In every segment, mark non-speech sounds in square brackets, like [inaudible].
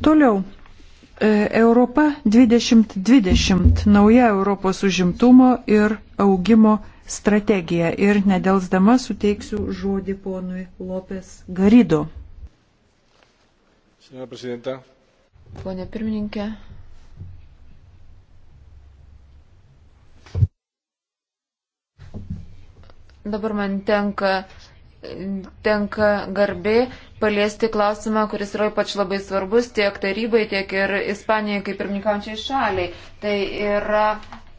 Toliau. E, Europa 2020 - nauja Europos užimtumo ir augimo strategija. Ir nedelsdama suteiksiu žodį ponui Lopes Garido. Pone pirmininkė. Dabar man tenka tenka garbė paliesti klausimą, kuris yra ypač labai svarbus tiek tarybai, tiek ir Ispanijai kaip pirmininkaujančiai šaliai. Tai yra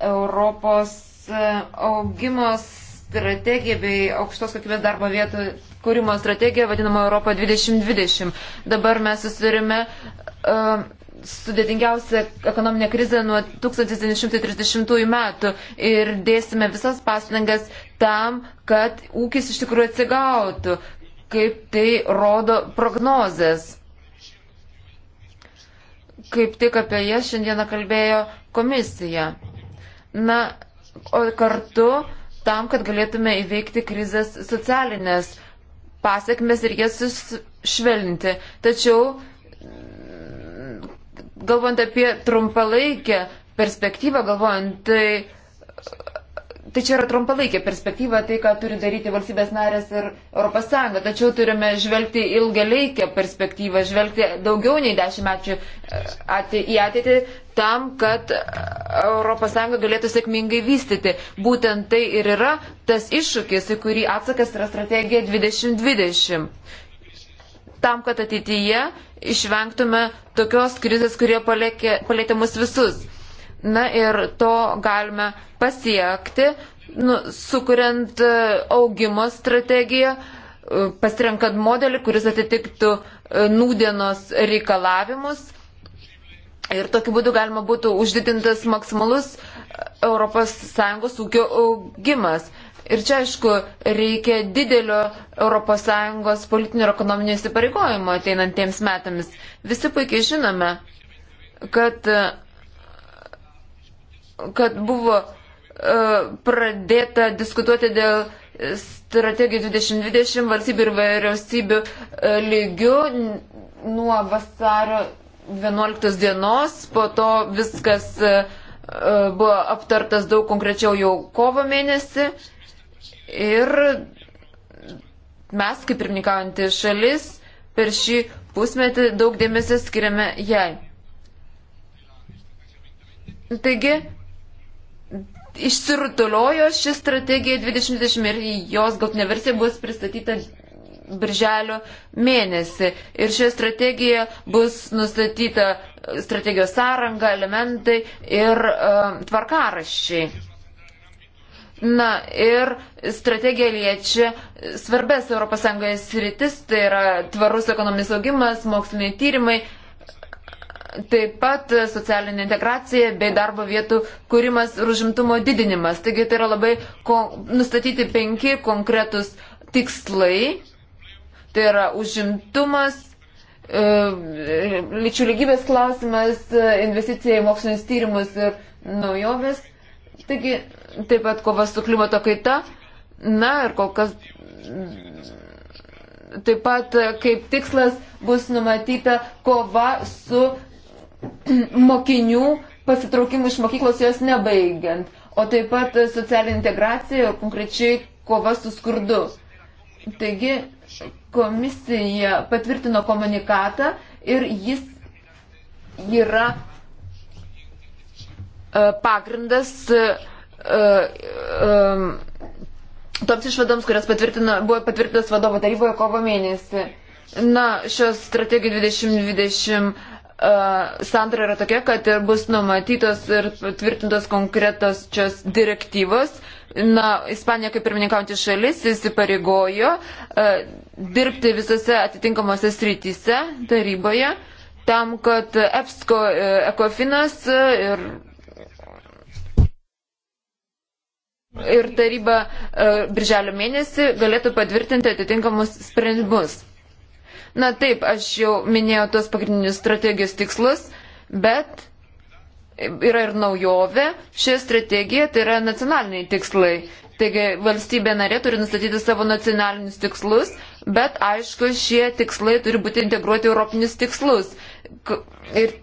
Europos e, augimos strategija bei aukštos kokybės darbo vietų kūrimo strategija, vadinama Europa 2020. Dabar mes susirime uh, e, sudėtingiausia ekonominė krizė nuo 1930 metų ir dėsime visas pastangas tam, kad ūkis iš tikrųjų atsigautų, kaip tai rodo prognozės. Kaip tik apie jas šiandieną kalbėjo komisija. Na, o kartu tam, kad galėtume įveikti krizės socialinės pasiekmes ir jas švelninti. Tačiau galvojant apie trumpalaikę perspektyvą, galvojant, tai, tai čia yra trumpalaikė perspektyva, tai ką turi daryti valstybės narės ir ES, tačiau turime žvelgti ilgalaikę perspektyvą, žvelgti daugiau nei dešimt metų e, atė, į ateitį tam, kad ES galėtų sėkmingai vystyti. Būtent tai ir yra tas iššūkis, į kurį atsakas yra strategija 2020 tam, kad ateityje išvengtume tokios krizės, kurie palėkė, palėtė mus visus. Na ir to galime pasiekti, nu, sukuriant e, augimo strategiją, e, pasirenkant modelį, kuris atitiktų e, nūdienos reikalavimus. Ir tokiu būdu galima būtų uždidintas maksimalus ES ūkio augimas. Ir čia, aišku, reikia didelio ES politinio ir ekonominio įsipareigojimo ateinantiems metams. Visi puikiai žinome, kad, kad buvo e, pradėta diskutuoti dėl strategijų 2020 valstybių ir vyriausybių e, lygių nuo vasario 11 dienos, po to viskas e, buvo aptartas daug konkrečiau jau kovo mėnesį Ir mes, kaip pirmininkaujantį šalis, per šį pusmetį daug dėmesio skiriame jai. Taigi, išsirutuliojo ši strategija 2020 ir jos galtinė versija bus pristatyta birželio mėnesį. Ir šioje strategijoje bus nustatyta strategijos sąranga, elementai ir uh, tvarkaraščiai. Na ir strategija liečia svarbės ES rytis, tai yra tvarus ekonominis augimas, moksliniai tyrimai, taip pat socialinė integracija bei darbo vietų kūrimas ir užimtumo didinimas. Taigi tai yra labai kon nustatyti penki konkretus tikslai. Tai yra užimtumas, e, lyčių lygybės klausimas, investicija į mokslinius tyrimus ir naujovės. Taigi taip pat kova su klimato kaita. Na ir kol kas taip pat kaip tikslas bus numatyta kova su [clears throat] mokinių pasitraukimu iš mokyklos jos nebaigiant, o taip pat socialinė integracija ir konkrečiai kova su skurdu. Taigi komisija patvirtino komunikatą ir jis yra e, pagrindas uh, E, e, toms išvadoms, kurias patvirtina, buvo patvirtintas vadovo taryboje kovo mėnesį. Na, šios strategijų 2020 e, santra yra tokia, kad ir bus numatytos ir tvirtintos konkretos šios direktyvos. Na, Ispanija kaip pirmininkaujantis šalis įsipareigojo uh, dirbti visose atitinkamose srityse taryboje tam, kad EPSCO, uh, ECOFINAS uh, ir ir taryba e, birželio mėnesį galėtų patvirtinti atitinkamus sprendimus. Na taip, aš jau minėjau tos pagrindinius strategijos tikslus, bet yra ir naujovė. Ši strategija tai yra nacionaliniai tikslai. Taigi valstybė narė turi nustatyti savo nacionalinius tikslus, bet aišku, šie tikslai turi būti integruoti europinius tikslus. Ir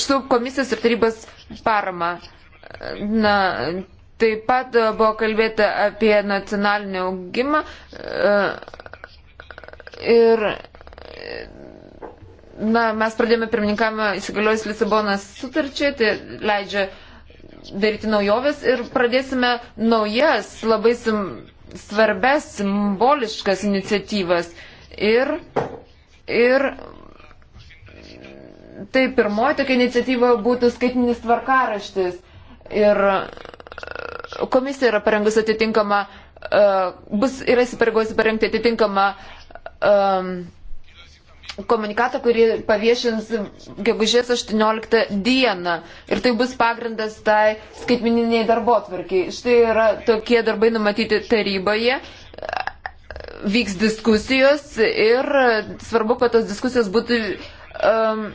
su komisijos ir tarybos parama. Na, Taip pat e, buvo kalbėta apie nacionalinį augimą e, ir e, na, mes pradėjome pirmininkavimą įsigaliojus Lisabonas sutarčiai, tai leidžia daryti naujoves ir pradėsime naujas labai sim, svarbes simboliškas iniciatyvas. Ir, ir tai pirmoji tokia iniciatyva būtų skaitinis tvarkaraštis. Ir komisija yra parengusi atitinkamą, e, bus, yra įsipareigojusi parengti atitinkamą um, komunikatą, kurį paviešins gegužės 18 dieną. Ir tai bus pagrindas tai skaitmininiai darbo tvarkiai. Štai yra tokie darbai numatyti taryboje. Vyks diskusijos ir svarbu, kad tos diskusijos būtų um,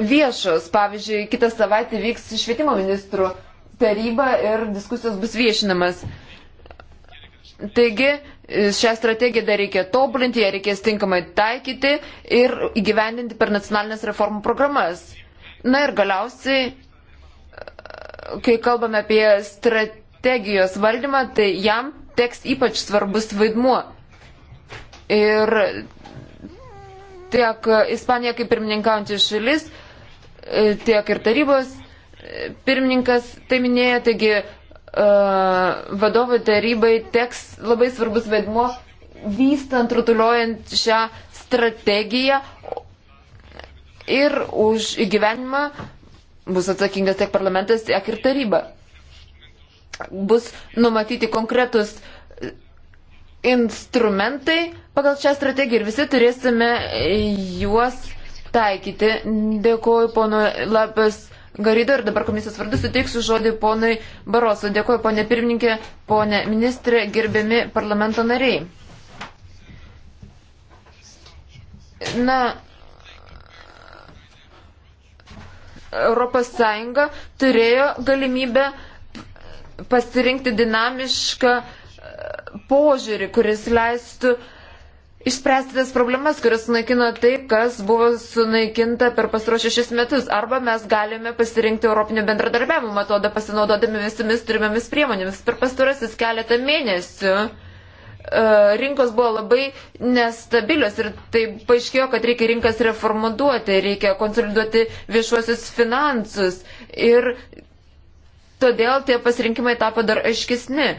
viešos. Pavyzdžiui, kitą savaitę vyks švietimo ministrų taryba ir diskusijos bus viešinamas. Taigi, šią strategiją dar reikia tobulinti, ją reikės tinkamai taikyti ir įgyvendinti per nacionalinės reformų programas. Na ir galiausiai, kai kalbame apie strategijos valdymą, tai jam teks ypač svarbus vaidmuo. Ir tiek Ispanija kaip pirmininkaujantis šalis, tiek ir tarybos pirmininkas tai minėjo, taigi uh, vadovų tarybai teks labai svarbus vaidmuo vystant, rutuliuojant šią strategiją ir už įgyvenimą bus atsakingas tiek parlamentas, tiek ir taryba. Bus numatyti konkretus instrumentai pagal šią strategiją ir visi turėsime juos taikyti. Dėkuoju pono Lapės Garido ir dabar komisijos vardu suteiksiu žodį ponui Baroso. Dėkuoju, ponė pirmininkė, ponė ministrė, gerbiami parlamento nariai. Na, Europos Sąjunga turėjo galimybę pasirinkti dinamišką požiūrį, kuris leistų uh, išspręsti tas problemas, kurias sunaikino tai, kas buvo sunaikinta per pastaruo šešis metus. Arba mes galime pasirinkti Europinio bendradarbiavimo metodą, pasinaudodami visomis turimomis priemonėmis. Per pastarasis keletą mėnesių e, rinkos buvo labai nestabilios ir tai paaiškėjo, kad reikia rinkas reformuoti, reikia konsoliduoti viešuosius finansus ir todėl tie pasirinkimai tapo dar aiškesni.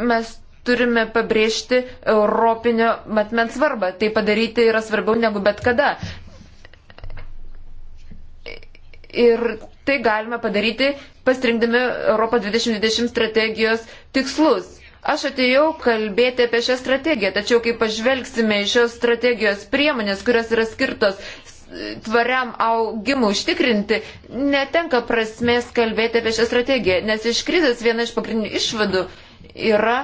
Mes turime pabrėžti europinio matmens svarbą. Tai padaryti yra svarbiau negu bet kada. Ir tai galime padaryti pasirinkdami Europo 2020 strategijos tikslus. Aš atėjau kalbėti apie šią strategiją, tačiau kai pažvelgsime į šios strategijos priemonės, kurios yra skirtos tvariam augimui užtikrinti, netenka prasmės kalbėti apie šią strategiją, nes iš krizės viena iš pagrindinių išvadų yra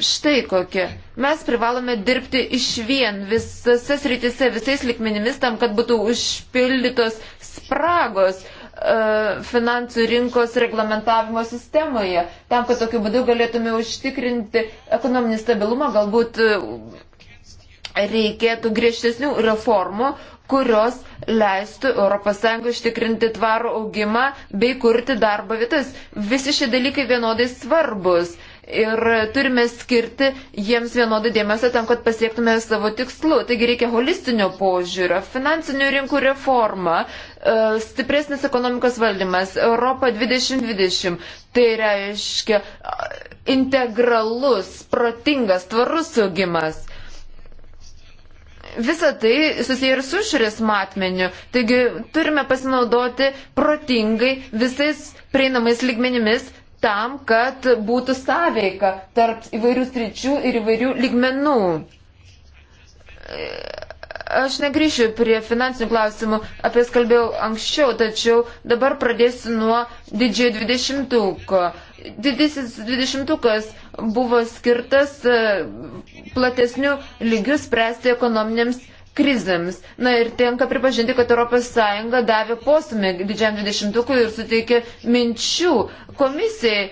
štai kokia. Mes privalome dirbti iš vien visose srityse, visais likmenimis tam, kad būtų užpildytos spragos e, finansų rinkos reglamentavimo sistemoje, tam, kad tokiu būdu galėtume užtikrinti ekonominį stabilumą, galbūt e, reikėtų griežtesnių reformų, kurios leistų ES ištikrinti tvarų augimą bei kurti darbo vietas. Visi šie dalykai vienodai svarbus ir turime skirti jiems vienodai dėmesio tam, kad pasiektume savo tikslų. Taigi reikia holistinio požiūrio, finansinių rinkų reforma, e, stipresnis ekonomikos valdymas, Europa 2020. Tai reiškia e, integralus, protingas, tvarus saugimas. Visa tai susiję ir su išorės matmeniu, taigi turime pasinaudoti protingai visais prieinamais lygmenimis tam, kad būtų sąveika tarp įvairių sričių ir įvairių ligmenų. Aš negryšiu prie finansinių klausimų, apie jas kalbėjau anksčiau, tačiau dabar pradėsiu nuo didžiojo dvidešimtuko. Didysis dvidešimtukas buvo skirtas e, platesnių lygių spręsti ekonominiams krizėms. Na ir tenka pripažinti, kad ES davė postumį didžiam 20-ukui ir suteikė minčių. Komisija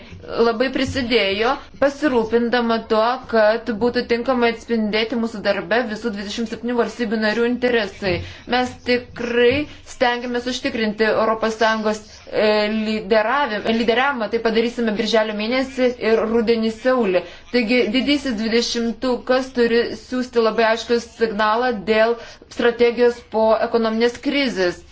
labai prisidėjo pasirūpindama tuo, kad būtų tinkamai atspindėti mūsų darbe visų 27 valstybių narių interesai. Mes tikrai stengiamės užtikrinti ES E, lyderiavimą. Tai padarysime birželio mėnesį ir rudenį Seulį. Taigi didysis 20-kas turi siūsti labai aiškų signalą dėl strategijos po ekonominės krizės.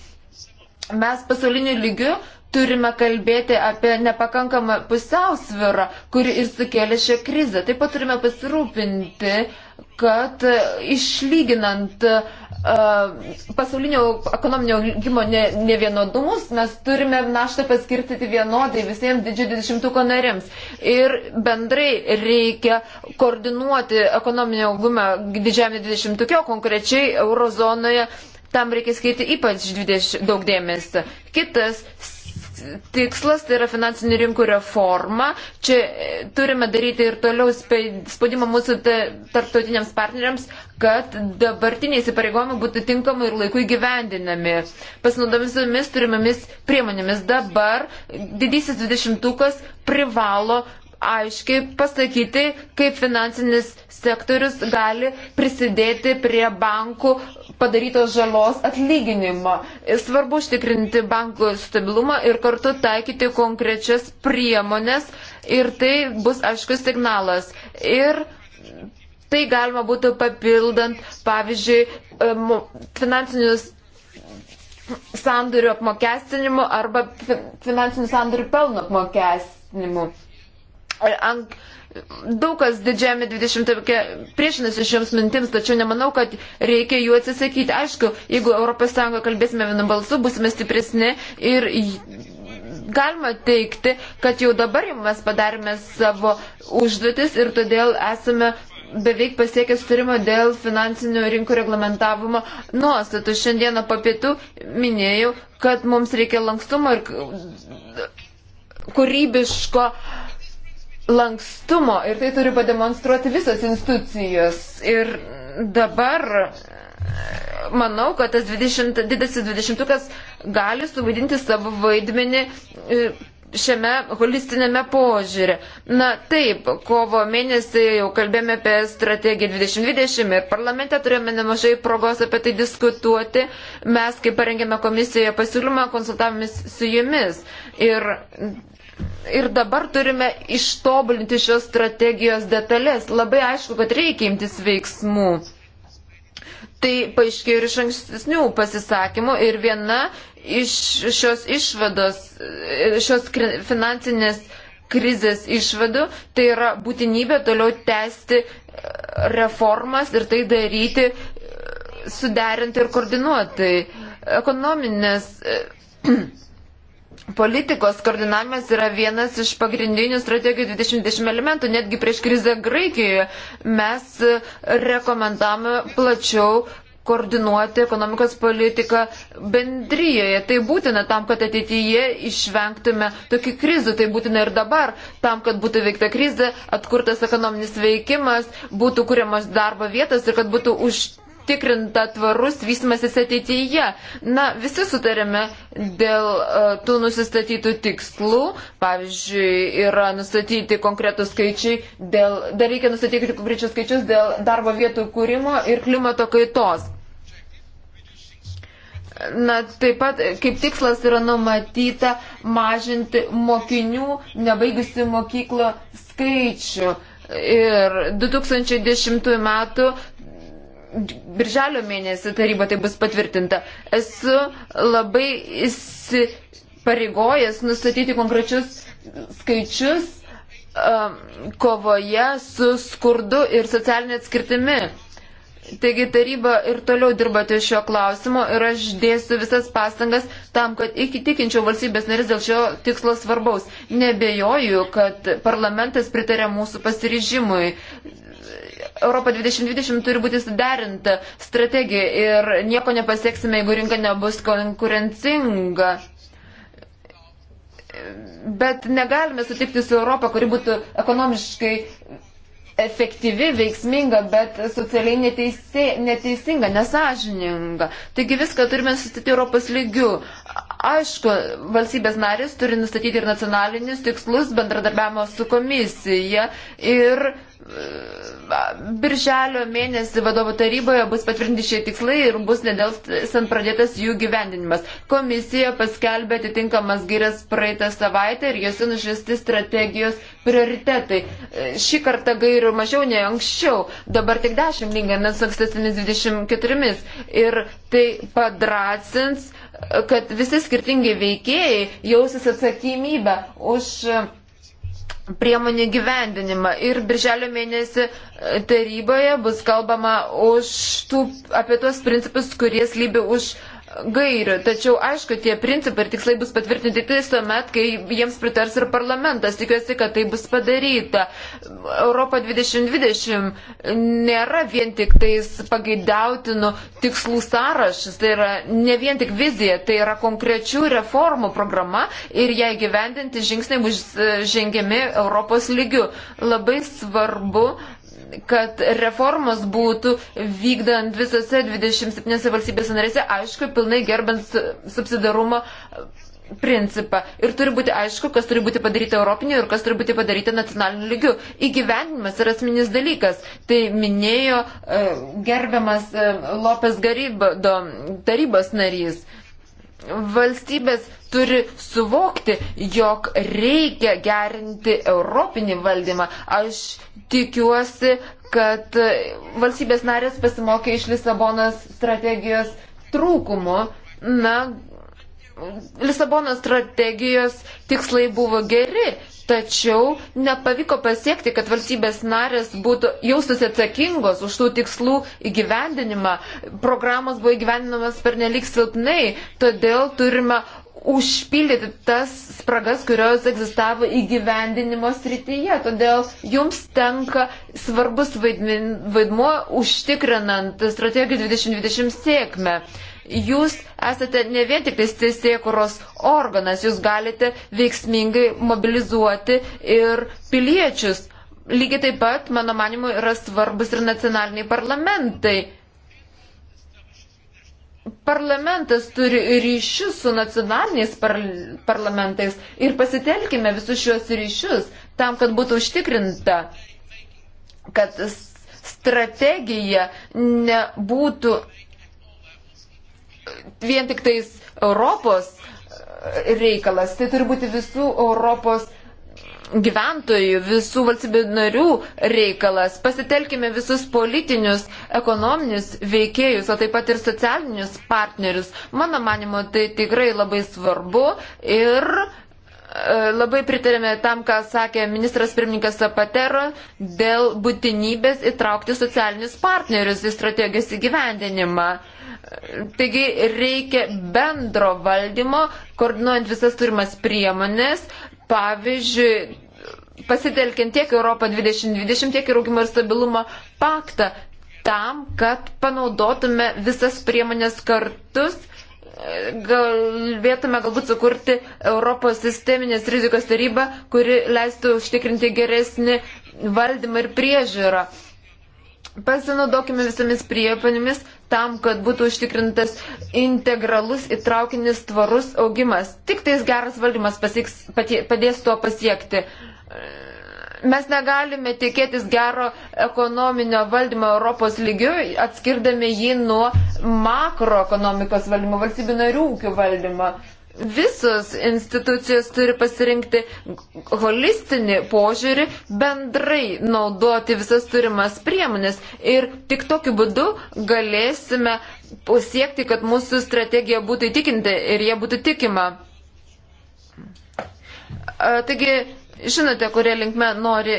Mes pasauliniu lygiu turime kalbėti apie nepakankamą pusiausvyrą, kuri ir sukėlė šią krizę. Taip pat turime pasirūpinti, kad išlyginant uh, pasaulinio ekonominio augimo nevienodumus ne mes turime naštą paskirtyti vienodai visiems didžiųjų dvidešimtuko narims. Ir bendrai reikia koordinuoti ekonominio augimą didžiame dvidešimtukio, konkrečiai eurozonoje. Tam reikia skirti ypač 20, daug dėmesio. Kitas tikslas tai yra finansinių rinkų reforma. Čia turime daryti ir toliau spaudimą mūsų tarptautiniams partneriams, kad dabartiniai įsipareigojimai būtų tinkamai ir laiku įgyvendinami. Pasinaudomis turimomis priemonėmis dabar didysis dvidešimtukas privalo aiškiai pasakyti, kaip finansinis sektorius gali prisidėti prie bankų padarytos žalos atlyginimo. Svarbu užtikrinti bankų stabilumą ir kartu taikyti konkrečias priemonės ir tai bus aiškus signalas. Ir tai galima būtų papildant, pavyzdžiui, e, finansinius sandorių apmokestinimu arba finansinių sandorių pelno apmokestinimu. E, Ank, daug kas didžiame 20 priešinasi šiems mintims, tačiau nemanau, kad reikia jų atsisakyti. Aišku, jeigu ES kalbėsime vienu balsu, busime stipresni ir galima teikti, kad jau dabar mes padarėme savo užduotis ir todėl esame beveik pasiekė sutarimo dėl finansinių rinkų reglamentavimo nuostatų. Šiandieną papietų minėjau, kad mums reikia lankstumo ir kūrybiško lankstumo ir tai turi pademonstruoti visas institucijos. Ir dabar e, manau, kad tas 20, didesis dvidešimtukas gali suvaidinti savo vaidmenį e, šiame holistinėme požiūrė. Na taip, kovo mėnesį jau kalbėjome apie strategiją 2020 ir parlamente turėjome nemažai progos apie tai diskutuoti. Mes, kai parengėme komisijoje pasiūlymą, konsultavomės su jumis. Ir Ir dabar turime ištobulinti šios strategijos detalės. Labai aišku, kad reikia imtis veiksmų. Tai paaiškėjo ir iš ankstesnių pasisakymų ir viena iš šios išvados, šios finansinės krizės išvadų, tai yra būtinybė toliau tęsti reformas ir tai daryti suderinti ir koordinuotai. Ekonominės [clears throat] politikos koordinavimas yra vienas iš pagrindinių strategijų 2020 elementų. Netgi prieš krizę Graikijoje mes rekomendavome plačiau koordinuoti ekonomikos politiką bendryjoje. Tai būtina tam, kad ateityje išvengtume tokių krizių. Tai būtina ir dabar, tam, kad būtų veikta krizė, atkurtas ekonominis veikimas, būtų kuriamas darbo vietas ir kad būtų užtikrintas užtikrinta tvarus vystimasis ateityje. Na, visi sutarėme dėl uh, tų nusistatytų tikslų. Pavyzdžiui, yra nustatyti konkretus skaičiai, dėl, dar reikia nustatyti konkrečius skaičius dėl darbo vietų kūrimo ir klimato kaitos. Na, taip pat kaip tikslas yra numatyta mažinti mokinių nebaigusių mokyklo skaičių. Ir 2010 metų birželio mėnesį taryba tai bus patvirtinta. Esu labai įsipareigojęs nustatyti konkrečius skaičius um, kovoje su skurdu ir socialinė atskirtimi. Taigi taryba ir toliau dirba ties šio klausimo ir aš dėsiu visas pastangas tam, kad iki tikinčiau valstybės narės dėl šio tikslo svarbaus. Nebejoju, kad parlamentas pritarė mūsų pasiryžimui Europa 2020 turi būti suderinta strategija ir nieko nepasieksime, jeigu rinka nebus konkurencinga. Bet negalime sutikti su Europą, kuri būtų ekonomiškai efektyvi, veiksminga, bet socialiai neteisė, neteisinga, nesažininga. Taigi viską turime sustiti Europos lygių. Aišku, valstybės narės turi nustatyti ir nacionalinius tikslus bendradarbiavimo su komisija ir e, Birželio mėnesį vadovo taryboje bus patvirtinti šie tikslai ir bus nedelsant pradėtas jų gyvendinimas. Komisija paskelbė atitinkamas girias praeitą savaitę ir jose nušvisti strategijos prioritetai. E, šį kartą gairių mažiau nei anksčiau, dabar tik 10 lyginant su ankstesnėmis 24 ir tai padrasins uh, kad visi skirtingi veikėjai jausis atsakymybę už e, priemonių gyvendinimą. Ir birželio mėnesį e, taryboje bus kalbama už tų, apie tuos principus, kurie slybi už uh, gairių. Tačiau, aišku, tie principai ir tikslai bus patvirtinti tik tuomet, kai jiems pritars ir parlamentas. Tikiuosi, kad tai bus padaryta. Europa 2020 nėra vien tik tais pageidautinų tikslų sąrašas, tai yra ne vien tik vizija, tai yra konkrečių reformų programa ir ją gyvendinti žingsniai bus žengiami Europos lygiu. Labai svarbu kad reformos būtų vykdant visose 27 valstybės narėse, aišku, pilnai gerbant subsidarumo principą. Ir turi būti aišku, kas turi būti padaryta europinio ir kas turi būti padaryta nacionaliniu lygiu. Įgyvendinimas yra asmeninis dalykas. Tai minėjo e, gerbiamas e, Lopes Garibo tarybos narys valstybės turi suvokti, jog reikia gerinti europinį valdymą. Aš tikiuosi, kad valstybės narės pasimokė iš Lisabonos strategijos trūkumo. Na, Lisabono strategijos tikslai buvo geri, tačiau nepavyko pasiekti, kad valstybės narės būtų jaustųsi atsakingos už tų tikslų įgyvendinimą. Programos buvo įgyvendinamas per nelik silpnai, todėl turime užpildyti tas spragas, kurios egzistavo įgyvendinimo srityje. Todėl jums tenka svarbus vaidmin, vaidmuo užtikrinant strategijų 2020 sėkmę jūs esate ne vien tik tai teisėkuros organas, jūs galite veiksmingai mobilizuoti ir piliečius. Lygiai taip pat, mano manimu, yra svarbus ir nacionaliniai parlamentai. Parlamentas turi ryšius su nacionaliniais par parlamentais ir pasitelkime visus šios ryšius tam, kad būtų užtikrinta, kad strategija nebūtų vien tik tais Europos reikalas, tai turi būti visų Europos gyventojų, visų valstybių narių reikalas. Pasitelkime visus politinius, ekonominius veikėjus, o taip pat ir socialinius partnerius. Mano manimo, tai tikrai labai svarbu ir e, labai pritarėme tam, ką sakė ministras pirmininkas Zapatero dėl būtinybės įtraukti socialinius partnerius į strategijos įgyvendinimą. Taigi reikia bendro valdymo, koordinuojant visas turimas priemonės, pavyzdžiui, pasitelkiant tiek Europą 2020, tiek ir augimo ir stabilumo paktą, tam, kad panaudotume visas priemonės kartus, galėtume galbūt sukurti Europos sisteminės rizikos tarybą, kuri leistų užtikrinti geresnį valdymą ir priežiūrą. Pasinaudokime visomis priepanimis tam, kad būtų užtikrintas integralus įtraukinis tvarus augimas. Tik tais geras valdymas pasieks, patie, padės tuo pasiekti. Mes negalime tikėtis gero ekonominio valdymo Europos lygių, atskirdami jį nuo makroekonomikos valdymo, valstybių narių ūkių valdymo visos institucijos turi pasirinkti holistinį požiūrį, bendrai naudoti visas turimas priemonės ir tik tokiu būdu galėsime pasiekti, kad mūsų strategija būtų įtikinti ir jie būtų tikima. Taigi, žinote, kurie linkme nori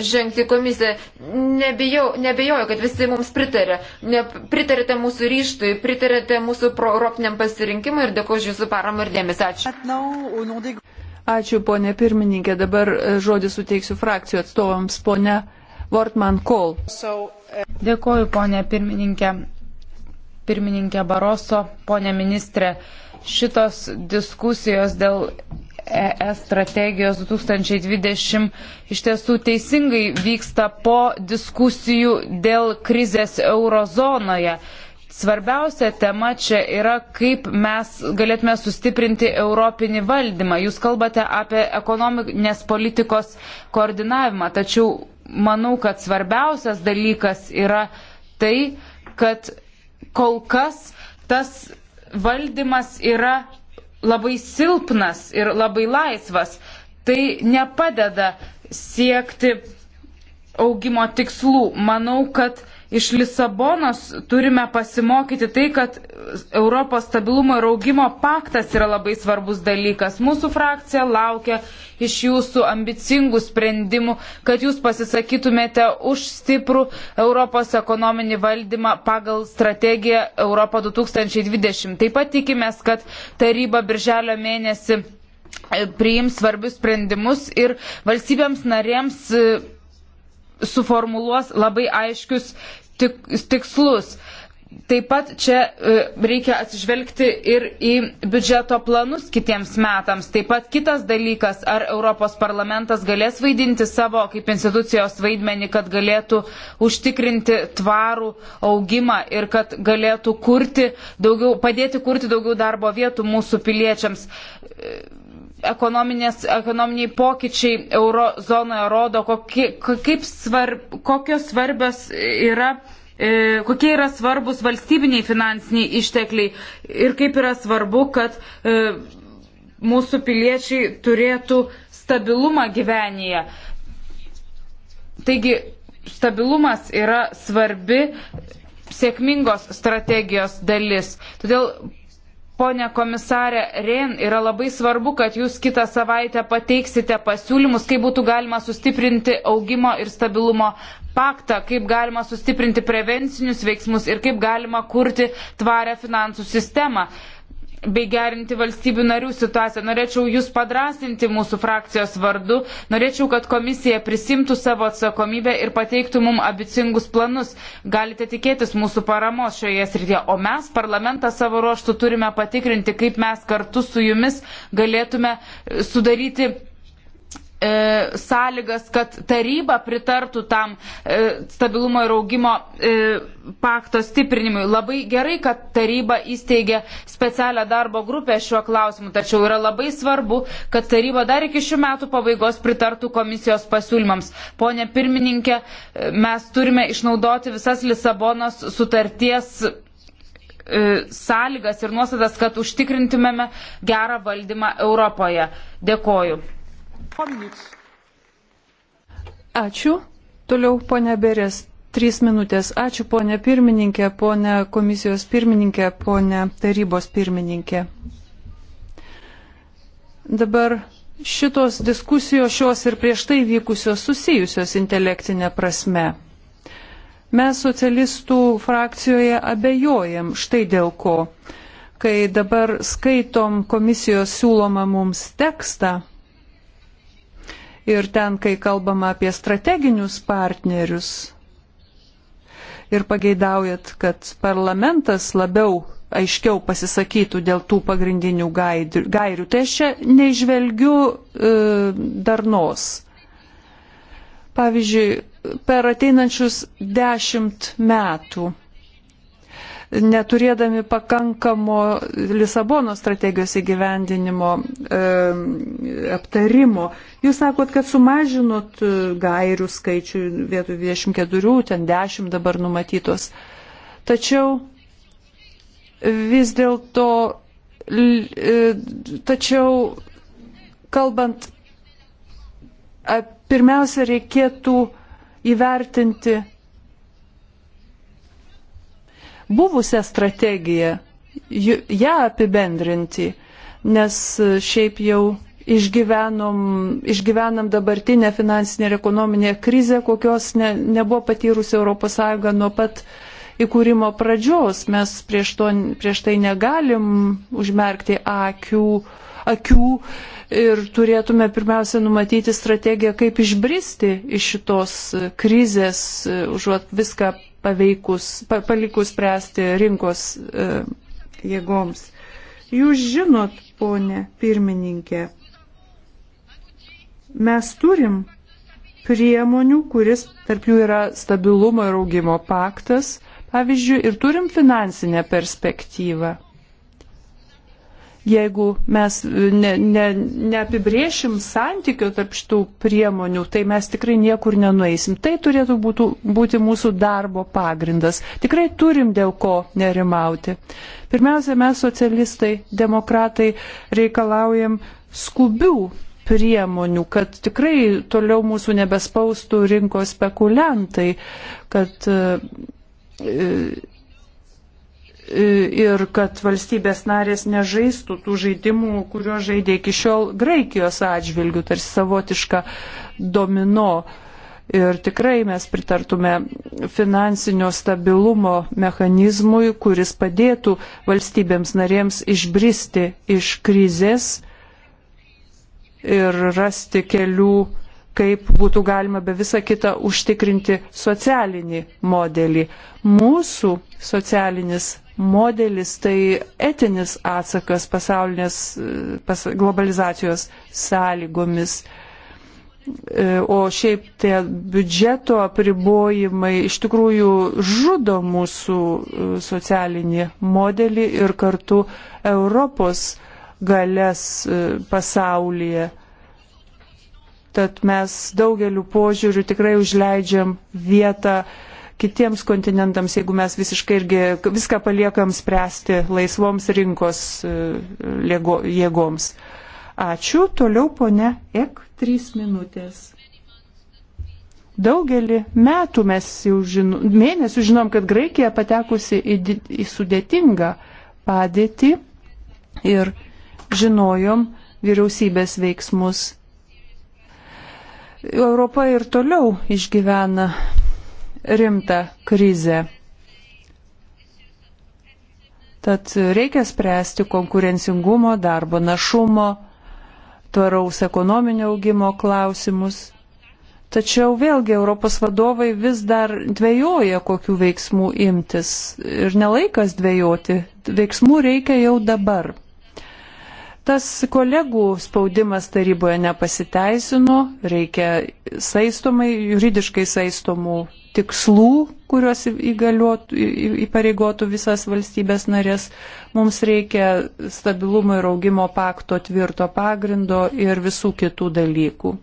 žengti komisija. Nebijau, nebijoju, kad visi mums pritarė. Ne, pritarėte mūsų ryštui, pritarėte mūsų proeuropiniam pasirinkimui ir dėkuoju už jūsų paramą ir dėmesį. Ačiū. Ačiū, ponė pirmininkė. Dabar e, žodį suteiksiu frakcijų atstovams, ponė Wortman Kol. E, dėkuoju, ponė pirmininkė. Pirmininkė Baroso, ponė ministrė. Šitos diskusijos dėl ES strategijos 2020 iš tiesų teisingai vyksta po diskusijų dėl krizės eurozonoje. Svarbiausia tema čia yra, kaip mes galėtume sustiprinti europinį valdymą. Jūs kalbate apie ekonominės politikos koordinavimą, tačiau manau, kad svarbiausias dalykas yra tai, kad kol kas tas valdymas yra labai silpnas ir labai laisvas, tai nepadeda siekti augimo tikslų. Manau, kad iš Lisabonos turime pasimokyti tai, kad Europos stabilumo ir augimo paktas yra labai svarbus dalykas. Mūsų frakcija laukia iš jūsų ambicingų sprendimų, kad jūs pasisakytumėte už stiprų Europos ekonominį valdymą pagal strategiją Europą 2020. Taip pat tikimės, kad taryba birželio mėnesį e, priims svarbius sprendimus ir valstybėms narėms e, suformuluos labai aiškius tik, tikslus. Taip pat čia e, reikia atsižvelgti ir į biudžeto planus kitiems metams. Taip pat kitas dalykas, ar Europos parlamentas galės vaidinti savo kaip institucijos vaidmenį, kad galėtų užtikrinti tvarų augimą ir kad galėtų kurti daugiau, padėti kurti daugiau darbo vietų mūsų piliečiams. E, ekonominiai pokyčiai eurozonoje rodo, kokie, kaip svarb, kokios svarbios yra e, kokie yra svarbus valstybiniai finansiniai ištekliai ir kaip yra svarbu, kad e, mūsų piliečiai turėtų stabilumą gyvenėje. Taigi stabilumas yra svarbi sėkmingos strategijos dalis. Todėl Pone komisarė Ren, yra labai svarbu, kad jūs kitą savaitę pateiksite pasiūlymus, kaip būtų galima sustiprinti augimo ir stabilumo paktą, kaip galima sustiprinti prevencinius veiksmus ir kaip galima kurti tvarę finansų sistemą bei gerinti valstybių narių situaciją. Norėčiau Jūs padrasinti mūsų frakcijos vardu, norėčiau, kad komisija prisimtų savo atsakomybę ir pateiktų mums abicingus planus. Galite tikėtis mūsų paramos šioje srityje, o mes, parlamentą savo ruoštų, turime patikrinti, kaip mes kartu su Jumis galėtume sudaryti e, sąlygas, kad taryba pritartų tam e, stabilumo ir augimo e, pakto stiprinimui. Labai gerai, kad taryba įsteigė specialią darbo grupę šiuo klausimu, tačiau yra labai svarbu, kad taryba dar iki šių metų pabaigos pritartų komisijos pasiūlymams. Pone pirmininkė, e, mes turime išnaudoti visas Lisabonos sutarties e, sąlygas ir nuostatas, kad užtikrintumėme gerą valdymą Europoje. Dėkoju. Ačiū. Toliau ponia Berės. Trys minutės. Ačiū ponia pirmininkė, ponia komisijos pirmininkė, ponia tarybos pirmininkė. Dabar šitos diskusijos šios ir prieš tai vykusios susijusios intelektinė prasme. Mes socialistų frakcijoje abejojam štai dėl ko. Kai dabar skaitom komisijos siūlomą mums tekstą, ir ten, kai kalbama apie strateginius partnerius ir pageidaujat, kad parlamentas labiau aiškiau pasisakytų dėl tų pagrindinių gairių, tai aš čia neižvelgiu e, darnos. Pavyzdžiui, per ateinančius dešimt metų neturėdami pakankamo Lisabono strategijos įgyvendinimo e, aptarimo. Jūs sakot, kad sumažinot gairių skaičių vietoj 24, ten 10 dabar numatytos. Tačiau vis dėlto, e, tačiau kalbant, pirmiausia reikėtų įvertinti buvusią strategiją, ją apibendrinti, nes šiaip jau išgyvenom, išgyvenam dabartinę finansinę ir ekonominę krizę, kokios ne, nebuvo patyrusi ES nuo pat įkūrimo pradžios. Mes prieš, to, prieš tai negalim užmerkti akių, akių ir turėtume pirmiausia numatyti strategiją, kaip išbristi iš šitos krizės, užuot viską paveikus, pa, palikus spręsti rinkos e, jėgoms. Jūs žinot, ponė pirmininkė, mes turim priemonių, kuris tarp jų yra stabilumo ir augimo paktas, pavyzdžiui, ir turim finansinę perspektyvą. Jeigu mes e, ne, ne, neapibriešim santykio tarp šitų priemonių, tai mes tikrai niekur nenueisim. Tai turėtų būtų, būti mūsų darbo pagrindas. Tikrai turim dėl ko nerimauti. Pirmiausia, mes socialistai, demokratai reikalaujam skubių priemonių, kad tikrai toliau mūsų nebespaustų rinkos spekuliantai, kad e, e ir kad valstybės narės nežaistų tų žaidimų, kuriuos žaidė iki šiol Graikijos atžvilgių, tarsi savotiška domino. Ir tikrai mes pritartume finansinio stabilumo mechanizmui, kuris padėtų valstybėms narėms išbristi iš krizės ir rasti kelių, kaip būtų galima be visą kitą užtikrinti socialinį modelį. Mūsų socialinis modelis tai etinis atsakas pasaulinės e, pas, globalizacijos sąlygomis. E, o šiaip tie biudžeto apribojimai iš tikrųjų žudo mūsų e, socialinį modelį ir kartu Europos galės pasaulyje. Tad mes daugeliu požiūrių tikrai užleidžiam vietą uh, kitiems kontinentams, jeigu mes visiškai irgi viską paliekam spręsti laisvoms rinkos e, jėgoms. Ačiū. Toliau ponia Ek, trys minutės. Daugelį metų mes jau žino, mėnesių žinom, kad Graikija patekusi į, į sudėtingą padėtį ir žinojom vyriausybės veiksmus. Europa ir toliau išgyvena rimtą krizę. Tad reikia spręsti konkurencingumo, darbo našumo, tvaraus ekonominio augimo klausimus. Tačiau vėlgi Europos vadovai vis dar dvėjoja, kokių veiksmų imtis. Ir nelaikas dvėjoti. Veiksmų reikia jau dabar. Tas kolegų spaudimas taryboje nepasiteisino, reikia saistomai, juridiškai saistomų tikslų, kuriuos įpareigotų visas valstybės narės. Mums reikia stabilumo ir augimo pakto tvirto pagrindo ir visų kitų dalykų.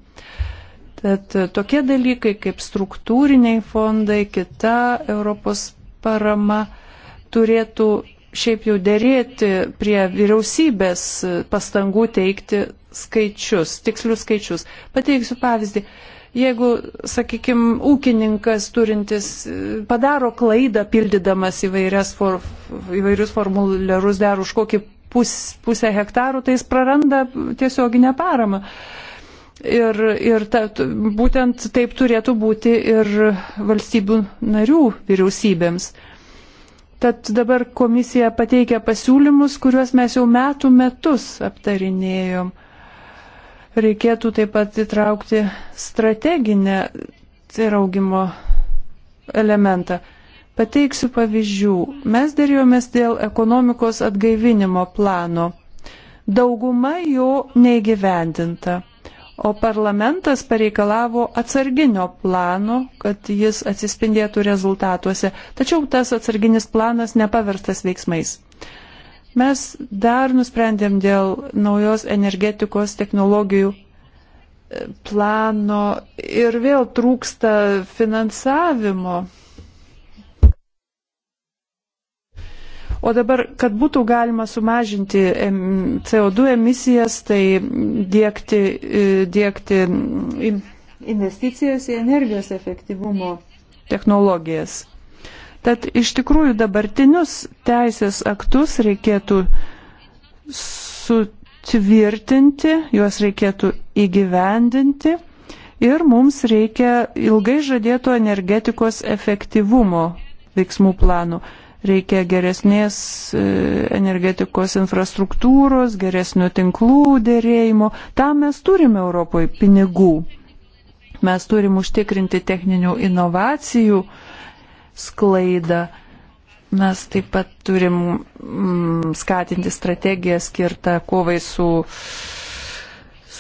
Tad tokie dalykai kaip struktūriniai fondai, kita Europos parama turėtų šiaip jau dėrėti prie vyriausybės pastangų teikti skaičius, tikslius skaičius. Pateiksiu pavyzdį. Jeigu, sakykime, ūkininkas turintis padaro klaidą pildydamas for, įvairius formulerus dar už kokį pus, pusę hektarų, tai jis praranda tiesioginę paramą. Ir, ir ta, būtent taip turėtų būti ir valstybių narių vyriausybėms. Uh, Tad dabar komisija pateikia pasiūlymus, kuriuos mes jau metų metus aptarinėjom. Reikėtų taip pat įtraukti strateginę tai yra augimo elementą. Pateiksiu pavyzdžių. Mes dėrėjomės dėl ekonomikos atgaivinimo plano. Dauguma jo neįgyvendinta o parlamentas pareikalavo atsarginio plano, kad jis atsispindėtų rezultatuose, tačiau tas atsarginis planas nepaverstas veiksmais. Mes dar nusprendėm dėl naujos energetikos technologijų e, plano ir vėl trūksta finansavimo. O dabar, kad būtų galima sumažinti CO2 emisijas, tai dėkti, e, dėkti investicijas į energijos efektyvumo technologijas. Tad iš tikrųjų dabartinius teisės aktus reikėtų sutvirtinti, juos reikėtų įgyvendinti ir mums reikia ilgai žadėto energetikos efektyvumo veiksmų planų. Reikia geresnės e, energetikos infrastruktūros, geresnio tinklų dėrėjimo. Tam mes turime Europoje pinigų. Mes turim užtikrinti techninių inovacijų sklaidą. Mes taip pat turim mm, skatinti strategiją skirtą kovai su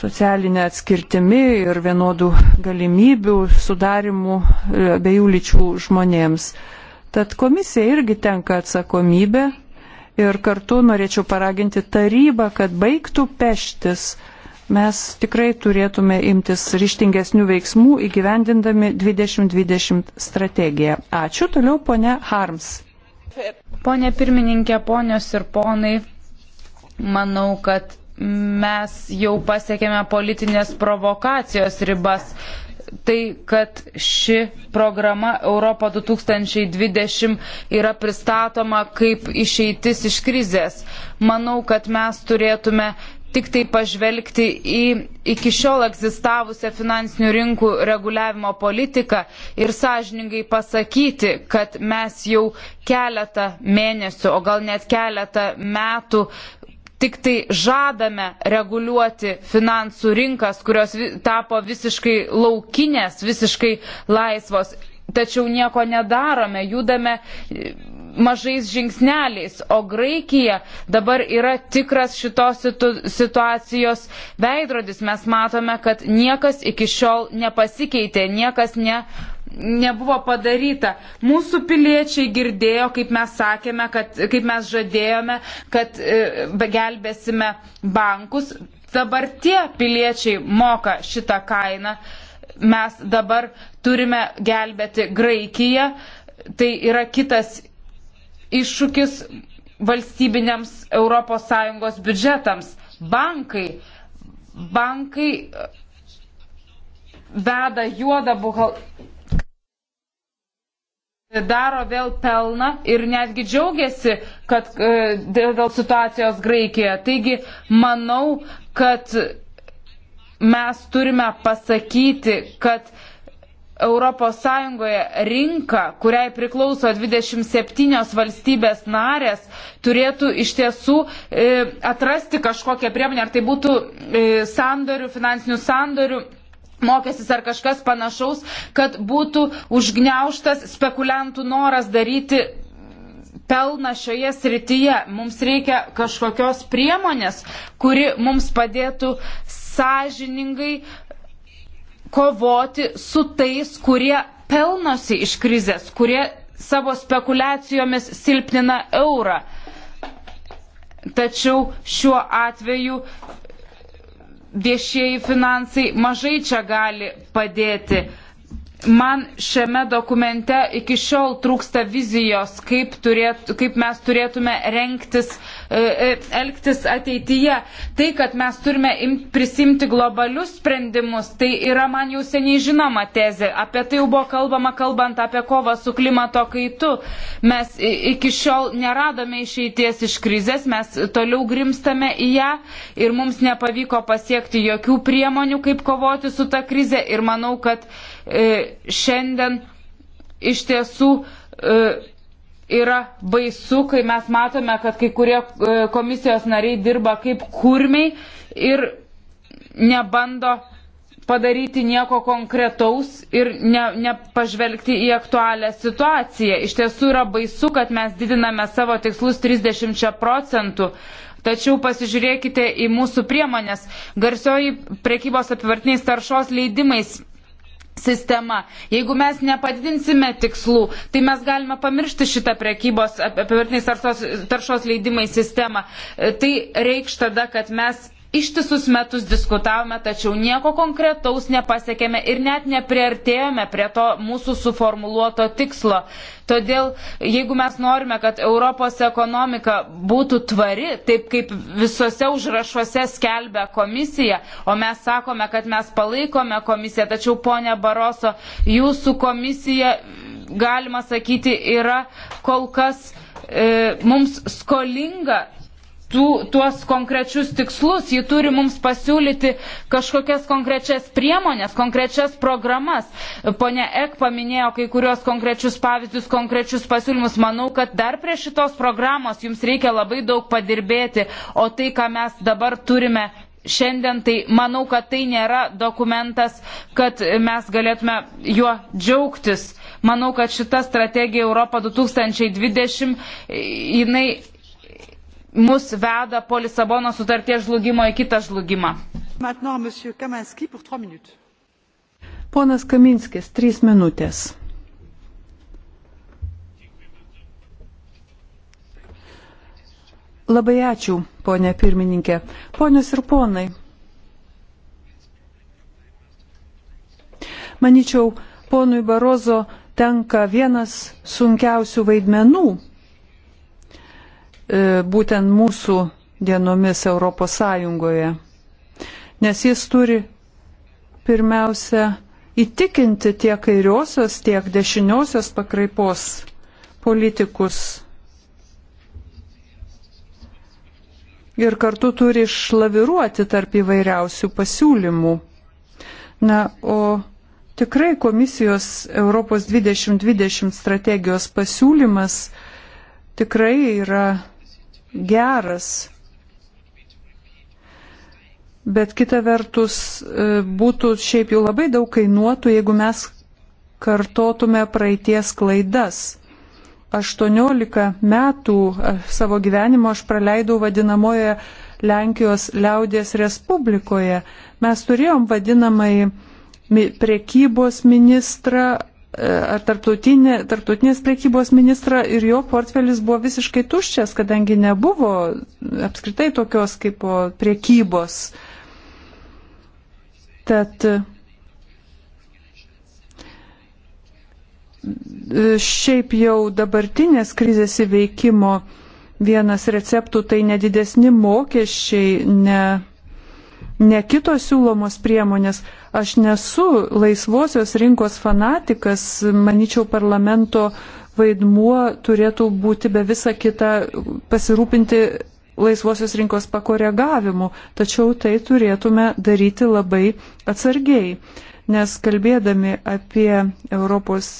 socialinė atskirtimi ir vienodų galimybių sudarimu e, abiejų lyčių žmonėms. Uh, Tad komisija irgi tenka atsakomybė ir kartu norėčiau paraginti tarybą, kad baigtų peštis. Mes tikrai turėtume imtis ryštingesnių veiksmų įgyvendindami 2020 strategiją. Ačiū toliau, ponia Harms. Pone pirmininkė, ponios ir ponai, manau, kad mes jau pasiekėme politinės provokacijos ribas tai, kad ši programa Europo 2020 yra pristatoma kaip išeitis iš krizės. Manau, kad mes turėtume tik tai pažvelgti į iki šiol egzistavusią finansinių rinkų reguliavimo politiką ir sąžiningai pasakyti, kad mes jau keletą mėnesių, o gal net keletą metų tik tai žadame reguliuoti finansų rinkas, kurios tapo visiškai laukinės, visiškai laisvos, tačiau nieko nedarome, judame mažais žingsneliais, o Graikija dabar yra tikras šitos situ situacijos veidrodis. Mes matome, kad niekas iki šiol nepasikeitė, niekas ne nebuvo padaryta. Mūsų piliečiai girdėjo, kaip mes sakėme, kad, kaip mes žadėjome, kad e, gelbėsime bankus. Dabar tie piliečiai moka šitą kainą. Mes dabar turime gelbėti Graikiją. Tai yra kitas iššūkis valstybiniams ES biudžetams. Bankai. Bankai e, veda juodą buhalteriją daro vėl pelną ir netgi džiaugiasi, kad e, dėl, dėl situacijos Graikijoje. Taigi, manau, kad mes turime pasakyti, kad ES rinka, kuriai priklauso 27 valstybės narės, turėtų iš tiesų e, atrasti kažkokią priemonę, ar tai būtų e, sandorių, finansinių sandorių mokestis ar kažkas panašaus, kad būtų užgneuštas spekuliantų noras daryti pelną šioje srityje. Mums reikia kažkokios priemonės, kuri mums padėtų sąžiningai kovoti su tais, kurie pelnosi iš krizės, kurie savo spekulacijomis silpnina eurą. Tačiau šiuo atveju viešieji finansai mažai čia gali padėti. Man šiame dokumente iki šiol trūksta vizijos, kaip, turėt, kaip mes turėtume renktis uh, E, e, elgtis ateityje. Tai, kad mes turime prisimti globalius sprendimus, tai yra man jau seniai žinoma tezė. Apie tai jau buvo kalbama, kalbant apie kovą su klimato kaitu. Mes iki šiol neradome išeities iš krizės, mes toliau grimstame į ją ir mums nepavyko pasiekti jokių priemonių, kaip kovoti su ta krize. Ir manau, kad e, šiandien iš tiesų e, yra baisu, kai mes matome, kad kai kurie e, komisijos nariai dirba kaip kurmiai ir nebando padaryti nieko konkretaus ir nepažvelgti ne, ne į aktualią situaciją. Iš tiesų yra baisu, kad mes didiname savo tikslus 30 procentų. Tačiau pasižiūrėkite į mūsų priemonės. Garsioji prekybos apivartiniais taršos leidimais sistema. Jeigu mes nepadidinsime tikslų, tai mes galime pamiršti šitą prekybos apivartiniais taršos leidimai sistemą. E, tai reikš tada, kad mes Ištisus metus diskutavome, tačiau nieko konkretaus nepasiekėme ir net nepriartėjome prie to mūsų suformuluoto tikslo. Todėl, jeigu mes norime, kad Europos ekonomika būtų tvari, taip kaip visose užrašuose skelbia komisija, o mes sakome, kad mes palaikome komisiją, tačiau, ponia Baroso, jūsų komisija, galima sakyti, yra kol kas e, mums skolinga tų, tuos konkrečius tikslus, ji turi mums pasiūlyti kažkokias konkrečias priemonės, konkrečias programas. Pone Ek paminėjo kai kurios konkrečius pavyzdžius, konkrečius pasiūlymus. Manau, kad dar prie šitos programos jums reikia labai daug padirbėti, o tai, ką mes dabar turime. Šiandien tai manau, kad tai nėra dokumentas, kad mes galėtume juo džiaugtis. Manau, kad šita strategija Europa 2020, jinai mus veda po Lisabono sutarties žlugimo į kitą žlugimą. Ponas Kaminskis, trys minutės. Labai ačiū, ponė pirmininkė. Ponios ir ponai. Maničiau, ponui Barozo tenka vienas sunkiausių vaidmenų E, būtent mūsų dienomis Europos Sąjungoje. Nes jis turi pirmiausia įtikinti tiek kairiosios, tiek dešiniosios pakraipos politikus. Ir kartu turi išlaviruoti tarp įvairiausių pasiūlymų. Na, o tikrai komisijos Europos 2020 strategijos pasiūlymas tikrai yra geras. Bet kita vertus, e, būtų šiaip jau labai daug kainuotų, jeigu mes kartotume praeities klaidas. 18 metų e, savo gyvenimo aš praleidau vadinamoje Lenkijos liaudės Respublikoje. Mes turėjom vadinamai priekybos ministrą, E, ar tarptautinė, tarptautinės priekybos ministrą ir jo portfelis buvo visiškai tuščias, kadangi nebuvo apskritai tokios kaip priekybos. Tad e, šiaip jau dabartinės krizės įveikimo vienas receptų tai nedidesni mokesčiai, ne, ne kitos siūlomos priemonės. Aš nesu laisvosios rinkos fanatikas, manyčiau, parlamento vaidmuo turėtų būti be visa kita pasirūpinti laisvosios rinkos pakoregavimu, tačiau tai turėtume daryti labai atsargiai, nes kalbėdami apie Europos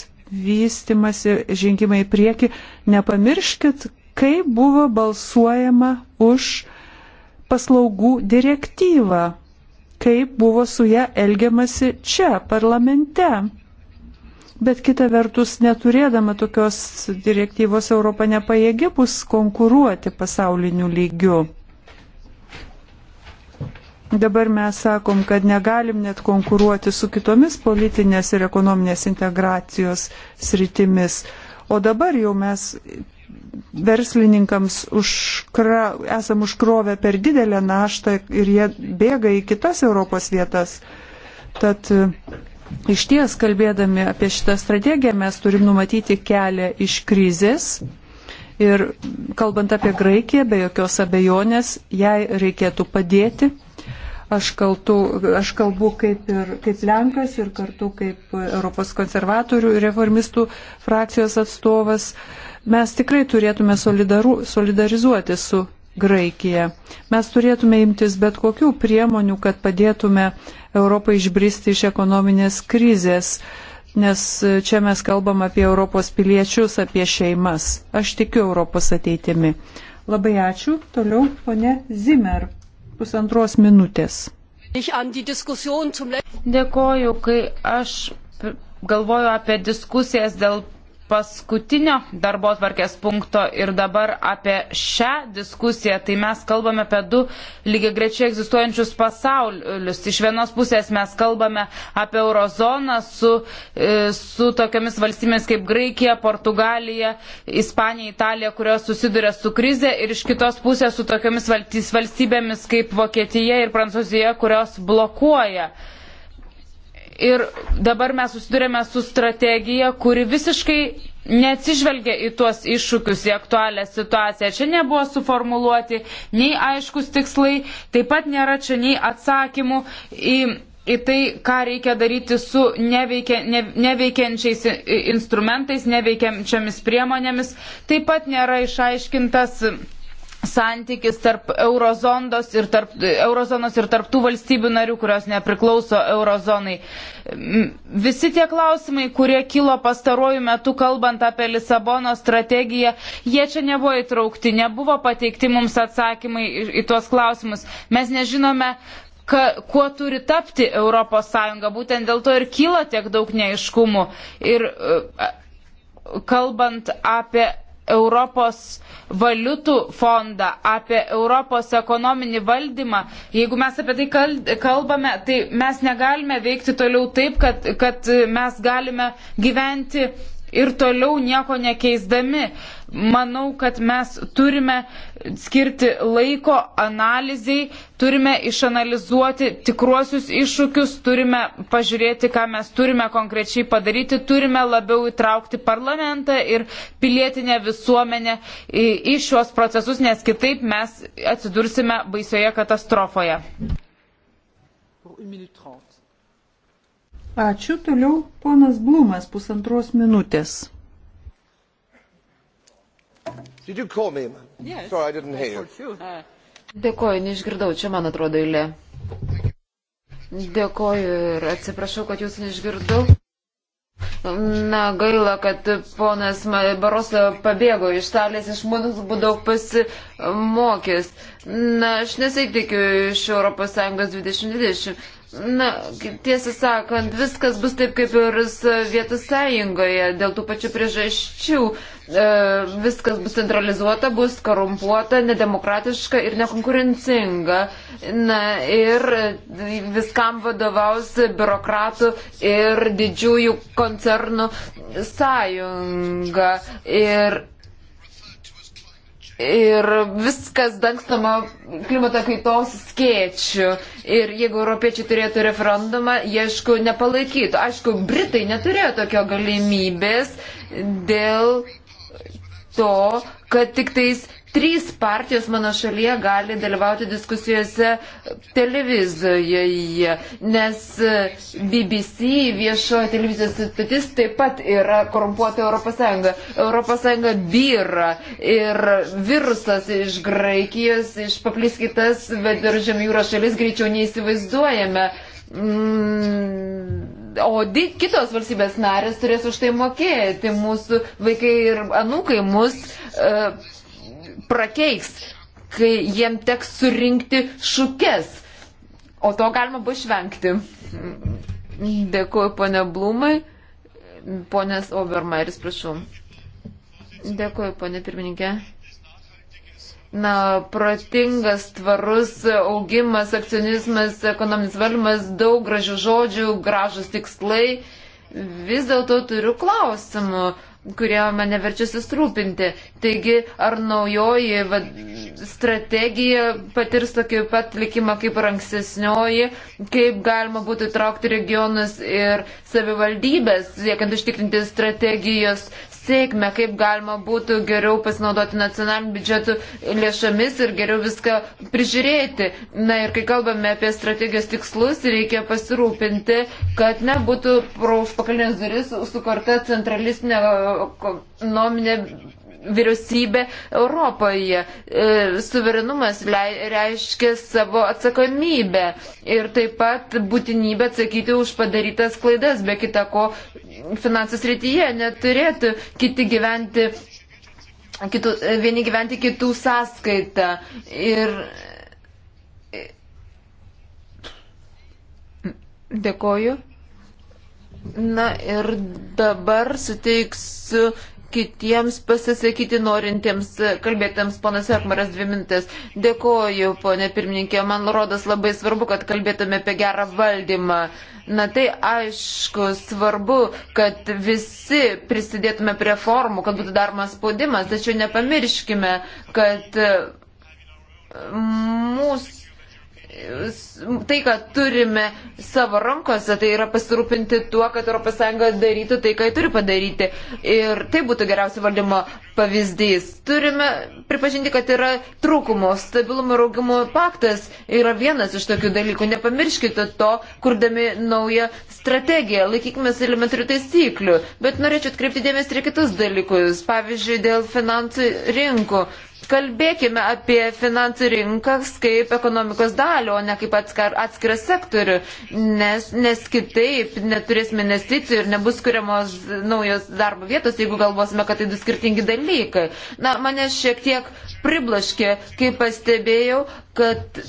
vystimasi, žengimai į priekį, nepamirškit, kaip buvo balsuojama už paslaugų direktyvą kaip buvo su ją elgiamasi čia, parlamente. Bet kita vertus, neturėdama tokios direktyvos, Europa nepajėgi bus konkuruoti pasauliniu lygiu. Dabar mes sakom, kad negalim net konkuruoti su kitomis politinės ir ekonominės integracijos sritimis. O dabar jau mes verslininkams užkra, esam užkrovę per didelę naštą ir jie bėga į kitas Europos vietas. Tad e, iš ties kalbėdami apie šitą strategiją mes turim numatyti kelią iš krizės. Ir kalbant apie Graikiją, be jokios abejonės, jai reikėtų padėti. Aš, kaltu, aš kalbu kaip, ir, kaip Lenkas ir kartu kaip Europos konservatorių ir reformistų frakcijos atstovas. Uh, Mes tikrai turėtume solidaru, solidarizuoti su Graikija. Mes turėtume imtis bet kokių priemonių, kad padėtume Europai išbristi iš ekonominės krizės, nes čia mes kalbam apie Europos piliečius, apie šeimas. Aš tikiu Europos ateitimi. Labai ačiū. Toliau ponė Zimmer. Pusantros minutės. Dėkoju, kai aš galvoju apie diskusijas dėl paskutinio darbo atvarkės punkto ir dabar apie šią diskusiją, tai mes kalbame apie du lygiai grečiai egzistuojančius pasaulius. Iš vienos pusės mes kalbame apie eurozoną su, e, su tokiamis valstybėmis kaip Graikija, Portugalija, Ispanija, Italija, kurios susiduria su krize ir iš kitos pusės su tokiamis valstybėmis kaip Vokietija ir Prancūzija, kurios blokuoja uh, Ir dabar mes susidurėme su strategija, kuri visiškai neatsižvelgia į tuos iššūkius, į aktualią situaciją. Čia nebuvo suformuluoti nei aiškus tikslai, taip pat nėra čia nei atsakymų į, į tai, ką reikia daryti su neveikia, ne, neveikiančiais instrumentais, neveikiančiamis priemonėmis. Taip pat nėra išaiškintas santykis tarp eurozonos ir tarp, eurozonos ir tarp tų valstybių narių, kurios nepriklauso eurozonai. Visi tie klausimai, kurie kilo pastaruoju metu, kalbant apie Lisabono strategiją, jie čia nebuvo įtraukti, nebuvo pateikti mums atsakymai į, į tuos klausimus. Mes nežinome, ka, kuo turi tapti ES. Būtent dėl to ir kyla tiek daug neiškumų. Ir e, kalbant apie Europos valiutų fondą, apie Europos ekonominį valdymą. Jeigu mes apie tai kalbame, tai mes negalime veikti toliau taip, kad, kad mes galime gyventi ir toliau nieko nekeisdami manau, kad mes turime skirti laiko analizai, turime išanalizuoti tikruosius iššūkius, turime pažiūrėti, ką mes turime konkrečiai padaryti, turime labiau įtraukti parlamentą ir pilietinę visuomenę į šios procesus, nes kitaip mes atsidursime baisioje katastrofoje. Ačiū toliau, ponas Blumas, pusantros minutės. Did you call me? Yes. Sorry, I didn't hear you. Dėkoju, neišgirdau, čia man atrodo eilė. Dėkoju ir atsiprašau, kad jūs neišgirdau. Na, gaila, kad ponas Baroso pabėgo iš salės, iš mūsų buvo daug pasimokęs. Na, aš nesitikiu iš ES 2020. Na, tiesą sakant, viskas bus taip kaip ir Vietų sąjungoje, dėl tų pačių priežasčių. E, viskas bus centralizuota, bus korumpuota, nedemokratiška ir nekonkurencinga. Na ir viskam vadovaus biurokratų ir didžiųjų koncernų sąjunga. Ir ir viskas dangstama klimato kaitos skėčių. Ir jeigu europiečiai turėtų referendumą, jie aišku nepalaikytų. Aišku, Britai neturėjo tokio galimybės dėl to, kad tik tais trys partijos mano šalyje gali dalyvauti diskusijose televizijoje, nes BBC viešoji televizijos stotis taip pat yra korumpuota Europos Sąjunga. Europos Sąjunga vyra ir virusas iš Graikijos, iš papliskytas viduržėm jūros šalis greičiau neįsivaizduojame. Mm, o di, kitos valstybės narės turės už tai mokėti. Mūsų vaikai ir anūkai mus uh, prakeiks, kai jiem teks surinkti šukes. O to galima bus išvengti. Dėkuoju, ponė Blumai. Ponės Obermairis, prašau. Dėkuoju, ponė pirmininkė na, protingas, tvarus augimas, akcionizmas, ekonominis valdymas, daug gražių žodžių, gražus tikslai. Vis dėlto turiu klausimų kurie mane verčia sustrūpinti. Taigi, ar naujoji va, strategija patirs tokį pat likimą kaip ir ankstesnioji, kaip galima būtų įtraukti regionus ir savivaldybės, siekiant užtikrinti strategijos sėkmę, kaip galima būtų geriau pasinaudoti nacionalinių biudžetų lėšomis ir geriau viską prižiūrėti. Na ir kai kalbame apie strategijos tikslus, reikia pasirūpinti, kad nebūtų pro užpakalinės duris sukurta centralistinė ekonominė vyriausybė Europoje. E, suverenumas reiškia savo atsakomybę ir taip pat būtinybę atsakyti už padarytas klaidas, be kita ko finansų srityje neturėtų kiti gyventi, kitų, vieni gyventi kitų sąskaitą. Ir dėkoju. Na ir dabar suteiksiu kitiems pasisakyti norintiems kalbėtams. Ponas Ekmaras, dvi mintis. Dėkoju, ponė pirmininkė. Man rodas labai svarbu, kad kalbėtume apie gerą valdymą. Na tai aišku, svarbu, kad visi prisidėtume prie formų, kad būtų daromas spaudimas, tačiau nepamirškime, kad mūsų tai, ką turime savo rankose, tai yra pasirūpinti tuo, kad ES darytų tai, ką turi padaryti. Ir tai būtų geriausia valdymo pavyzdys. Turime pripažinti, kad yra trūkumo. Stabilumo ir augimo paktas yra vienas iš tokių dalykų. Nepamirškite to, kurdami naują strategiją. Laikykime elementarių taisyklių. Bet norėčiau atkreipti dėmesį ir kitus dalykus. Pavyzdžiui, dėl finansų rinkų. Kalbėkime apie finansų rinkas kaip ekonomikos dalį, o ne kaip atskirą sektorių, nes, nes kitaip neturėsime investicijų ir nebus kuriamos naujos darbo vietos, jeigu galvosime, kad tai du skirtingi dalykai. Na, mane šiek tiek priblaškė, kai pastebėjau, kad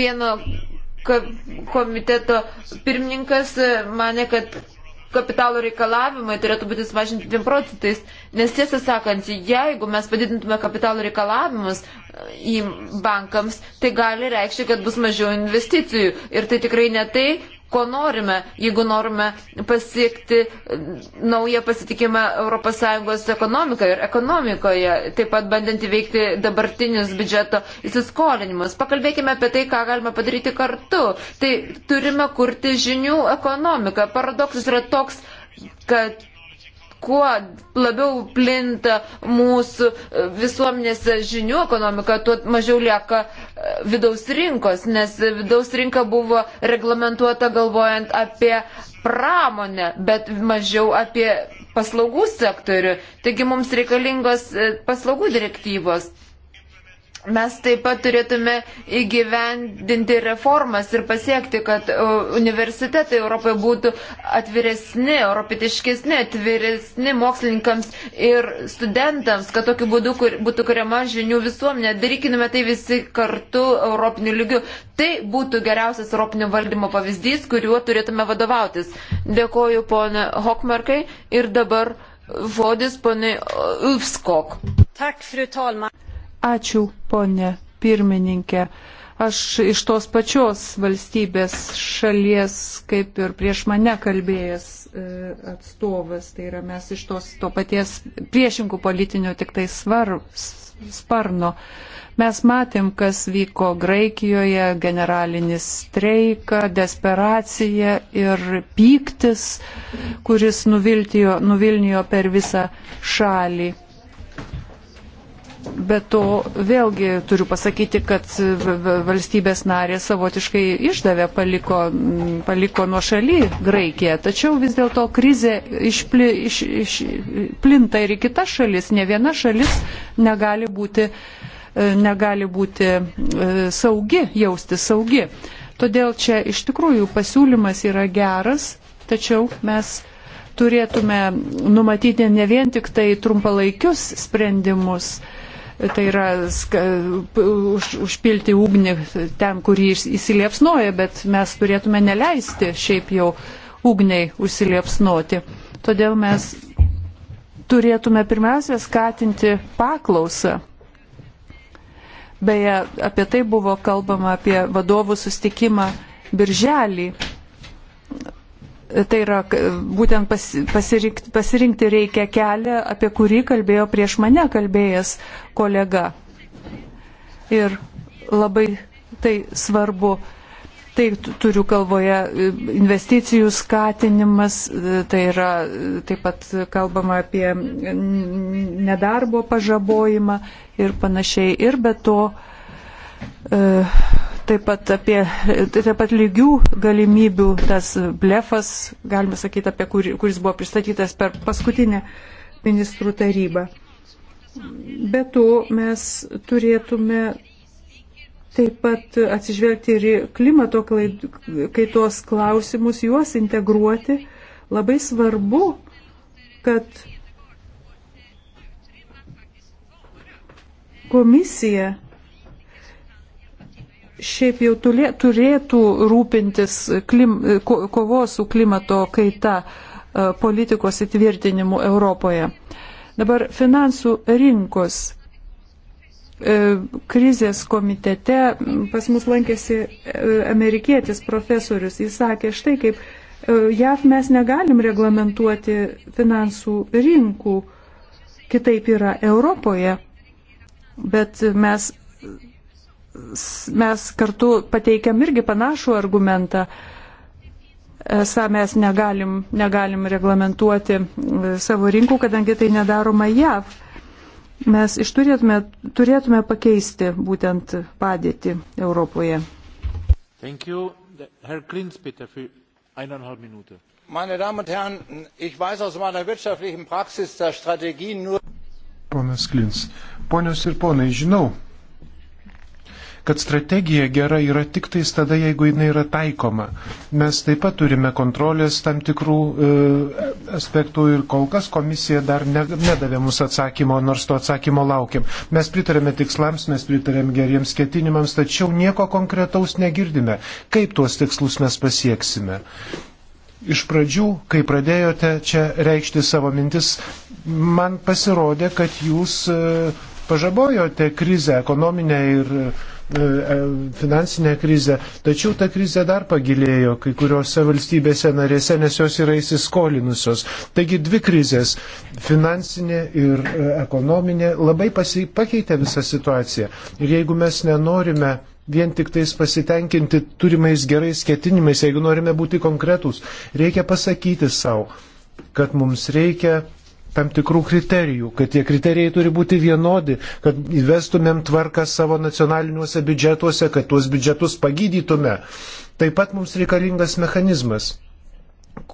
vieno komiteto pirmininkas mane, kad kapitalo reikalavimai turėtų būti sumažinti 2 procentais, nes tiesą sakant, jeigu mes padidintume kapitalo reikalavimus e, į bankams, tai gali reikšti, kad bus mažiau investicijų ir tai tikrai ne tai, ko norime, jeigu norime pasiekti naują pasitikimą ES ekonomikoje ir ekonomikoje, taip pat bandant įveikti dabartinius biudžeto įsiskolinimus. Pakalbėkime apie tai, ką galime padaryti kartu. Tai turime kurti žinių ekonomiką. Paradoksas yra toks, kad kuo labiau plinta mūsų visuomenės žinių ekonomika, tuo mažiau lieka e, vidaus rinkos, nes vidaus rinka buvo reglamentuota galvojant apie pramonę, bet mažiau apie paslaugų sektorių. Taigi mums reikalingos e, paslaugų direktyvos. Mes taip pat turėtume įgyvendinti reformas ir pasiekti, kad e, universitetai Europoje būtų atviresni, europitiškesni, atviresni mokslininkams ir studentams, kad tokiu būdu kur, būtų kuriama žinių visuomenė. Darykinime tai visi kartu europiniu lygiu. Tai būtų geriausias europinio valdymo pavyzdys, kuriuo turėtume vadovautis. Dėkoju pone Hokmarkai ir dabar žodis pone Ulfskok. Tak, fru talman. Ačiū, ponė pirmininkė. Aš iš tos pačios valstybės šalies, kaip ir prieš mane kalbėjęs e, atstovas, tai yra mes iš tos to paties priešingų politinių tik tai svar, sparno. Mes matėm, kas vyko Graikijoje, generalinis streiką, desperacija ir pyktis, kuris nuvilnijo per visą šalį. Bet to vėlgi turiu pasakyti, kad valstybės narė savotiškai išdavė, paliko, paliko nuo šaly Graikiją. Tačiau vis dėlto krizė išpli, iš, iš, plinta ir į kitas šalis. Ne viena šalis negali būti, e, negali būti e, saugi, jausti saugi. Todėl čia iš tikrųjų pasiūlymas yra geras, tačiau mes turėtume numatyti ne vien tik tai trumpalaikius sprendimus, tai yra ska, už, užpilti ugnį ten, kur jis įsiliepsnoja, bet mes turėtume neleisti šiaip jau ugniai užsiliepsnoti. Todėl mes turėtume pirmiausia skatinti paklausą. Beje, apie tai buvo kalbama apie vadovų sustikimą birželį. Tai yra, būtent pasirinkti, pasirinkti reikia kelią, apie kurį kalbėjo prieš mane kalbėjęs kolega. Ir labai tai svarbu. Tai turiu galvoje e, investicijų skatinimas, e, tai yra e, taip pat kalbama apie nedarbo pažabojimą ir panašiai. Ir be to taip pat apie tai taip pat lygių galimybių tas blefas, galima sakyti, apie kur, kuris buvo pristatytas per paskutinę ministrų tarybą. Be to mes turėtume taip pat atsižvelgti ir į klimato kaitos klausimus, juos integruoti. Labai svarbu, kad komisija šiaip jau turėtų rūpintis klim, ko, kovos su klimato kaita e, politikos įtvirtinimu Europoje. Dabar finansų rinkos e, krizės komitete pas mus lankėsi e, amerikietis profesorius. Jis sakė štai kaip JAV mes negalim reglamentuoti finansų rinkų, kitaip yra Europoje, bet mes mes kartu pateikėm irgi panašų argumentą. Esą mes negalim, negalim reglamentuoti savo rinkų, kadangi tai nedaroma JAV. Mes iš turėtume, turėtume pakeisti būtent padėtį Europoje. Thank you. Herr Klinz, bitte, für eineinhalb Minuten meine damen und herren ich weiß aus meiner wirtschaftlichen praxis dass strategien nur. ponas klins ponios ir ponai žinau kad strategija gera yra tik tais tada, jeigu jinai yra taikoma. Mes taip pat turime kontrolės tam tikrų e, aspektų ir kol kas komisija dar ne, nedavė mums atsakymo, nors to atsakymo laukiam. Mes pritarėme tikslams, mes pritarėme geriems ketinimams, tačiau nieko konkretaus negirdime. Kaip tuos tikslus mes pasieksime? iš pradžių, kai pradėjote čia reikšti savo mintis, man pasirodė, kad jūs e, pažabojote krizę ekonominę ir E, e, finansinę krizę, tačiau ta krizė dar pagilėjo kai kuriuose valstybėse narėse, nes jos yra įsiskolinusios. Taigi dvi krizės - finansinė ir e, ekonominė - labai pasi, pakeitė visą situaciją. Ir jeigu mes nenorime vien tik tais pasitenkinti turimais gerais ketinimais, jeigu norime būti konkretūs, reikia pasakyti savo, kad mums reikia tam tikrų kriterijų, kad tie kriterijai turi būti vienodi, kad įvestumėm tvarką savo nacionaliniuose biudžetuose, kad tuos biudžetus pagydytume. Taip pat mums reikalingas mechanizmas,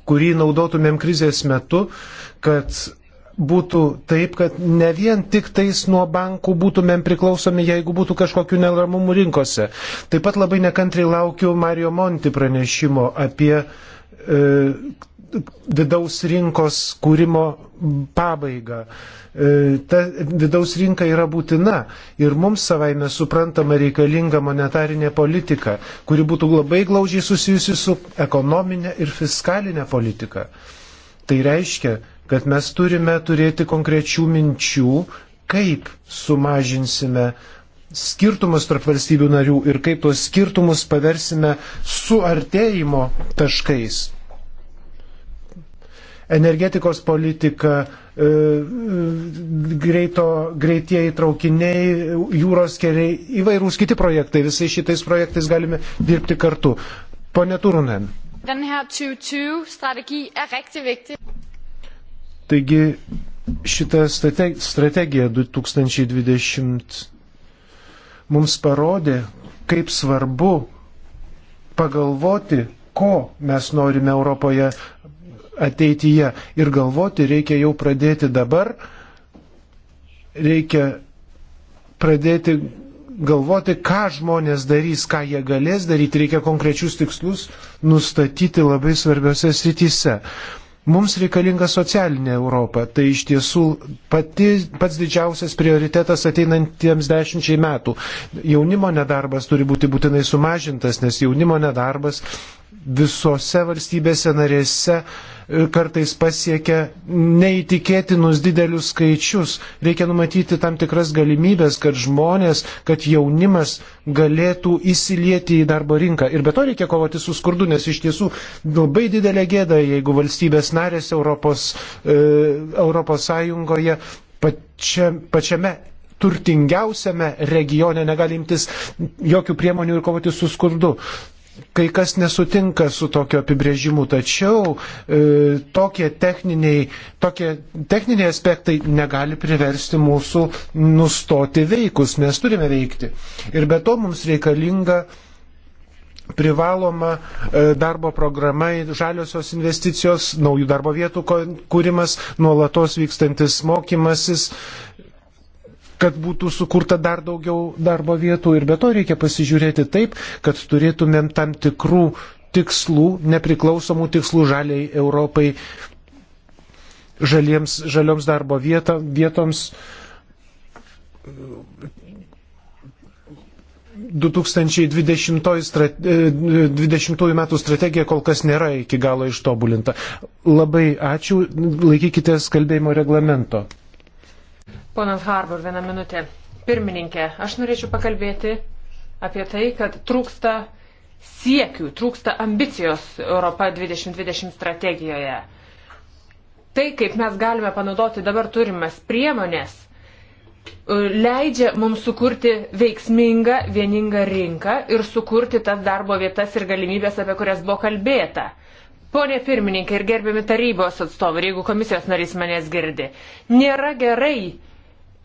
kurį naudotumėm krizės metu, kad būtų taip, kad ne vien tik tais nuo bankų būtumėm priklausomi, jeigu būtų kažkokių neramumų rinkose. Taip pat labai nekantriai laukiu Mario Monti pranešimo apie e, vidaus rinkos kūrimo pabaigą. E, ta vidaus rinka yra būtina ir mums savaime suprantama reikalinga monetarinė politika, kuri būtų labai glaužiai susijusi su ekonominė ir fiskalinė politika. Tai reiškia, kad mes turime turėti konkrečių minčių, kaip sumažinsime skirtumus tarp valstybių narių ir kaip tuos skirtumus paversime suartėjimo taškais energetikos politika, e, e, greito, greitieji traukiniai, jūros keliai, įvairūs kiti projektai. Visais šitais projektais galime dirbti kartu. Pone Turunen. Er Taigi šita strategija 2020 mums parodė, kaip svarbu pagalvoti, ko mes norime Europoje ateityje. Ir galvoti reikia jau pradėti dabar, reikia pradėti galvoti, ką žmonės darys, ką jie galės daryti, reikia konkrečius tikslus nustatyti labai svarbiose srityse. Mums reikalinga socialinė Europa. Tai iš tiesų pati, pats didžiausias prioritetas ateinantiems dešimčiai metų. Jaunimo nedarbas turi būti būtinai sumažintas, nes jaunimo nedarbas visose valstybėse narėse uh, E, kartais pasiekia neįtikėtinus didelius skaičius. Reikia numatyti tam tikras galimybės, kad žmonės, kad jaunimas galėtų įsilieti į darbo rinką. Ir be to reikia kovoti su skurdu, nes iš tiesų labai didelė gėda, jeigu valstybės narės Europos, e, Europos Sąjungoje pačia, pačiame turtingiausiame regione negalimtis jokių priemonių ir kovoti su skurdu. Kai kas nesutinka su tokio apibrėžimu, tačiau e, tokie, techniniai, tokie techniniai aspektai negali priversti mūsų nustoti veikus, mes turime veikti. Ir be to mums reikalinga privaloma e, darbo programa, žaliosios investicijos, naujų darbo vietų kūrimas, nuolatos vykstantis mokymasis, kad būtų sukurta dar daugiau darbo vietų ir be to reikia pasižiūrėti taip, kad turėtumėm tam tikrų tikslų, nepriklausomų tikslų žaliai Europai, žaliems, žalioms darbo vieta, vietoms. 2020 strate, 20 metų strategija kol kas nėra iki galo ištobulinta. Labai ačiū, laikykitės kalbėjimo reglamento. Ponas Harbour, vieną minutę. Pirmininkė, aš norėčiau pakalbėti apie tai, kad trūksta siekių, trūksta ambicijos Europa 2020 strategijoje. Tai, kaip mes galime panaudoti dabar turimas priemonės, leidžia mums sukurti veiksmingą, vieningą rinką ir sukurti tas darbo vietas ir galimybės, apie kurias buvo kalbėta. Pone pirmininkė ir gerbiami tarybos atstovai, jeigu komisijos narys manęs girdi, nėra gerai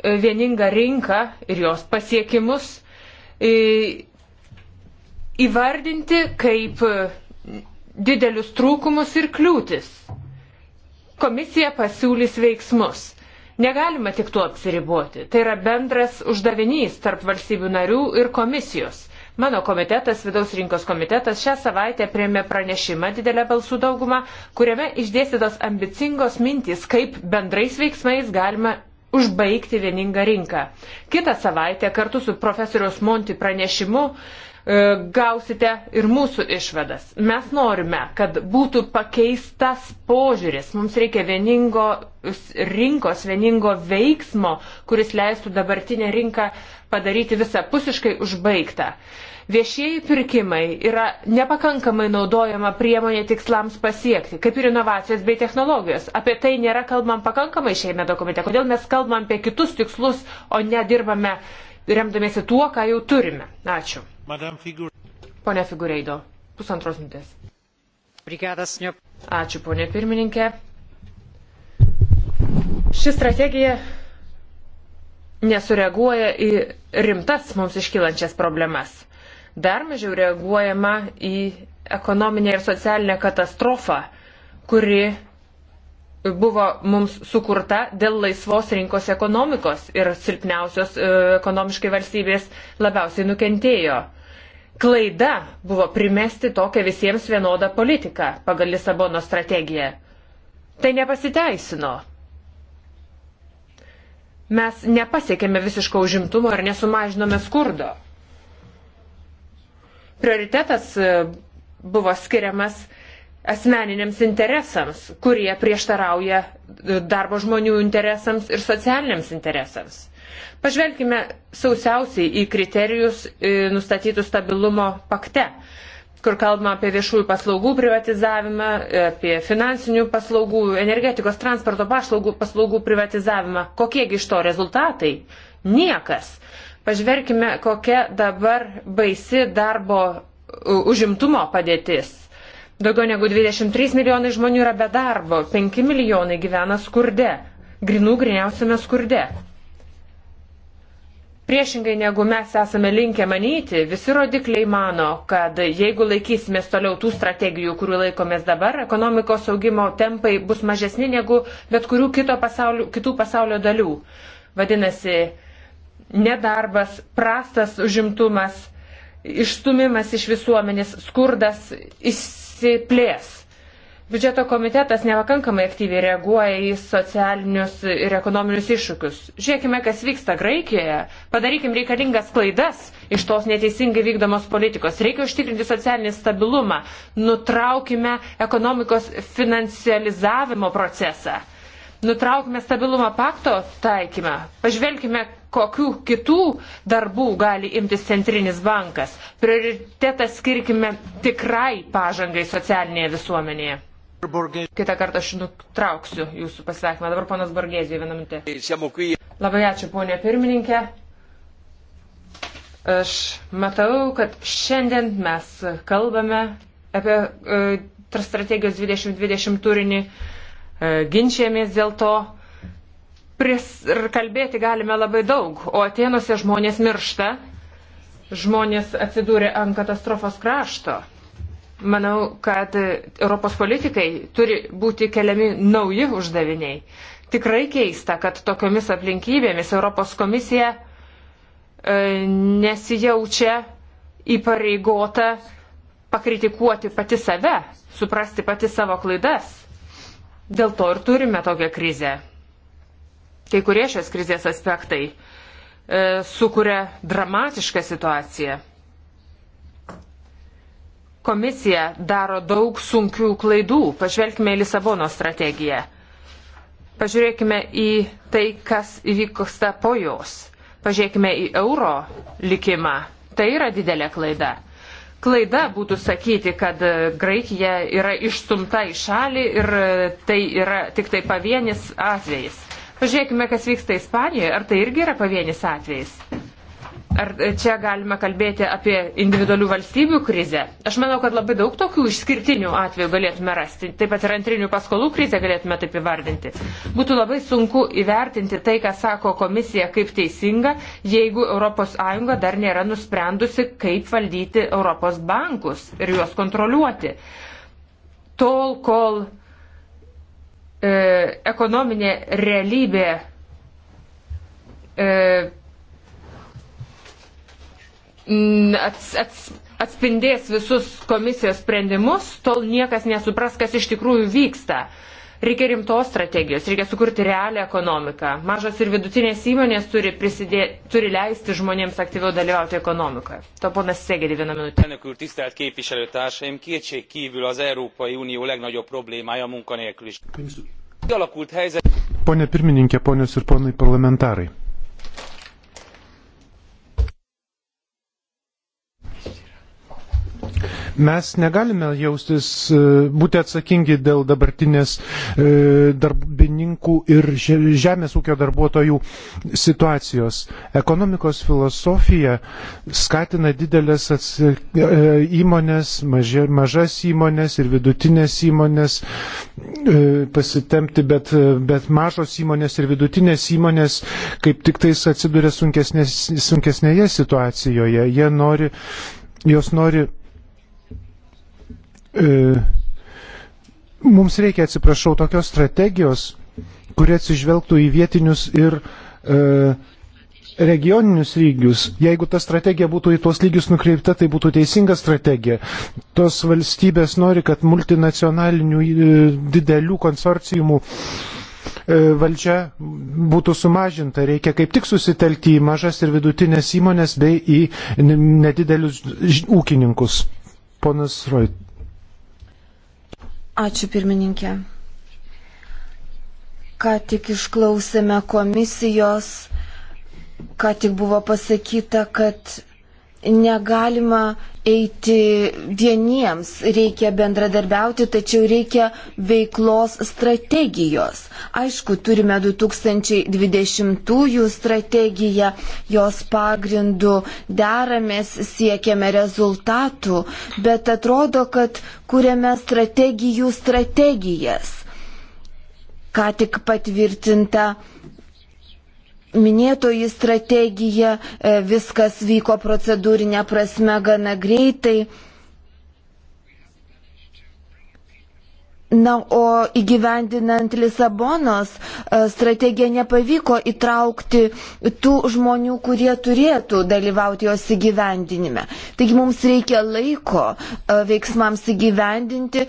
vieningą rinką ir jos pasiekimus įvardinti kaip didelius trūkumus ir kliūtis. Komisija pasiūlys veiksmus. Negalima tik tuo apsiriboti. Tai yra bendras uždavinys tarp valstybių narių ir komisijos. Mano komitetas, vidaus rinkos komitetas, šią savaitę priemė pranešimą didelę balsų daugumą, kuriame išdėstytos ambicingos mintys, kaip bendrais veiksmais galima užbaigti vieningą rinką. Kitą savaitę kartu su profesoriaus Monti pranešimu e, gausite ir mūsų išvadas. Mes norime, kad būtų pakeistas požiūris. Mums reikia vieningo rinkos, vieningo veiksmo, kuris leistų dabartinę rinką padaryti visapusiškai užbaigtą. Uh, Viešieji pirkimai yra nepakankamai naudojama priemonė tikslams pasiekti, kaip ir inovacijos bei technologijos. Apie tai nėra kalbam pakankamai šiame dokumente. Kodėl mes kalbam apie kitus tikslus, o nedirbame remdamėsi tuo, ką jau turime. Ačiū. Pone Figureido, pusantros minutės. Ačiū, ponė pirmininkė. Ši strategija nesureaguoja į rimtas mums iškylančias problemas. Dar mažiau reaguojama į ekonominę ir socialinę katastrofą, kuri buvo mums sukurta dėl laisvos rinkos ekonomikos ir silpniausios e, ekonomiškai valstybės labiausiai nukentėjo. Klaida buvo primesti tokią visiems vienodą politiką pagal Lisabono strategiją. Tai nepasiteisino. Mes nepasiekėme visiško užimtumo ir nesumažinome skurdo prioritetas e, buvo skiriamas asmeniniams interesams, kurie prieštarauja darbo žmonių interesams ir socialiniams interesams. Pažvelkime sausiausiai į kriterijus e, nustatytus stabilumo pakte, kur kalbama apie viešųjų paslaugų privatizavimą, apie finansinių paslaugų, energetikos, transporto paslaugų, paslaugų privatizavimą. Kokiegi iš to rezultatai? Niekas. Pažvelkime, kokia dabar baisi darbo užimtumo padėtis. Daugiau negu 23 milijonai žmonių yra be darbo, 5 milijonai gyvena skurde, grinų griniausiame skurde. Priešingai negu mes esame linkę manyti, visi rodikliai mano, kad jeigu laikysimės toliau tų strategijų, kurių laikomės dabar, ekonomikos augimo tempai bus mažesni negu bet kurių pasaulio, kitų pasaulio dalių. Vadinasi, nedarbas, prastas užimtumas, išstumimas iš visuomenės, skurdas įsiplės. Biudžeto komitetas nepakankamai aktyviai reaguoja į socialinius ir ekonominius iššūkius. Žiūrėkime, kas vyksta Graikijoje. Padarykim reikalingas klaidas iš tos neteisingai vykdomos politikos. Reikia užtikrinti socialinį stabilumą. Nutraukime ekonomikos financializavimo procesą. Nutraukime stabilumo pakto taikymą. Pažvelkime, kokių kitų darbų gali imtis centrinis bankas. Prioritetą skirkime tikrai pažangai socialinėje visuomenėje. Kitą kartą aš nutrauksiu jūsų pasveikimą. Dabar ponas Borgėzijai vieną minutę. Labai ačiū, ponė pirmininkė. Aš matau, kad šiandien mes kalbame apie e, strategijos 2020 turinį, e, ginčiamės dėl to, pris, ir kalbėti galime labai daug, o Atenuose žmonės miršta, žmonės atsidūrė ant katastrofos krašto. Manau, kad Europos politikai turi būti keliami nauji uždaviniai. Tikrai keista, kad tokiomis aplinkybėmis Europos komisija e, nesijaučia įpareigota pakritikuoti pati save, suprasti pati savo klaidas. Dėl to ir turime tokią krizę. Kai kurie šios krizės aspektai e, sukuria dramatišką situaciją. Komisija daro daug sunkių klaidų. Pažvelkime į Lisabono strategiją. Pažiūrėkime į tai, kas įvyksta po jos. Pažiūrėkime į euro likimą. Tai yra didelė klaida klaida būtų sakyti, kad e, Graikija yra išstumta į šalį ir e, tai yra tik tai pavienis atvejis. Pažiūrėkime, kas vyksta Ispanijoje. Ar tai irgi yra pavienis atvejis? Ar čia galime kalbėti apie individualių valstybių krizę? Aš manau, kad labai daug tokių išskirtinių atvejų galėtume rasti. Taip pat ir antrinių paskolų krizę galėtume taip įvardinti. Būtų labai sunku įvertinti tai, ką sako komisija, kaip teisinga, jeigu ES dar nėra nusprendusi, kaip valdyti Europos bankus ir juos kontroliuoti. Tol, kol E, ekonominė realybė e, ats, ats, atspindės visus komisijos sprendimus, tol niekas nesupras, kas iš tikrųjų vyksta. E, Reikia rimtos strategijos, reikia sukurti realią ekonomiką. Mažos ir vidutinės įmonės turi, prisidė, turi leisti žmonėms aktyviau dalyvauti ekonomikoje. To ponas Segedi vieną minutę. Elnök úr, tisztelt képviselőtársaim, kétség kívül az Európai Unió legnagyobb problémája munkanélküliség. Kialakult helyzet. Pone pirmininkė, ponios ir ponai parlamentarai. Mes negalime jaustis, e, būti atsakingi dėl dabartinės e, darbininkų ir žemės ūkio darbuotojų situacijos. Ekonomikos filosofija skatina didelės e, įmonės, mažė, mažas įmonės ir vidutinės įmonės pasitemti, bet, bet mažos įmonės ir vidutinės įmonės kaip tik tais atsiduria sunkesnėje situacijoje. Jie nori, jos nori E, mums reikia, atsiprašau, tokios strategijos, kurie atsižvelgtų į vietinius ir e, regioninius lygius. Jeigu ta strategija būtų į tuos lygius nukreipta, tai būtų teisinga strategija. Tos valstybės nori, kad multinacionalinių e, didelių konsorcijumų e, valdžia būtų sumažinta. Reikia kaip tik susitelkti į mažas ir vidutinės įmonės bei į nedidelius ūkininkus. Ponas Roit. Ačiū pirmininkė. Ką tik išklausėme komisijos, ką tik buvo pasakyta, kad negalima eiti vieniems, reikia bendradarbiauti, tačiau reikia veiklos strategijos. Aišku, turime 2020 strategiją, jos pagrindų deramės, siekiame rezultatų, bet atrodo, kad kuriame strategijų strategijas. Ką tik patvirtinta minėtoji strategija, e, viskas vyko procedūrinė prasme gana greitai. Na, o įgyvendinant Lisabonos e, strategiją nepavyko įtraukti tų žmonių, kurie turėtų dalyvauti jos įgyvendinime. Taigi mums reikia laiko e, veiksmams įgyvendinti,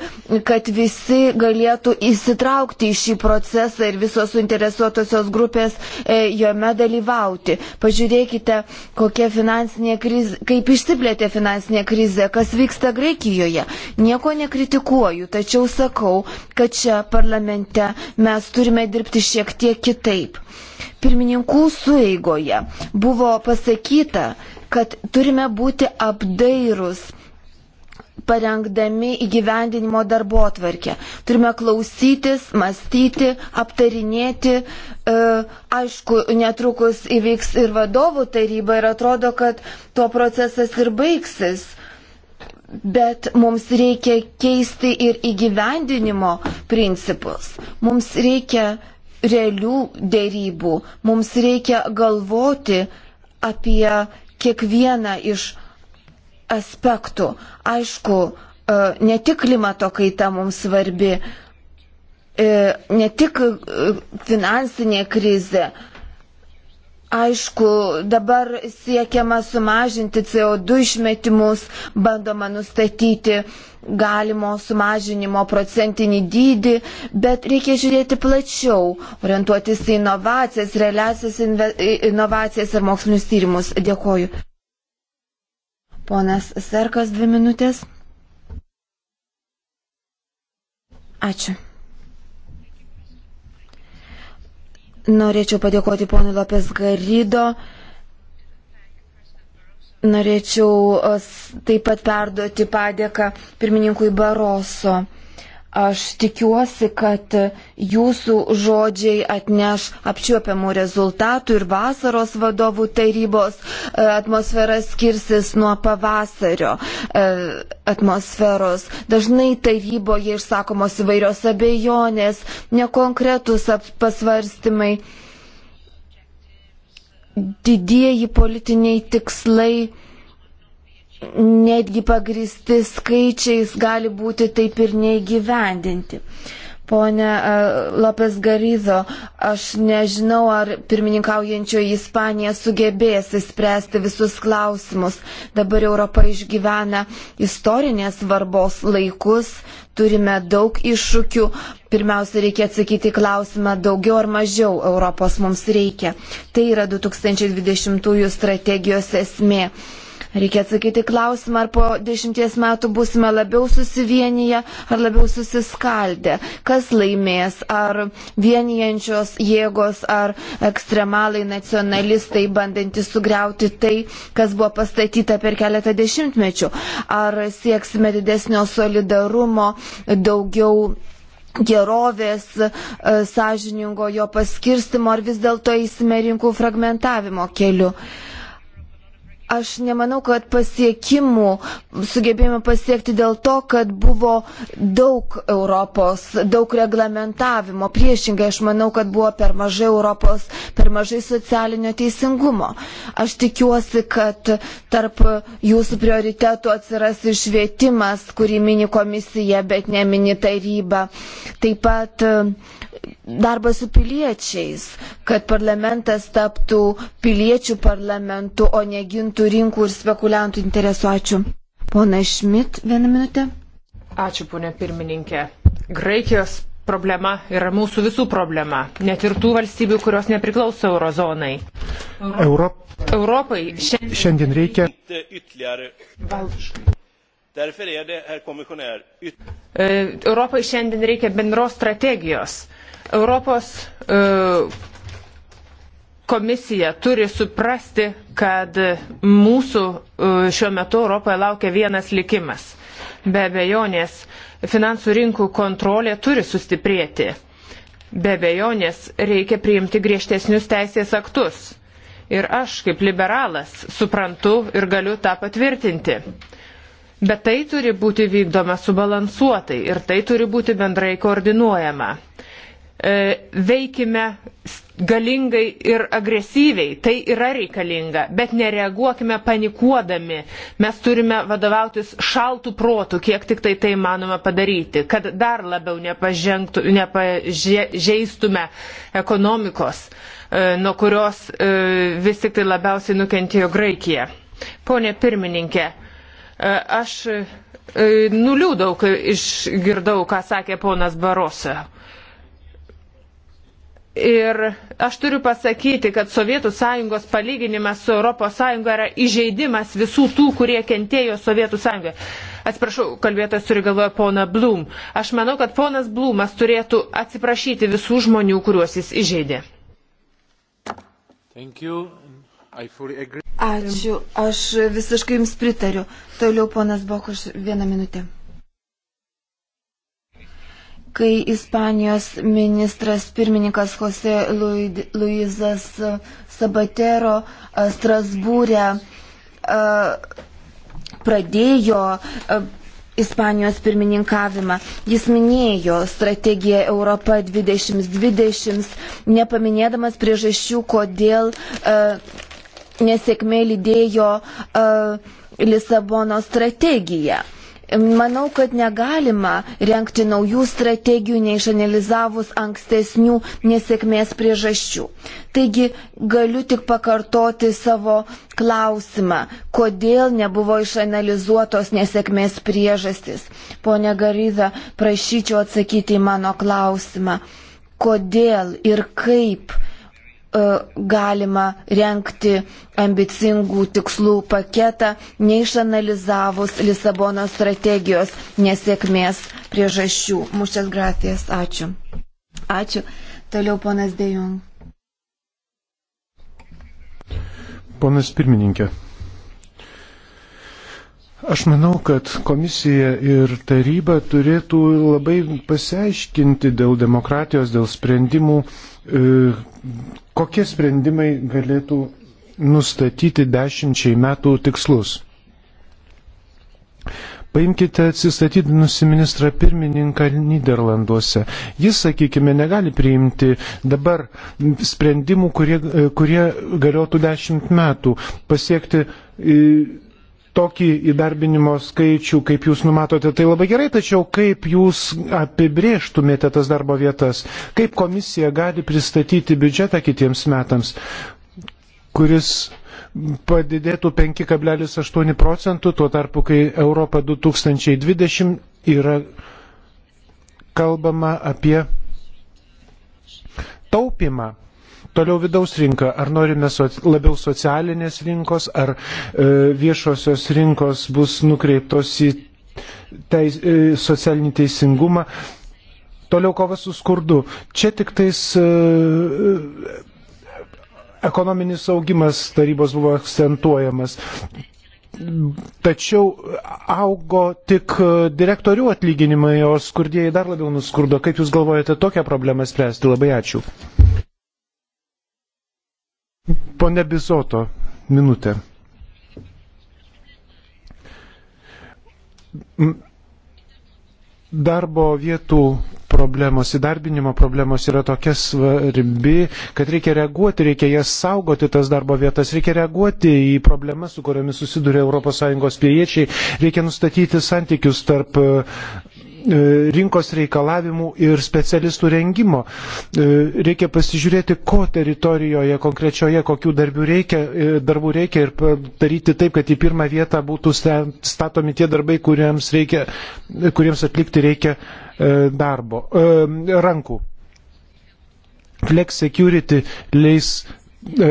kad visi galėtų įsitraukti į šį procesą ir visos suinteresuotosios grupės e, jame dalyvauti. Pažiūrėkite, kriz... kaip išsiplėtė finansinė krizė, kas vyksta Graikijoje. Nieko nekritikuoju, tačiau sakau, sakau, kad čia parlamente mes turime dirbti šiek tiek kitaip. Pirmininkų sueigoje buvo pasakyta, kad turime būti apdairūs parengdami įgyvendinimo darbo atvarkę. Turime klausytis, mąstyti, aptarinėti. E, aišku, netrukus įvyks ir vadovų taryba ir atrodo, kad tuo procesas ir baigsis. Bet mums reikia keisti ir įgyvendinimo principus. Mums reikia realių dėrybų. Mums reikia galvoti apie kiekvieną iš aspektų. Aišku, e, ne tik klimato kaita mums svarbi, e, ne tik e, finansinė krizė, Aišku, dabar siekiama sumažinti CO2 išmetimus, bandoma nustatyti galimo sumažinimo procentinį dydį, bet reikia žiūrėti plačiau, orientuotis į inovacijas, realiasias inovacijas ir mokslinius tyrimus. Dėkoju. Ponas Serkas, dvi minutės. Ačiū. Norėčiau padėkoti ponui Lopes Garido. Norėčiau e, taip pat perduoti padėką pirmininkui Baroso. Aš tikiuosi, kad jūsų žodžiai atneš apčiuopiamų rezultatų ir vasaros vadovų tarybos e, atmosfera skirsis nuo pavasario e, atmosferos. Dažnai taryboje išsakomos įvairios abejonės, nekonkretus pasvarstymai, didieji politiniai tikslai netgi pagristi skaičiais gali būti taip ir neįgyvendinti. Pone e, Lopes Garizo, aš nežinau, ar pirmininkaujančioji Ispanija sugebės įspręsti visus klausimus. Dabar Europa išgyvena istorinės svarbos laikus, turime daug iššūkių. Pirmiausia, reikia atsakyti klausimą, daugiau ar mažiau Europos mums reikia. Tai yra 2020 strategijos esmė. Reikia atsakyti klausimą, ar po dešimties metų būsime labiau susivienyje, ar labiau susiskaldę. Kas laimės, ar vienijančios jėgos, ar ekstremalai nacionalistai bandantys sugriauti tai, kas buvo pastatyta per keletą dešimtmečių. Ar sieksime didesnio solidarumo, daugiau gerovės, e, sąžiningo jo paskirstimo, ar vis dėlto eisime rinkų fragmentavimo keliu. Uh, Aš nemanau, kad pasiekimų sugebėjome pasiekti dėl to, kad buvo daug Europos, daug reglamentavimo. Priešingai, aš manau, kad buvo per mažai Europos, per mažai socialinio teisingumo. Aš tikiuosi, kad tarp jūsų prioritetų atsiras ir švietimas, kurį mini komisija, bet nemini taryba. Taip pat darbas su piliečiais, kad parlamentas taptų piliečių parlamentu, o negintų rinkų ir spekuliantų interesų. Ačiū. Pona Šmit, vieną minutę. Ačiū, ponė pirmininkė. Graikijos problema yra mūsų visų problema, net ir tų valstybių, kurios nepriklauso eurozonai. Europ... Europai šiandien, šiandien reikia. E, Europai šiandien reikia bendros strategijos. Europos e, komisija turi suprasti, kad mūsų e, šiuo metu Europoje laukia vienas likimas. Be bejonės, finansų rinkų kontrolė turi sustiprėti. Be bejonės, reikia priimti griežtesnius teisės aktus. Ir aš, kaip liberalas, suprantu ir galiu tą patvirtinti. Bet tai turi būti vykdoma subalansuotai ir tai turi būti bendrai koordinuojama. E, veikime galingai ir agresyviai. Tai yra reikalinga, bet nereaguokime panikuodami. Mes turime vadovautis šaltų protų, kiek tik tai tai manoma padaryti, kad dar labiau nepažeistume ekonomikos, e, nuo kurios e, vis tik tai labiausiai nukentėjo Graikija. Pone pirmininkė, aš nuliūdau, kai išgirdau, ką sakė ponas Barosa. Ir aš turiu pasakyti, kad Sovietų sąjungos palyginimas su Europos sąjunga yra įžeidimas visų tų, kurie kentėjo Sovietų sąjungoje. Atsiprašau, kalbėtas turi galvoje pona Blum. Aš manau, kad ponas Blumas turėtų atsiprašyti visų žmonių, kuriuos jis įžeidė. Ačiū, aš visiškai jums pritariu. Toliau ponas Bokuš, vieną minutę kai Ispanijos ministras pirmininkas Jose Luizas Sabatero Strasbūrė pradėjo Ispanijos pirmininkavimą. Jis minėjo strategiją Europa 2020, nepaminėdamas priežasčių, kodėl e, nesėkmė lydėjo e, Lisabono strategiją. E, Manau, kad negalima renkti naujų strategijų, neišanalizavus ankstesnių nesėkmės priežasčių. Taigi galiu tik pakartoti savo klausimą, kodėl nebuvo išanalizuotos nesėkmės priežastis. Pone Garyza, prašyčiau atsakyti į mano klausimą. Kodėl ir kaip E, galima renkti ambicingų tikslų paketą, neišanalizavus Lisabono strategijos nesėkmės priežasčių. Mušės gratijas, ačiū. Ačiū. Toliau ponas Dejung. Ponas pirmininkė, Aš manau, kad komisija ir taryba turėtų labai pasiaiškinti dėl demokratijos, dėl sprendimų E, kokie sprendimai galėtų nustatyti dešimčiai metų tikslus? Paimkite atsistatydinusi ministrą pirmininką Niderlanduose. Jis, sakykime, negali priimti dabar sprendimų, kurie, kurie galiotų dešimt metų, pasiekti e, tokį įdarbinimo skaičių, kaip jūs numatote, tai labai gerai, tačiau kaip jūs apibrėžtumėte tas darbo vietas, kaip komisija gali pristatyti biudžetą kitiems metams, kuris padidėtų 5,8 procentų, tuo tarpu, kai Europa 2020 yra kalbama apie taupimą. Toliau vidaus rinka. Ar norime so, labiau socialinės rinkos, ar e, viešosios rinkos bus nukreiptos į teis, e, socialinį teisingumą. Toliau kova su skurdu. Čia tik tais. E, Ekonominis augimas tarybos buvo akcentuojamas tačiau augo tik e, direktorių atlyginimai, o skurdieji dar labiau nuskurdo. Kaip Jūs galvojate tokią problemą spręsti? Labai ačiū. Pone Bizoto, minutė. Darbo vietų problemos, įdarbinimo problemos yra tokia svarbi, kad reikia reaguoti, reikia jas saugoti, tas darbo vietas, reikia reaguoti į problemas, su kuriomis susiduria ES piliečiai, reikia nustatyti santykius tarp E, rinkos reikalavimų ir specialistų rengimo. E, reikia pasižiūrėti, ko teritorijoje konkrečioje, kokių darbų reikia, e, darbų reikia ir daryti taip, kad į pirmą vietą būtų statomi tie darbai, kuriems, reikia, kuriems atlikti reikia darbo, rankų. Flex Security leis E,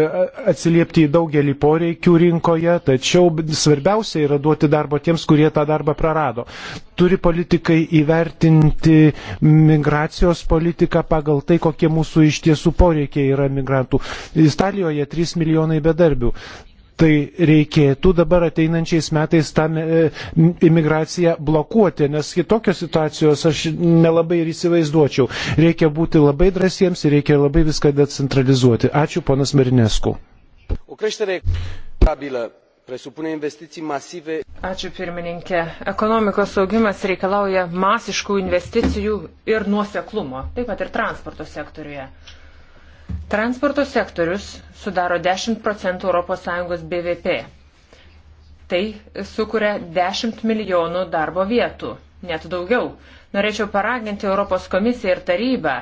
atsiliepti į daugelį poreikių rinkoje, tačiau svarbiausia yra duoti darbo tiems, kurie tą darbą prarado. Turi politikai įvertinti migracijos politiką pagal tai, kokie mūsų iš tiesų poreikiai yra migrantų. Italijoje 3 milijonai bedarbių tai reikėtų dabar ateinančiais metais tą e, imigraciją blokuoti, nes kitokios situacijos aš nelabai ir įsivaizduočiau. Reikia būti labai drąsiems ir reikia labai viską decentralizuoti. Ačiū, ponas Marinesku. Ačiū pirmininkė. Ekonomikos augimas reikalauja masiškų investicijų ir nuoseklumo, taip pat ir transporto sektoriuje. Transporto sektorius sudaro 10 procentų ES BVP. Tai sukuria 10 milijonų darbo vietų, net daugiau. Norėčiau paraginti Europos komisiją ir tarybą,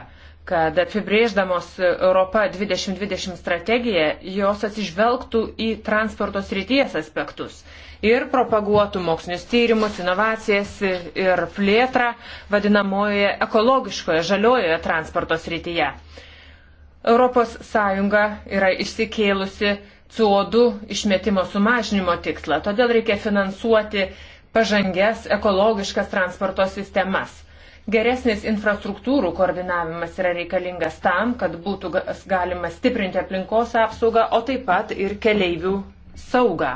kad apibrėždamos Europą 2020 strategiją, jos atsižvelgtų į transporto srities aspektus ir propaguotų mokslinius tyrimus, inovacijas ir plėtrą vadinamojoje ekologiškoje, žaliojoje transporto srityje. ES yra išsikėlusi CO2 išmetimo sumažinimo tikslą, todėl reikia finansuoti pažangės ekologiškas transporto sistemas. Geresnis infrastruktūrų koordinavimas yra reikalingas tam, kad būtų galima stiprinti aplinkos apsaugą, o taip pat ir keleivių saugą.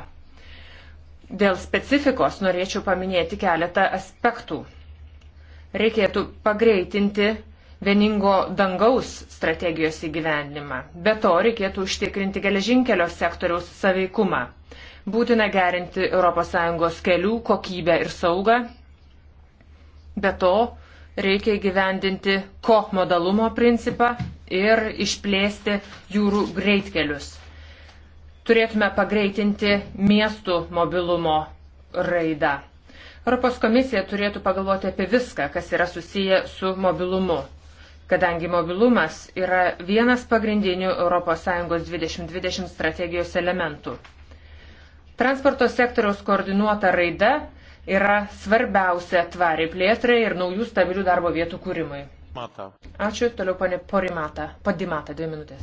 Dėl specifikos norėčiau paminėti keletą aspektų. Reikėtų pagreitinti vieningo dangaus strategijos įgyvendimą. Be to reikėtų užtikrinti geležinkelio sektoriaus saveikumą. Būtina gerinti ES kelių kokybę ir saugą. Be to reikia įgyvendinti ko modalumo principą ir išplėsti jūrų greitkelius. Turėtume pagreitinti miestų mobilumo raidą. Europos komisija turėtų pagalvoti apie viską, kas yra susiję su mobilumu kadangi mobilumas yra vienas pagrindinių ES 2020 strategijos elementų. Transporto sektoriaus koordinuota raida yra svarbiausia tvariai plėtrai ir naujų stabilių darbo vietų kūrimui. Mata. Ačiū, toliau ponė Porimata. Padimata, dvi minutės.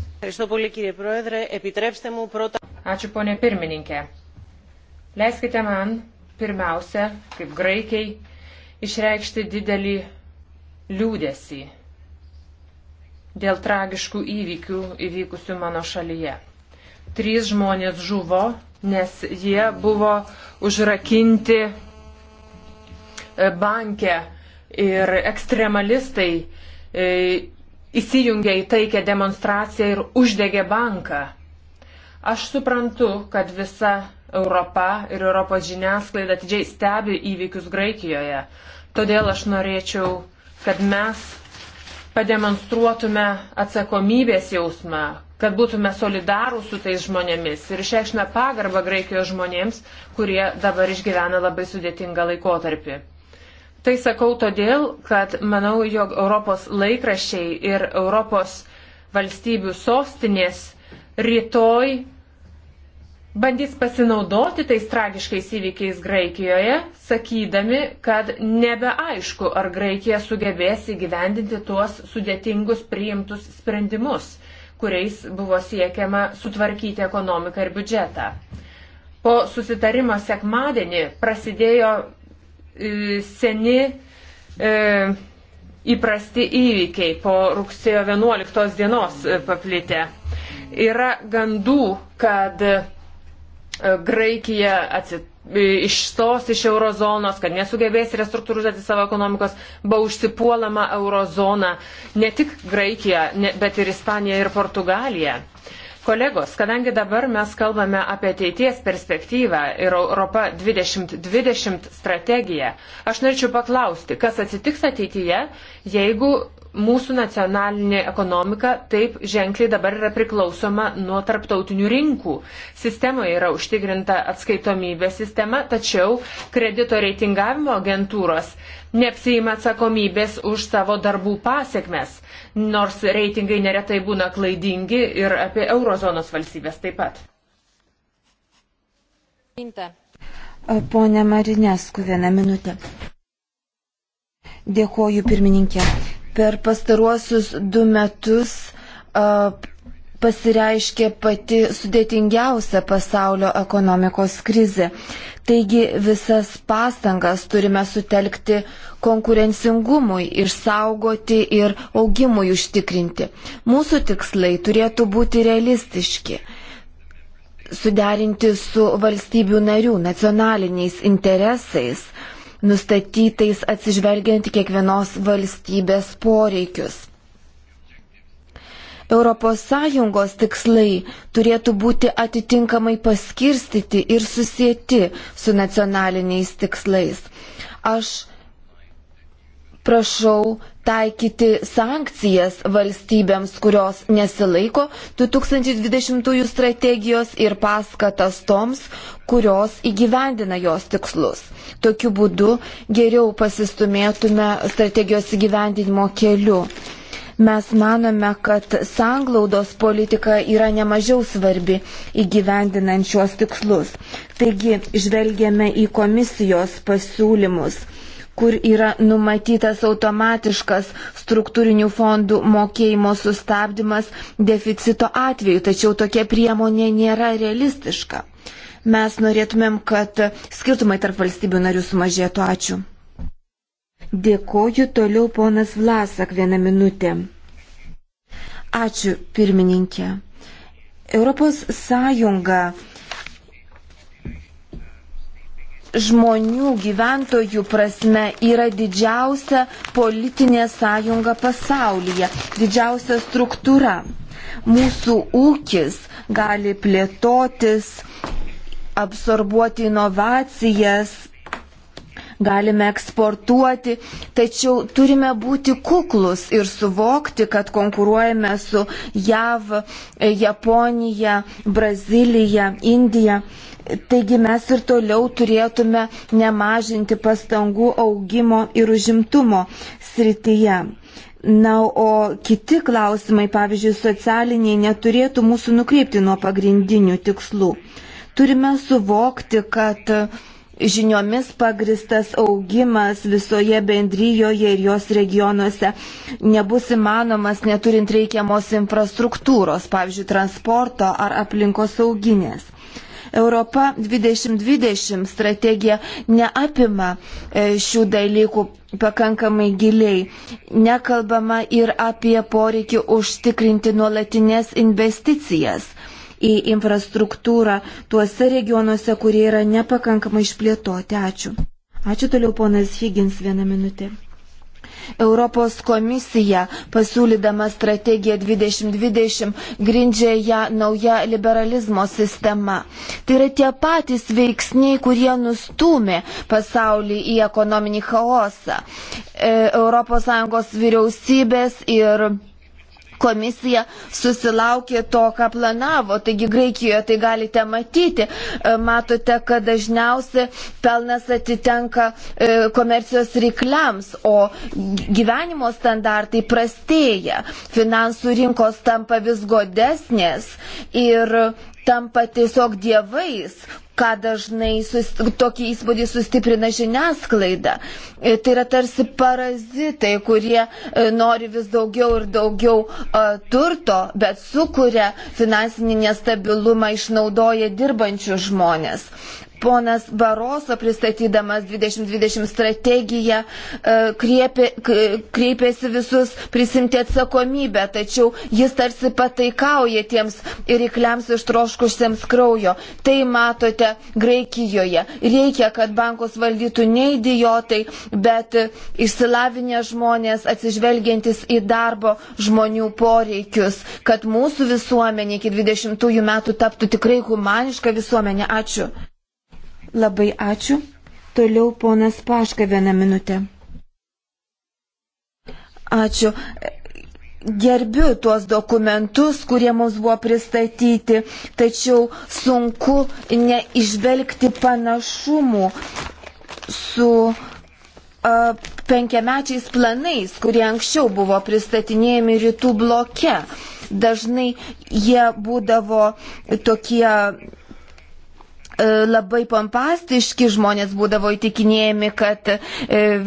Ačiū, ponė pirmininkė. Leiskite man pirmiausia, kaip graikiai, išreikšti didelį liūdėsį dėl tragiškų įvykių įvykusių mano šalyje. Trys žmonės žuvo, nes jie buvo užrakinti e, bankę ir ekstremalistai e, įsijungė į taikę demonstraciją ir uždegė banką. Aš suprantu, kad visa Europa ir Europos žiniasklaida atidžiai stebi įvykius Graikijoje. Todėl aš norėčiau, kad mes pademonstruotume atsakomybės jausmą, kad būtume solidarūs su tais žmonėmis ir išreikštume pagarbą Graikijos žmonėms, kurie dabar išgyvena labai sudėtingą laikotarpį. Tai sakau todėl, kad manau, jog Europos laikrašiai ir Europos valstybių sostinės rytoj bandys pasinaudoti tais tragiškais įvykiais Graikijoje, sakydami, kad nebeaišku, ar Graikija sugebės įgyvendinti tuos sudėtingus priimtus sprendimus, kuriais buvo siekiama sutvarkyti ekonomiką ir biudžetą. Po susitarimo sekmadienį prasidėjo e, seni e, įprasti įvykiai po rugsėjo 11 dienos e, paplitę. Yra gandų, kad E, Graikija atsit, e, išstos iš eurozonos, kad nesugebės restruktūrizuoti savo ekonomikos, buvo užsipuolama eurozona ne tik Graikija, ne, bet ir Ispanija ir Portugalija. Kolegos, kadangi dabar mes kalbame apie ateities perspektyvą ir Europa 2020 strategiją, aš norėčiau paklausti, kas atsitiks ateityje, jeigu mūsų nacionalinė ekonomika taip ženkliai dabar yra priklausoma nuo tarptautinių rinkų. Sistemoje yra užtikrinta atskaitomybė sistema, tačiau kredito reitingavimo agentūros neapsijima atsakomybės už savo darbų pasiekmes, nors reitingai neretai būna klaidingi ir apie eurozonos valstybės taip pat. Pone Marinesku, vieną minutę. Dėkoju pirmininkė. Per pastaruosius du metus a, pasireiškė pati sudėtingiausia pasaulio ekonomikos krizė. Taigi visas pastangas turime sutelkti konkurencingumui, išsaugoti ir augimui užtikrinti. Mūsų tikslai turėtų būti realistiški suderinti su valstybių narių nacionaliniais interesais nustatytais atsižvelgiant į kiekvienos valstybės poreikius. ES tikslai turėtų būti atitinkamai paskirstyti ir susijęti su nacionaliniais tikslais. Aš prašau taikyti sankcijas valstybėms, kurios nesilaiko 2020 strategijos ir paskatas toms, kurios įgyvendina jos tikslus. Tokiu būdu geriau pasistumėtume strategijos įgyvendinimo keliu. Mes manome, kad sanglaudos politika yra nemažiau svarbi įgyvendinant šios tikslus. Taigi, žvelgiame į komisijos pasiūlymus kur yra numatytas automatiškas struktūrinių fondų mokėjimo sustabdymas deficito atveju, tačiau tokia priemonė nėra realistiška. Mes norėtumėm, kad skirtumai tarp valstybių narių sumažėtų. Ačiū. Dėkoju toliau ponas Vlasak vieną minutę. Ačiū pirmininkė. Europos Sąjunga žmonių gyventojų prasme yra didžiausia politinė sąjunga pasaulyje, didžiausia struktūra. Mūsų ūkis gali plėtotis, absorbuoti inovacijas, galime eksportuoti, tačiau turime būti kuklus ir suvokti, kad konkuruojame su JAV, Japonija, Brazilija, Indija. Taigi mes ir toliau turėtume nemažinti pastangų augimo ir užimtumo srityje. Na, o kiti klausimai, pavyzdžiui, socialiniai, neturėtų mūsų nukreipti nuo pagrindinių tikslų. Turime suvokti, kad uh, žiniomis pagristas augimas visoje bendryjoje ir jos regionuose nebus įmanomas neturint reikiamos infrastruktūros, pavyzdžiui, transporto ar aplinkos auginės. Europa 2020 strategija neapima e, šių dalykų pakankamai giliai. Nekalbama ir apie poreikį užtikrinti nuolatinės investicijas į infrastruktūrą tuose regionuose, kurie yra nepakankamai išplėtoti. Ačiū. Ačiū toliau, ponas Higgins, vieną minutę. Europos komisija, pasiūlydama strategiją 2020, grindžia ją nauja liberalizmo sistema. Tai yra tie patys veiksniai, kurie nustumė pasaulį į ekonominį chaosą. ES vyriausybės ir komisija susilaukė to, ką planavo. Taigi Graikijoje tai galite matyti. E, matote, kad dažniausiai pelnas atitenka e, komercijos reikliams, o gyvenimo standartai prastėja. Finansų rinkos tampa vis godesnės ir tampa tiesiog dievais, ką dažnai sus, tokį įspūdį sustiprina žiniasklaida. E, tai yra tarsi parazitai, kurie e, nori vis daugiau ir daugiau e, turto, bet sukuria finansinį nestabilumą, išnaudoja dirbančių žmonės ponas Baroso pristatydamas 2020 strategiją e, kreipė, kreipėsi visus prisimti atsakomybę, tačiau jis tarsi pataikauja tiems reikliams ištroškusiems kraujo. Tai matote Graikijoje. Reikia, kad bankus valdytų ne idiotai, bet išsilavinę žmonės atsižvelgiantis į darbo žmonių poreikius, kad mūsų visuomenė iki 20 metų taptų tikrai humaniška visuomenė. Ačiū. Labai ačiū. Toliau ponas Paška vieną minutę. Ačiū. Gerbiu tuos dokumentus, kurie mums buvo pristatyti, tačiau sunku neižvelgti panašumų su uh, penkiamečiais planais, kurie anksčiau buvo pristatinėjami rytų bloke. Dažnai jie būdavo tokie E, labai pompastiški, žmonės būdavo įtikinėjami, kad e,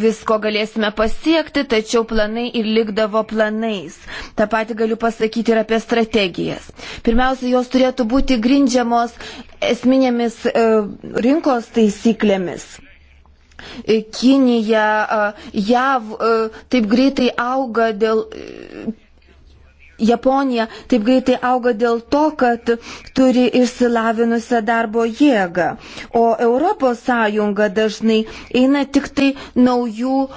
visko galėsime pasiekti, tačiau planai ir likdavo planais. Ta pati galiu pasakyti ir apie strategijas. Pirmiausia, jos turėtų būti grindžiamos esminėmis e, rinkos taisyklėmis. Kinija, JAV taip greitai auga dėl Japonija taip greitai auga dėl to, kad turi išsilavinusią darbo jėgą, o ES dažnai eina tik tai naujų e,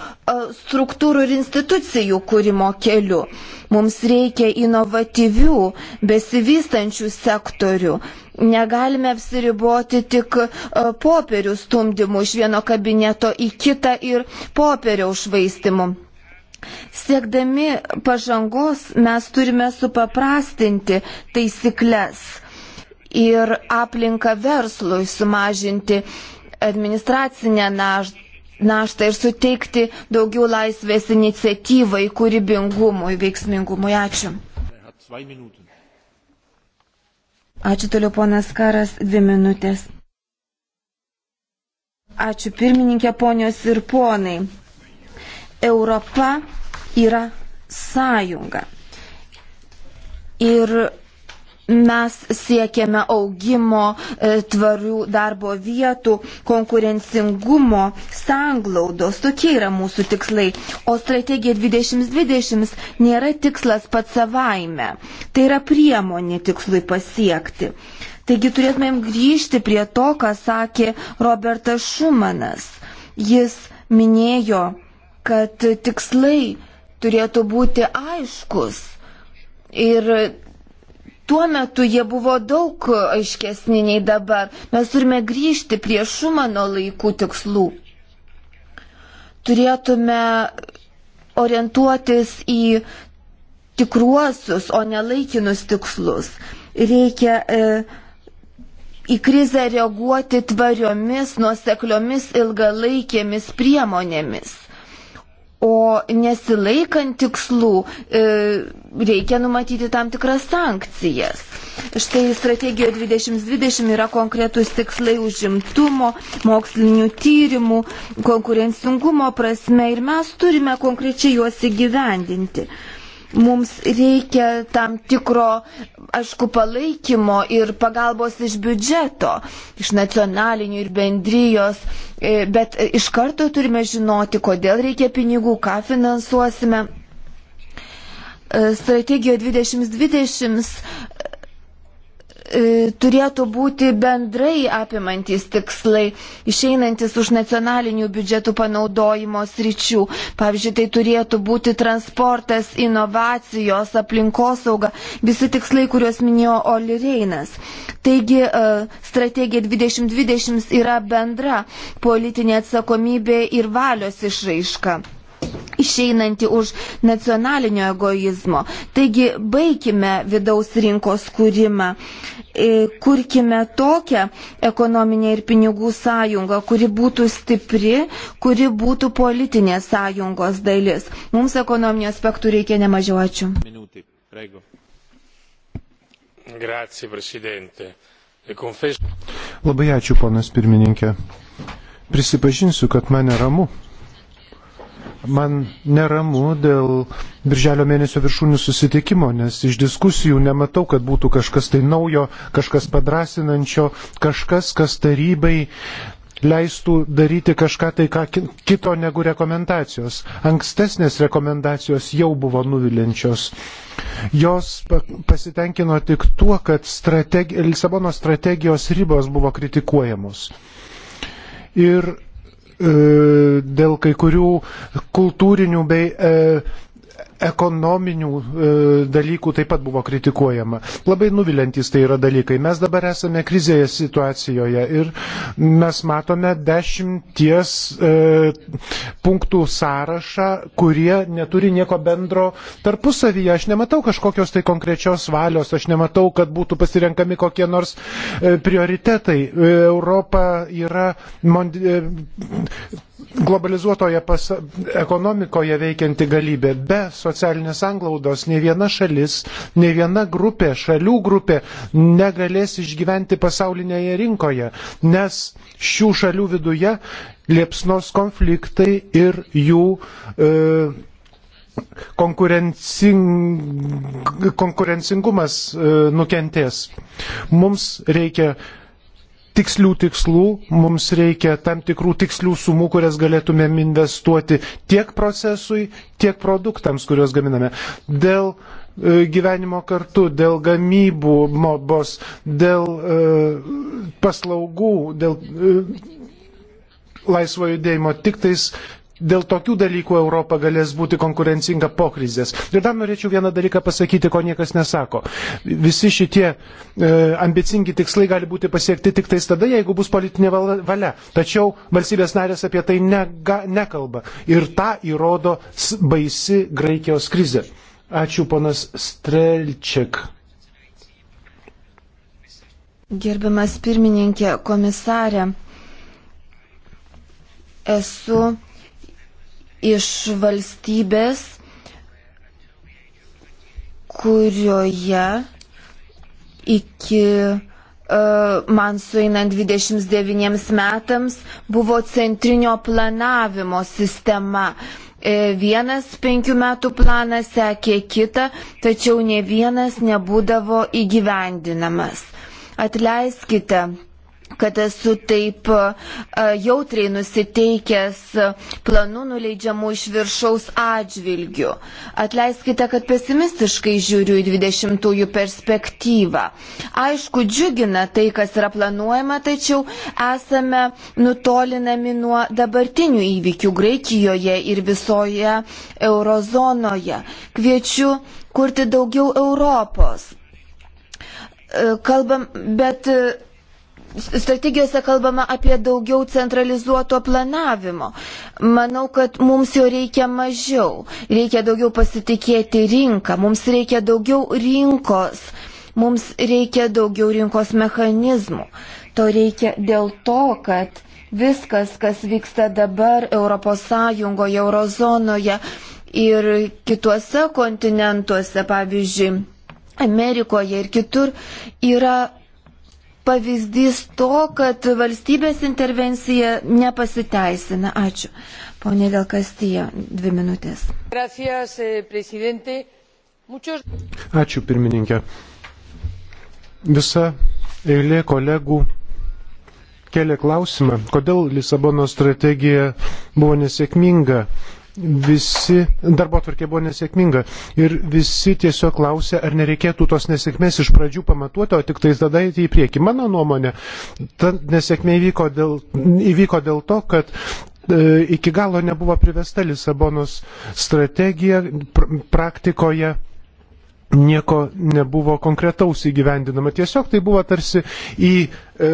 struktūrų ir institucijų kūrimo keliu. Mums reikia inovatyvių, besivystančių sektorių. Negalime apsiriboti tik e, popierių stumdymų iš vieno kabineto į kitą ir popieriaus švaistimu. Siekdami pažangos mes turime supaprastinti taisyklės ir aplinką verslui sumažinti administracinę naštą ir suteikti daugiau laisvės iniciatyvai, kūrybingumui, veiksmingumui. Ačiū. Ačiū toliau, ponas Karas, dvi minutės. Ačiū pirmininkė, ponios ir ponai. Europa yra sąjunga. Ir mes siekiame augimo, e, tvarių darbo vietų, konkurencingumo, sanglaudos. Tokie yra mūsų tikslai. O strategija 2020 nėra tikslas pats savaime. Tai yra priemonė tikslui pasiekti. Taigi turėtumėm grįžti prie to, ką sakė Robertas Šumanas. Jis minėjo kad tikslai turėtų būti aiškus. Ir tuo metu jie buvo daug aiškesni nei dabar. Mes turime grįžti prie Šumano laikų tikslų. Turėtume orientuotis į tikruosius, o ne laikinus tikslus. Reikia e, į krizę reaguoti tvariomis, nuosekliomis ilgalaikėmis priemonėmis. O nesilaikant tikslų e, reikia numatyti tam tikras sankcijas. Štai strategijoje 2020 yra konkretus tikslai užimtumo, mokslinių tyrimų, konkurencingumo prasme ir mes turime konkrečiai juos įgyvendinti. E, Mums reikia tam tikro, aišku, palaikymo ir pagalbos iš biudžeto, iš nacionalinių ir bendrijos, e, bet iš karto turime žinoti, kodėl reikia pinigų, ką finansuosime. E, Strategijoje 2020 E, turėtų būti bendrai apimantis tikslai, išeinantis už nacionalinių biudžetų panaudojimo sričių. Pavyzdžiui, tai turėtų būti transportas, inovacijos, aplinkosauga, visi tikslai, kuriuos minėjo Oli Reinas. Taigi, e, strategija 2020 yra bendra politinė atsakomybė ir valios išraiška išeinanti už nacionalinio egoizmo. Taigi baigime vidaus rinkos kūrimą, e, kurkime tokią ekonominę ir pinigų sąjungą, kuri būtų stipri, kuri būtų politinės sąjungos dalis. Mums ekonominio aspektų reikia nemažiau. Ačiū. Grazie, Labai ačiū, ponas pirmininkė. Prisipažinsiu, kad man neramu Man neramu dėl birželio mėnesio viršūnių susitikimo, nes iš diskusijų nematau, kad būtų kažkas tai naujo, kažkas padrasinančio, kažkas, kas tarybai leistų daryti kažką tai ką kito negu rekomendacijos. Ankstesnės rekomendacijos jau buvo nuvilinčios. Jos pasitenkino tik tuo, kad strategi Lisabono strategijos ribos buvo kritikuojamos. Ir E, dėl kai kurių kultūrinių bei e, ekonominių e, dalykų taip pat buvo kritikuojama. Labai nuvilintys tai yra dalykai. Mes dabar esame krizėje situacijoje ir mes matome dešimties e, punktų sąrašą, kurie neturi nieko bendro tarpusavyje. Aš nematau kažkokios tai konkrečios valios, aš nematau, kad būtų pasirenkami kokie nors e, prioritetai. E, Europa yra mondi, e, globalizuotoje pas, ekonomikoje veikianti galybė. Be socialinės anglaudos nei viena šalis, nei viena grupė, šalių grupė negalės išgyventi pasaulinėje rinkoje, nes šių šalių viduje liepsnos konfliktai ir jų e, konkurencing, konkurencingumas e, nukentės. Mums reikia tikslių tikslų, mums reikia tam tikrų tikslių sumų, kurias galėtumėm investuoti tiek procesui, tiek produktams, kuriuos gaminame. Dėl e, gyvenimo kartu, dėl gamybų mobos, dėl e, paslaugų, dėl e, laisvo judėjimo. Tik tais dėl tokių dalykų Europa galės būti konkurencinga po krizės. Ir dar norėčiau vieną dalyką pasakyti, ko niekas nesako. Visi šitie e, ambicingi tikslai gali būti pasiekti tik tais tada, jeigu bus politinė valia. Tačiau valstybės narės apie tai nega, nekalba. Ir tą įrodo baisi Graikijos krizė. Ačiū, ponas Strelčiak. Gerbiamas pirmininkė, komisarė, esu iš valstybės, kurioje iki e, man suinant 29 metams buvo centrinio planavimo sistema. E, vienas penkių metų planas sekė kitą, tačiau ne vienas nebūdavo įgyvendinamas. Atleiskite, kad esu taip jautriai nusiteikęs planų nuleidžiamų iš viršaus atžvilgių. Atleiskite, kad pesimistiškai žiūriu į 20-ųjų perspektyvą. Aišku, džiugina tai, kas yra planuojama, tačiau esame nutolinami nuo dabartinių įvykių Graikijoje ir visoje eurozonoje. Kviečiu kurti daugiau Europos. E, kalbam, bet strategijose kalbama apie daugiau centralizuoto planavimo. Manau, kad mums jo reikia mažiau. Reikia daugiau pasitikėti rinką. Mums reikia daugiau rinkos. Mums reikia daugiau rinkos mechanizmų. To reikia dėl to, kad viskas, kas vyksta dabar ES, eurozonoje ir kituose kontinentuose, pavyzdžiui, Amerikoje ir kitur, yra pavyzdys to, kad valstybės intervencija nepasiteisina. Ačiū. Pone Del Kastijo, dvi minutės. Gracias, eh, Muchos... Ačiū, pirmininkė. Visa eilė kolegų kelia klausimą, kodėl Lisabono strategija buvo nesėkminga visi, darbo tvarkė buvo nesėkminga ir visi tiesiog klausė, ar nereikėtų tos nesėkmės iš pradžių pamatuoti, o tik tais tada eiti į priekį. Mano nuomonė, ta nesėkmė įvyko dėl, įvyko dėl to, kad e, iki galo nebuvo privesta Lisabonos strategija pr praktikoje nieko nebuvo konkretaus įgyvendinama. Tiesiog tai buvo tarsi į e,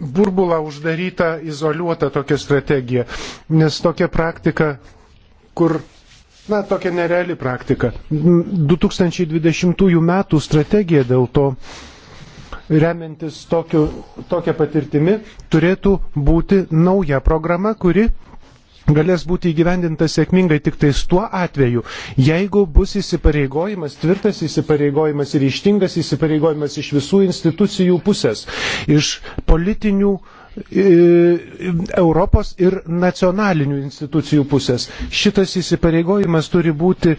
burbulą uždarytą, izoliuotą tokią strategiją. Nes tokia praktika, kur Na, tokia nereali praktika. 2020 metų strategija dėl to, remiantis tokiu, tokia patirtimi, turėtų būti nauja programa, kuri galės būti įgyvendintas sėkmingai tik tais tuo atveju, jeigu bus įsipareigojimas, tvirtas įsipareigojimas ir ištingas įsipareigojimas iš visų institucijų pusės, iš politinių e, Europos ir nacionalinių institucijų pusės. Šitas įsipareigojimas turi būti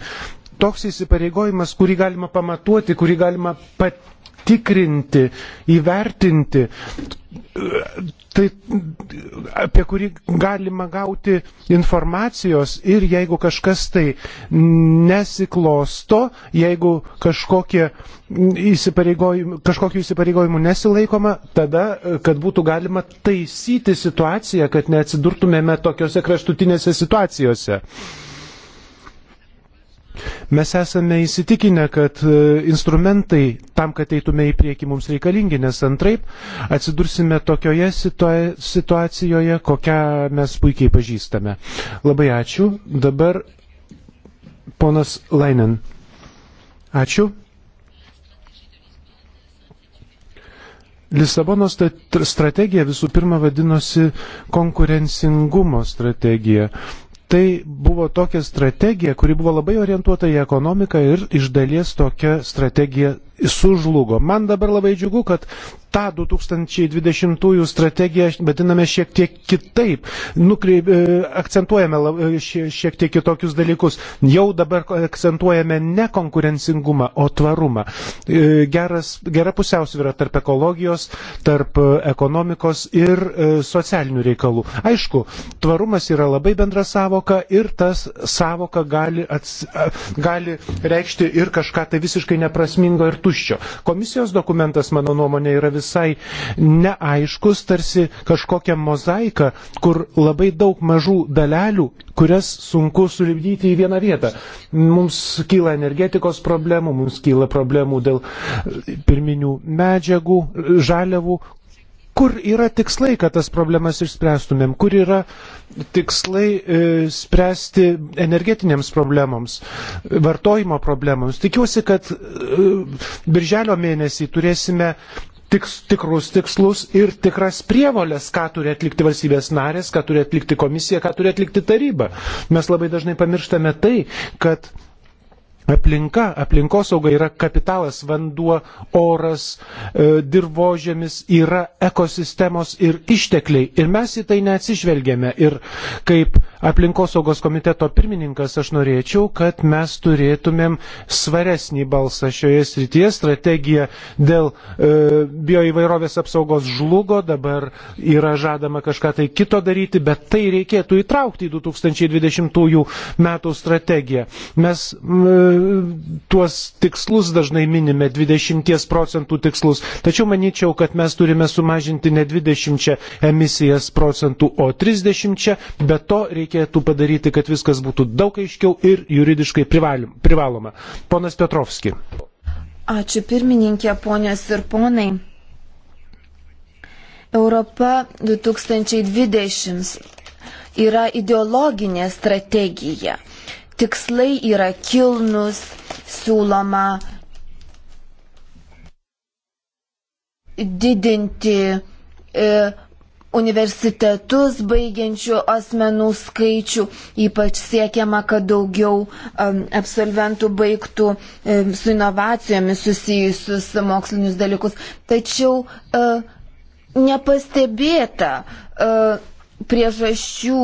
toks įsipareigojimas, kurį galima pamatuoti, kurį galima patikrinti, įvertinti tai, apie kurį galima gauti informacijos ir jeigu kažkas tai nesiklosto, jeigu kažkokie įsipareigojimų, kažkokių įsipareigojimų nesilaikoma, tada, kad būtų galima taisyti situaciją, kad neatsidurtumėme tokiuose kraštutinėse situacijose. Uh, Mes esame įsitikinę, kad e, instrumentai tam, kad eitume į priekį, mums reikalingi, nes antraip atsidursime tokioje situacijoje, kokią mes puikiai pažįstame. Labai ačiū. Dabar ponas Lainen. Ačiū. Lisabono strategija visų pirma vadinosi konkurencingumo strategija tai buvo tokia strategija, kuri buvo labai orientuota į ekonomiką ir iš dalies tokia strategija sužlugo. Man dabar labai džiugu, kad tą 2020 strategiją vadiname šiek tiek kitaip, nukreip, e, akcentuojame e, šiek tiek kitokius dalykus. Jau dabar akcentuojame ne konkurencingumą, o tvarumą. E, geras, gera pusiausvyrą tarp ekologijos, tarp ekonomikos ir socialinių reikalų. Aišku, tvarumas yra labai bendra savoka ir tas savoka gali, ats, gali reikšti ir kažką tai visiškai neprasmingo ir tuščio. Komisijos dokumentas, mano nuomonė, yra vis visai neaiškus, tarsi kažkokia mozaika, kur labai daug mažų dalelių, kurias sunku sulibdyti į vieną vietą. Mums kyla energetikos problemų, mums kyla problemų dėl e, pirminių medžiagų, žaliavų, kur yra tikslai, kad tas problemas išspręstumėm, kur yra tikslai e, spręsti energetinėms problemams, vartojimo problemams. Tikiuosi, kad e, birželio mėnesį turėsime tiks, tikrus tikslus ir tikras prievolės, ką turi atlikti valstybės narės, ką turi atlikti komisija, ką turi atlikti taryba. Mes labai dažnai pamirštame tai, kad aplinka, aplinkosauga yra kapitalas, vanduo, oras, e, dirbožėmis yra ekosistemos ir ištekliai. Ir mes į tai neatsižvelgėme. Ir kaip aplinkosaugos komiteto pirmininkas, aš norėčiau, kad mes turėtumėm svaresnį balsą šioje srityje. Strategija dėl e, bioįvairovės apsaugos žlugo, dabar yra žadama kažką tai kito daryti, bet tai reikėtų įtraukti į 2020 metų strategiją. Mes e, tuos tikslus dažnai minime, 20 procentų tikslus, tačiau manyčiau, kad mes turime sumažinti ne 20 emisijas procentų, o 30, bet to reikia reikėtų padaryti, kad viskas būtų daug aiškiau ir juridiškai privaloma. Ponas Petrovski. Ačiū pirmininkė, ponios ir ponai. Europa 2020 yra ideologinė strategija. Tikslai yra kilnus, siūloma didinti e, universitetus baigiančių asmenų skaičių, ypač siekiama, kad daugiau um, absolventų baigtų um, su inovacijomis susijusius mokslinius dalykus. Tačiau uh, nepastebėta uh, priežasčių,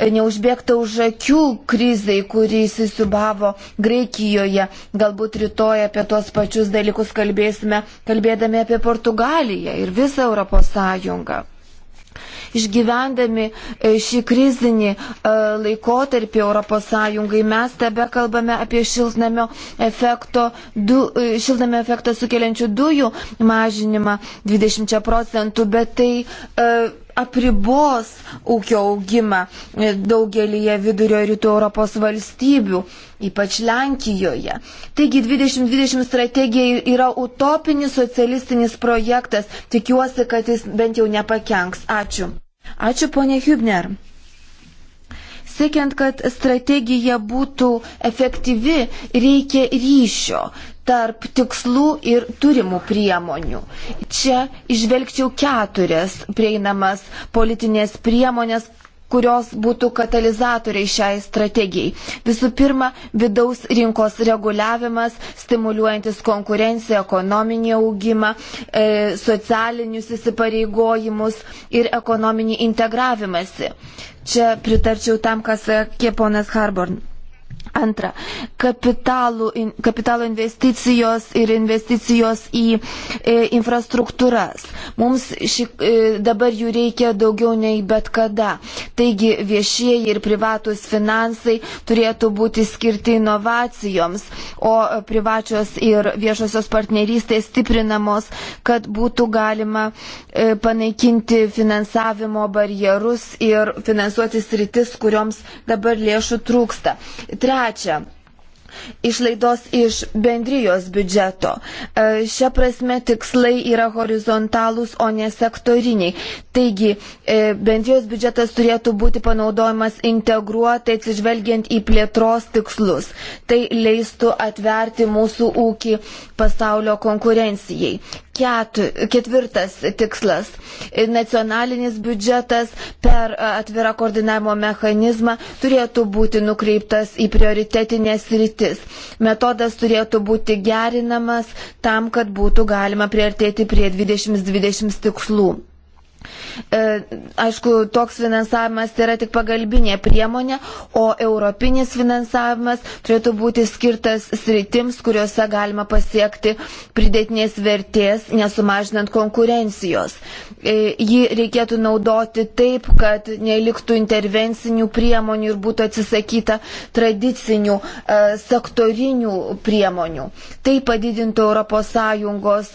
e, neužbėgta už akių krizai, kurį įsisubavo Graikijoje. Galbūt rytoj apie tuos pačius dalykus kalbėsime, kalbėdami apie Portugaliją ir visą Europos Sąjungą. Išgyvendami e, šį krizinį e, laikotarpį ES mes tebe kalbame apie šiltnamio efekto, du, e, šiltnamio efektą sukeliančių dujų mažinimą 20 procentų, bet tai apribos ūkio augimą daugelįje vidurio rytų Europos valstybių, ypač Lenkijoje. Taigi 2020 strategija yra utopinis socialistinis projektas. Tikiuosi, kad jis bent jau nepakenks. Ačiū. Ačiū, ponė Hübner siekiant, kad strategija būtų efektyvi, reikia ryšio, tarp tikslų ir turimų priemonių. Čia išvelgčiau keturias prieinamas politinės priemonės, kurios būtų katalizatoriai šiai strategijai. Visų pirma, vidaus rinkos reguliavimas, stimuliuojantis konkurenciją, ekonominį augimą, e, socialinius įsipareigojimus ir ekonominį integravimąsi. Čia pritarčiau tam, kas sakė ponas Harborn. Antra, kapitalų, kapitalo investicijos ir investicijos į e, infrastruktūras. Mums ši, e, dabar jų reikia daugiau nei bet kada. Taigi viešieji ir privatus finansai turėtų būti skirti inovacijoms, o privačios ir viešosios partnerystės stiprinamos, kad būtų galima e, panaikinti finansavimo barjerus ir finansuoti sritis, kurioms dabar lėšų trūksta. Trečia išlaidos iš bendrijos biudžeto. E, šia prasme tikslai yra horizontalūs, o ne sektoriniai. Taigi e, bendrijos biudžetas turėtų būti panaudojamas integruotai atsižvelgiant į plėtros tikslus. Tai leistų atverti mūsų ūkį pasaulio konkurencijai ketu, ketvirtas tikslas - nacionalinis biudžetas per atvirą koordinavimo mechanizmą turėtų būti nukreiptas į prioritetinės rytis. Metodas turėtų būti gerinamas tam, kad būtų galima priartėti prie 2020 tikslų. E, aišku, toks finansavimas tai yra tik pagalbinė priemonė, o europinis finansavimas turėtų būti skirtas sritims, kuriuose galima pasiekti pridėtinės vertės, nesumažinant konkurencijos. E, Ji reikėtų naudoti taip, kad neliktų intervencinių priemonių ir būtų atsisakyta tradicinių e, sektorinių priemonių. Tai padidintų ES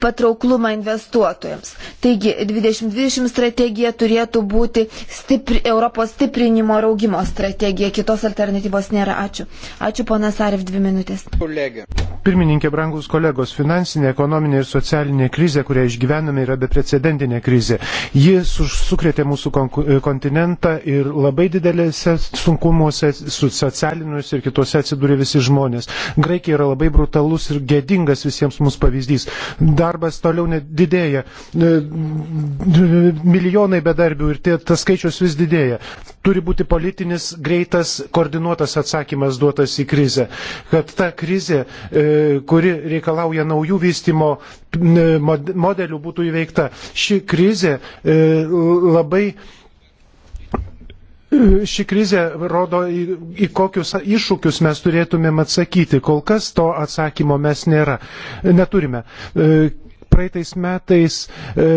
patrauklumą investuotojams. Taigi 2020 strategija turėtų būti stipri, Europos stiprinimo ir augimo strategija. Kitos alternatyvos nėra. Ačiū. Ačiū, ponas Arif, dvi minutės. Kolegė. Pirmininkė, brangus kolegos, finansinė, ekonominė ir socialinė krizė, kurią išgyvename, yra beprecedentinė krizė. Ji sukrėtė mūsų e, kontinentą ir labai didelėse sunkumuose, su socialiniuose ir kitose atsidūrė visi žmonės. Graikija yra labai brutalus ir gėdingas visiems mūsų pavyzdys darbas toliau didėja. E, milijonai bedarbių ir tie, tas skaičius vis didėja. Turi būti politinis, greitas, koordinuotas atsakymas duotas į krizę. Kad ta krizė, e, kuri reikalauja naujų vystimo e, modelių, būtų įveikta. Ši krizė labai ši krizė rodo, į, į kokius iššūkius mes turėtumėm atsakyti. Kol kas to atsakymo mes nėra, neturime. E, praeitais metais e,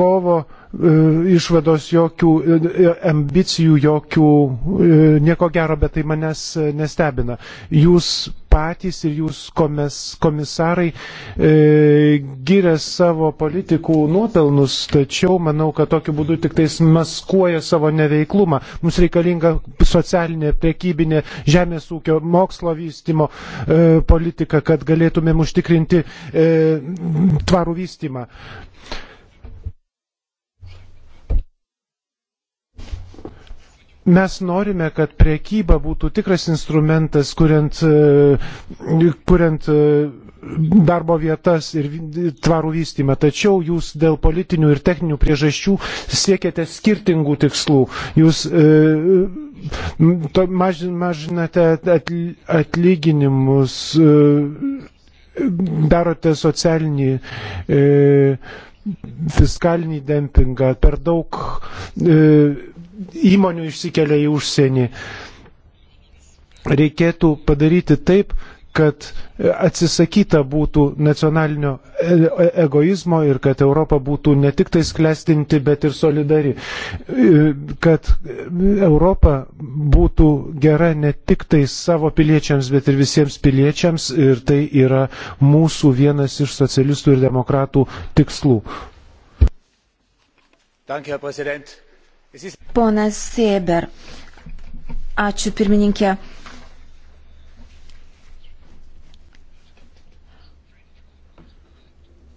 kovo E, išvados, jokių e, e, ambicijų, jokių nieko gero, bet tai manęs nestebina. Jūs patys ir jūs komis, komisarai e, gyrė savo politikų nuopelnus, tačiau manau, kad tokiu būdu tik tais maskuoja savo neveiklumą. Mums reikalinga socialinė, priekybinė, žemės ūkio, mokslo vystimo e, politika, kad galėtumėm užtikrinti e, tvarų vystimą. E, Mes norime, kad priekyba būtų tikras instrumentas, kuriant, e, kuriant e, darbo vietas ir tvarų vystymą. Tačiau jūs dėl politinių ir techninių priežasčių siekiate skirtingų tikslų. Jūs e, mažinate atlyginimus, e, darote socialinį. E, fiskalinį dempingą, per daug e, įmonių išsikelia į užsienį. Reikėtų padaryti taip, kad atsisakyta būtų nacionalinio e, e, egoizmo ir kad Europa būtų ne tik tai sklestinti, bet ir solidari. E, kad Europa būtų gera ne tik tai savo piliečiams, bet ir visiems piliečiams ir tai yra mūsų vienas iš socialistų ir demokratų tikslų. Danke, Herr Präsident. Ponas Sėber, ačiū pirmininkė.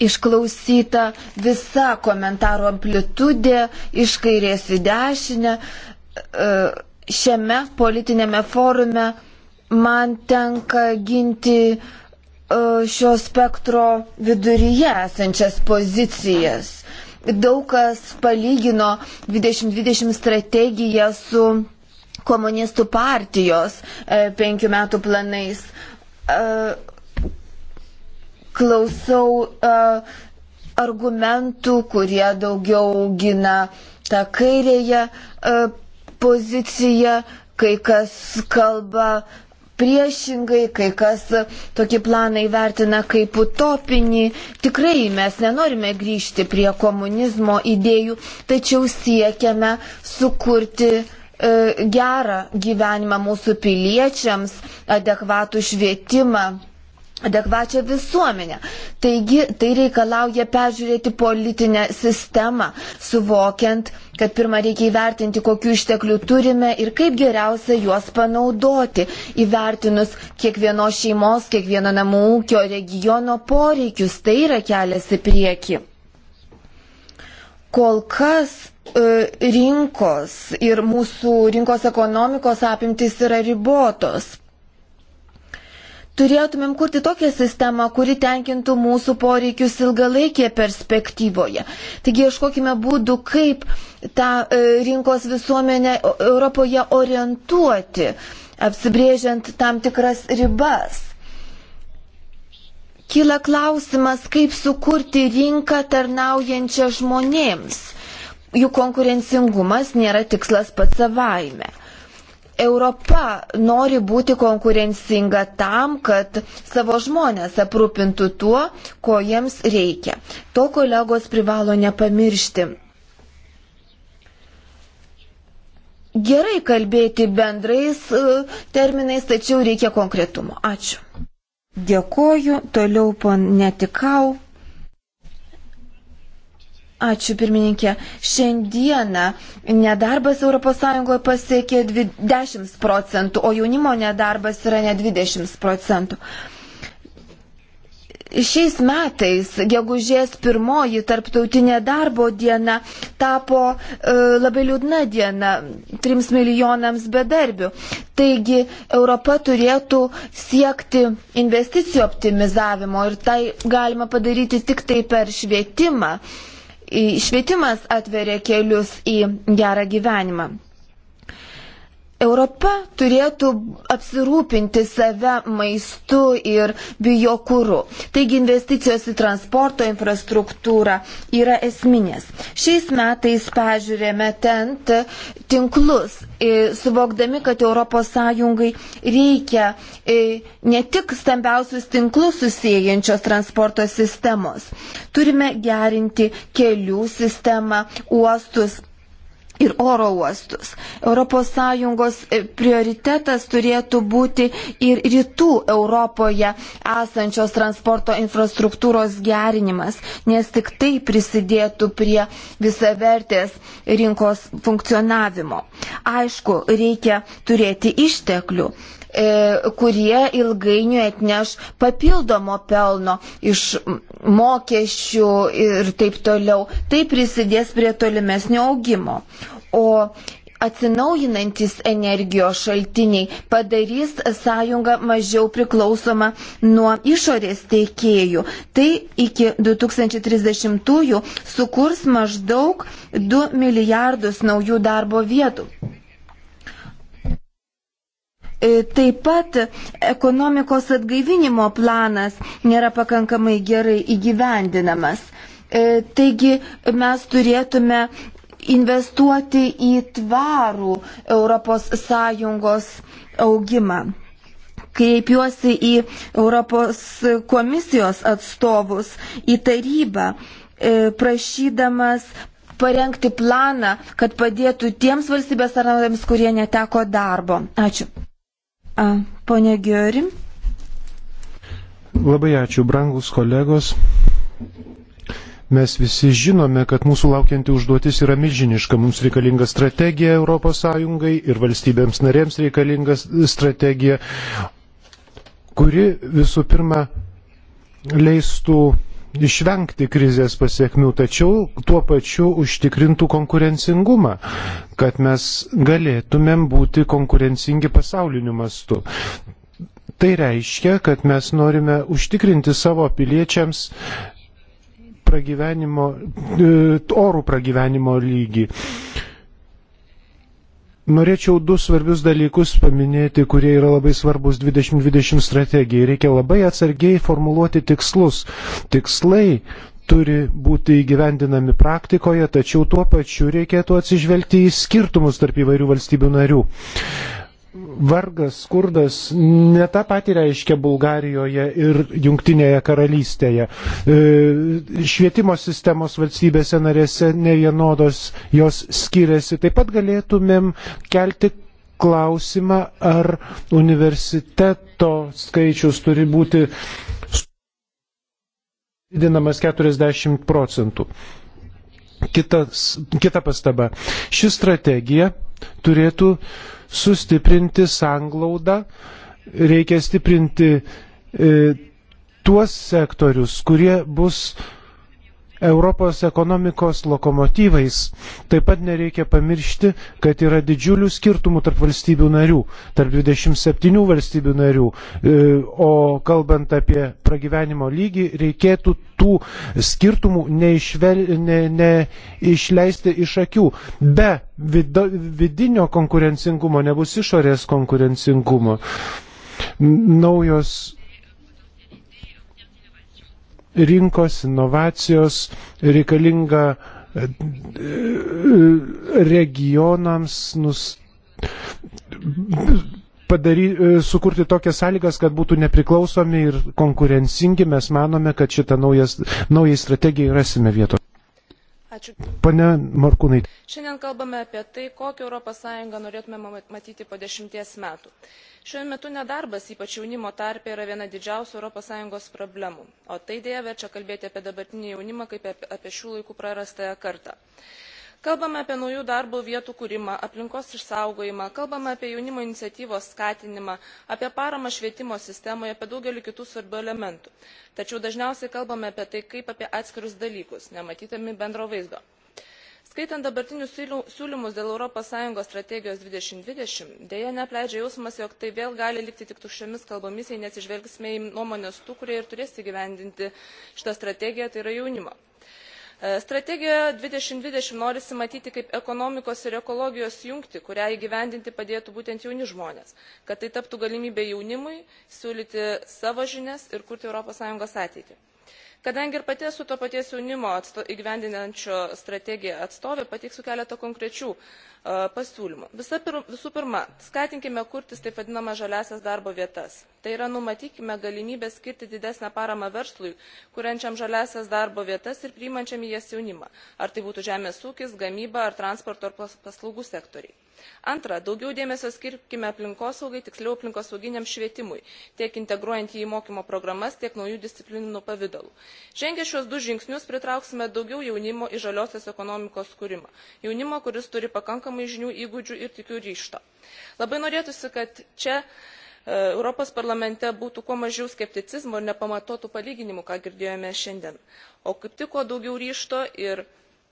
išklausyta visa komentarų amplitudė iš kairės į dešinę. E, šiame politinėme forume man tenka ginti e, šio spektro viduryje esančias pozicijas. Uh, Daug kas palygino 2020 strategiją su komunistų partijos e, penkių metų planais. E, klausau e, argumentų, kurie daugiau gina tą kairėje e, poziciją, kai kas kalba Priešingai, kai kas tokį planą įvertina kaip utopinį, tikrai mes nenorime grįžti prie komunizmo idėjų, tačiau siekiame sukurti e, gerą gyvenimą mūsų piliečiams, adekvatų švietimą adekvačią visuomenę. Taigi tai reikalauja peržiūrėti politinę sistemą, suvokiant, kad pirmą reikia įvertinti, kokiu išteklių turime ir kaip geriausia juos panaudoti, įvertinus kiekvienos šeimos, kiekvieno namų ūkio regiono poreikius. Tai yra kelias į priekį. Kol kas e, rinkos ir mūsų rinkos ekonomikos apimtis yra ribotos turėtumėm kurti tokią sistemą, kuri tenkintų mūsų poreikius ilgalaikėje perspektyvoje. Taigi ieškokime būdų, kaip tą e, rinkos visuomenę Europoje orientuoti, apsibrėžiant tam tikras ribas. Kila klausimas, kaip sukurti rinką tarnaujančią žmonėms. Jų konkurencingumas nėra tikslas pats savaime. Europa nori būti konkurencinga tam, kad savo žmonės aprūpintų tuo, ko jiems reikia. To kolegos privalo nepamiršti. Gerai kalbėti bendrais e, terminais, tačiau reikia konkretumo. Ačiū. Dėkoju, toliau pan netikau. Ačiū pirmininkė. Šiandieną nedarbas ES pasiekė 10 procentų, o jaunimo nedarbas yra ne 20 procentų. Šiais metais, gegužės pirmoji tarptautinė darbo diena tapo e, labai liūdna diena 3 milijonams bedarbių. Taigi Europa turėtų siekti investicijų optimizavimo ir tai galima padaryti tik tai per švietimą. E, švietimas atveria kelius į gerą gyvenimą. Europa turėtų apsirūpinti save maistu ir biokūru. Taigi investicijos į transporto infrastruktūrą yra esminės. Šiais metais pažiūrėme ten tinklus, e, suvokdami, kad ES reikia e, ne tik stambiausius tinklus susijęjančios transporto sistemos. Turime gerinti kelių sistemą, uostus ir oro uostus. ES e, prioritetas turėtų būti ir rytų Europoje esančios transporto infrastruktūros gerinimas, nes tik tai prisidėtų prie visavertės rinkos funkcionavimo. Aišku, reikia turėti išteklių e, kurie ilgainiui atneš papildomo pelno iš mokesčių ir taip toliau. Tai prisidės prie tolimesnio augimo. O atsinaujinantis energijos šaltiniai padarys sąjungą mažiau priklausomą nuo išorės teikėjų. Tai iki 2030-ųjų sukurs maždaug 2 milijardus naujų darbo vietų. E, taip pat ekonomikos atgaivinimo planas nėra pakankamai gerai įgyvendinamas. E, taigi mes turėtume investuoti į tvarų ES augimą. Kreipiuosi į Europos komisijos atstovus, į tarybą, e, prašydamas parengti planą, kad padėtų tiems valstybės tarnautojams, kurie neteko darbo. Ačiū. Pone Giori. Labai ačiū, brangus kolegos. Mes visi žinome, kad mūsų laukianti užduotis yra milžiniška. Mums reikalinga strategija ES ir valstybėms narėms reikalinga strategija, kuri visų pirma leistų išvengti krizės pasiekmių, tačiau tuo pačiu užtikrintų konkurencingumą, kad mes galėtumėm būti konkurencingi pasauliniu mastu. Tai reiškia, kad mes norime užtikrinti savo piliečiams pragyvenimo, e, orų pragyvenimo lygį. Norėčiau du svarbius dalykus paminėti, kurie yra labai svarbus 2020 strategijai. Reikia labai atsargiai formuluoti tikslus. Tikslai turi būti įgyvendinami praktikoje, tačiau tuo pačiu reikėtų atsižvelgti į skirtumus tarp įvairių valstybių narių vargas, skurdas ne tą patį reiškia Bulgarijoje ir Junktinėje karalystėje. E, švietimo sistemos valstybėse narėse ne vienodos, jos skiriasi. Taip pat galėtumėm kelti klausimą, ar universiteto skaičius turi būti didinamas 40 procentų. Kitas, kita pastaba. Ši strategija turėtų sustiprinti sanglaudą, reikia stiprinti e, tuos sektorius, kurie bus e, Europos ekonomikos lokomotyvais. Taip pat nereikia pamiršti, kad yra didžiulių skirtumų tarp valstybių narių, tarp 27 valstybių narių. E, o kalbant apie pragyvenimo lygį, reikėtų tų skirtumų neišvel, ne, neišleisti iš akių. Be vido, vidinio konkurencingumo nebus išorės konkurencingumo. Naujos rinkos, inovacijos, reikalinga e, e, regionams nus, padary, e, sukurti tokias sąlygas, kad būtų nepriklausomi ir konkurencingi. Mes manome, kad šitą naują strategiją rasime vietos. Ačiū. Pane Markūnai. Šiandien kalbame apie tai, kokią ES norėtume matyti po dešimties metų. Šiuo metu nedarbas, ypač jaunimo tarpe, yra viena didžiausių ES problemų, o tai dėja verčia kalbėti apie dabartinį jaunimą kaip apie šių laikų prarastąją kartą kalbame apie naujų darbo vietų kūrimą aplinkos išsaugojimą kalbame apie jaunimo iniciatyvos skatinimą apie paramą švietimo sistemoje apie daugelį kitų svarbių elementų tačiau dažniausiai kalbame apie tai kaip apie atskirus dalykus nematydami bendro vaizdo skaitant dabartinius siūlymus dėl europos sąjungos strategijos du tūkstančiai dvidešimt deja neapleidžia jausmas jog tai vėl gali likti tik tuščiomis kalbomis jei neatsižvelgsime į nuomones tų kurie ir turės įgyvendinti šitą strategiją tai yra jaunimo. E, strategijoje du tūkstančiai dvidešimt norisi matyti kaip ekonomikos ir ekologijos jungtį kurią įgyvendinti padėtų būtent jauni žmonės kad tai taptų galimybe jaunimui siūlyti savo žinias ir kurti europos sąjungos ateitį kadangi ir pati esu to paties jaunimo įgyvendinančio strategiją atstovė pateiksiu keletą konkrečių pasiūlymų. visų pirma skatinkime kurtis taip vadinamas žaliąsias darbo vietas tai yra numatykime galimybę skirti didesnę paramą verslui kuriančiam žaliąsias darbo vietas ir priimančiam į jas jaunimą ar tai būtų žemės ūkis gamyba ar transporto ar paslaugų sektoriai antra daugiau dėmesio skirkime aplinkosaugai tiksliau aplinkosauginiam švietimui tiek integruojant jį į mokymo programas tiek naujų disciplinų pavidalu. žengę šiuos du žingsnius pritrauksime daugiau jaunimo į žaliosios ekonomikos kūrimą jaunimo kuris turi pakankamai žinių įgūdžių ir tikiu ryžto. labai norėtųsi kad čia e, europos parlamente būtų kuo mažiau skepticizmo ir nepamatuotų palyginimų ką girdėjome šiandien o kaip tik kuo daugiau ryžto ir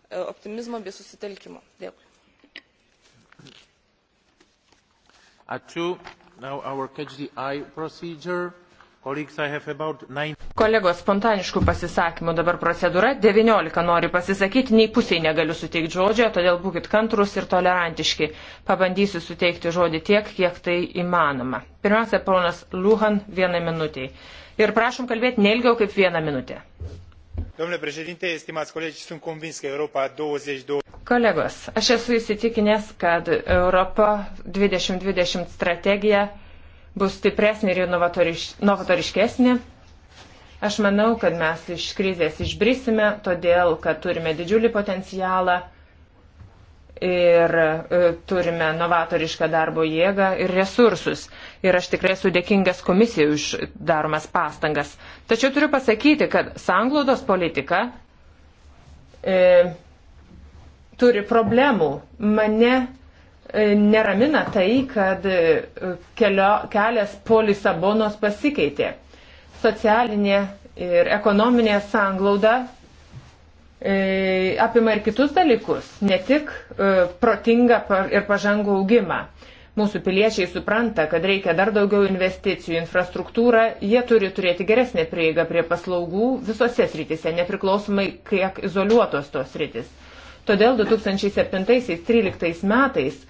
e, optimizmo bei susitelkimo. dėkui. at two. Now our catch the eye procedure. Kolegos spontaniškų pasisakymų dabar procedūra. 19 nori pasisakyti, nei pusiai negaliu suteikti žodžio, todėl būkite kantrus ir tolerantiški. Pabandysiu suteikti žodį tiek, kiek tai įmanoma. Pirmiausia, ponas Luhan, vienai minutiai. Ir prašom kalbėti nelgiau kaip vieną minutę sunt convins că Europa 2020. Kolegos, aš esu įsitikinęs, kad Europa 2020 strategija bus stipresnė ir novatoriš, novatoriškesnė. Aš manau, kad mes iš krizės išbrisime, todėl, kad turime didžiulį potencialą ir e, turime novatorišką darbo jėgą ir resursus. Ir aš tikrai esu dėkingas komisijai už daromas pastangas. Tačiau turiu pasakyti, kad sanglaudos politika e, turi problemų. Mane e, neramina tai, kad e, kelio, kelias po Lisabonos pasikeitė. Socialinė ir ekonominė sanglauda E, apima ir kitus dalykus, ne tik e, protingą ir pažangų augimą. Mūsų piliečiai supranta, kad reikia dar daugiau investicijų į infrastruktūrą, jie turi turėti geresnę prieigą prie paslaugų visose srityse, nepriklausomai kiek izoliuotos tos sritis. Todėl 2007-2013 metais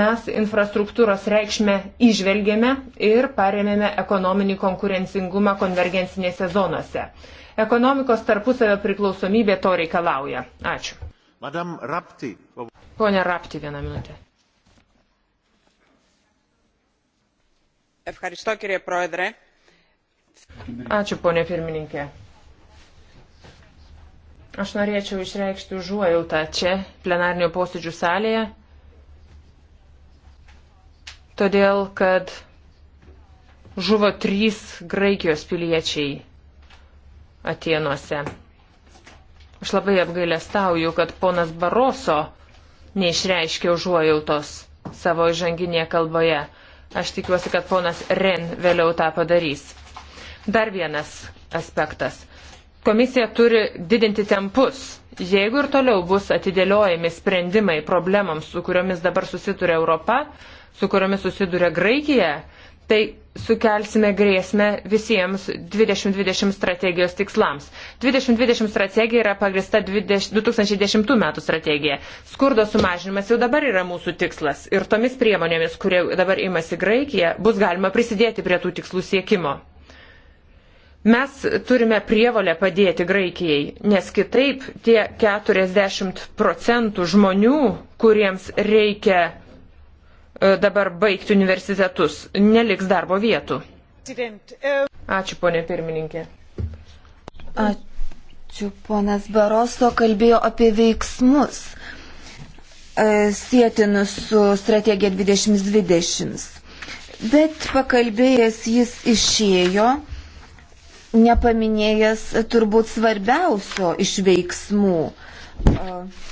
mes infrastruktūros reikšmę išvelgėme ir paremėme ekonominį konkurencingumą konvergencinėse zonose. Ekonomikos tarpusavio priklausomybė to reikalauja. Ačiū. Madam Rapti. Pone Rapti, vieną minutę. Ačiū, ponė pirmininkė. Aš norėčiau išreikšti užuojautą čia, plenarnio posėdžių salėje, todėl kad žuvo trys Graikijos piliečiai Atienuose. Aš labai apgailestauju, kad ponas Baroso neišreiškė užuojautos savo įžanginėje kalboje. Aš tikiuosi, kad ponas Ren vėliau tą padarys. Dar vienas aspektas. Komisija turi didinti tempus. Jeigu ir toliau bus atidėliojami sprendimai problemams, su kuriomis dabar susiduria Europa, su kuriomis susiduria Graikija, tai sukelsime grėsmę visiems 2020 strategijos tikslams. 2020 strategija yra pagrista 2010 metų strategija. Skurdo sumažinimas jau dabar yra mūsų tikslas ir tomis priemonėmis, kurie dabar imasi Graikija, bus galima prisidėti prie tų tikslų siekimo. Mes turime prievolę padėti Graikijai, nes kitaip tie 40 procentų žmonių, kuriems reikia E, dabar baigti universitetus, neliks darbo vietų. Ačiū, ponė pirmininkė. Ačiū, ponas Baroso kalbėjo apie veiksmus e, sėtinus su strategija 2020. Bet pakalbėjęs jis išėjo, nepaminėjęs turbūt svarbiausio iš veiksmų. Uh,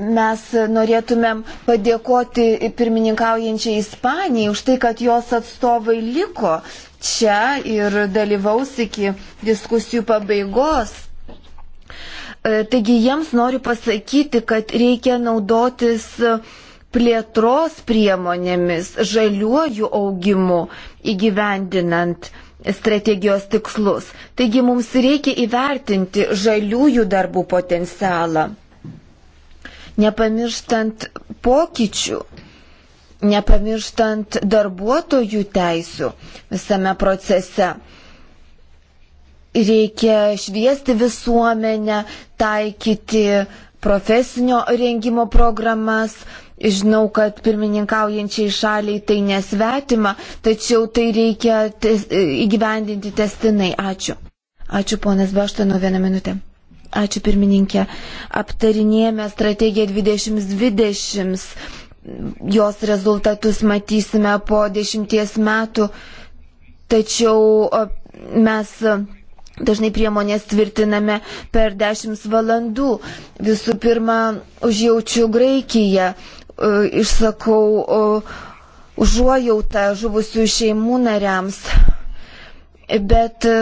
Mes norėtumėm padėkoti pirmininkaujančiai Ispanijai už tai, kad jos atstovai liko čia ir dalyvaus iki diskusijų pabaigos. E, taigi jiems noriu pasakyti, kad reikia naudotis plėtros priemonėmis, žaliuoju augimu įgyvendinant strategijos tikslus. Taigi mums reikia įvertinti žaliųjų darbų potencialą nepamirštant pokyčių, nepamirštant darbuotojų teisų visame procese. Reikia šviesti visuomenę, taikyti profesinio rengimo programas. Žinau, kad pirmininkaujančiai šaliai tai nesvetima, tačiau tai reikia tes, įgyvendinti testinai. Ačiū. Ačiū, ponas Beštano, vieną minutę. Ačiū pirmininkė. Aptarinėjame strategiją 2020. Jos rezultatus matysime po dešimties metų. Tačiau mes dažnai priemonės tvirtiname per dešimt valandų. Visų pirma, užjaučiu Graikiją, išsakau užuojautą žuvusių šeimų nariams bet e,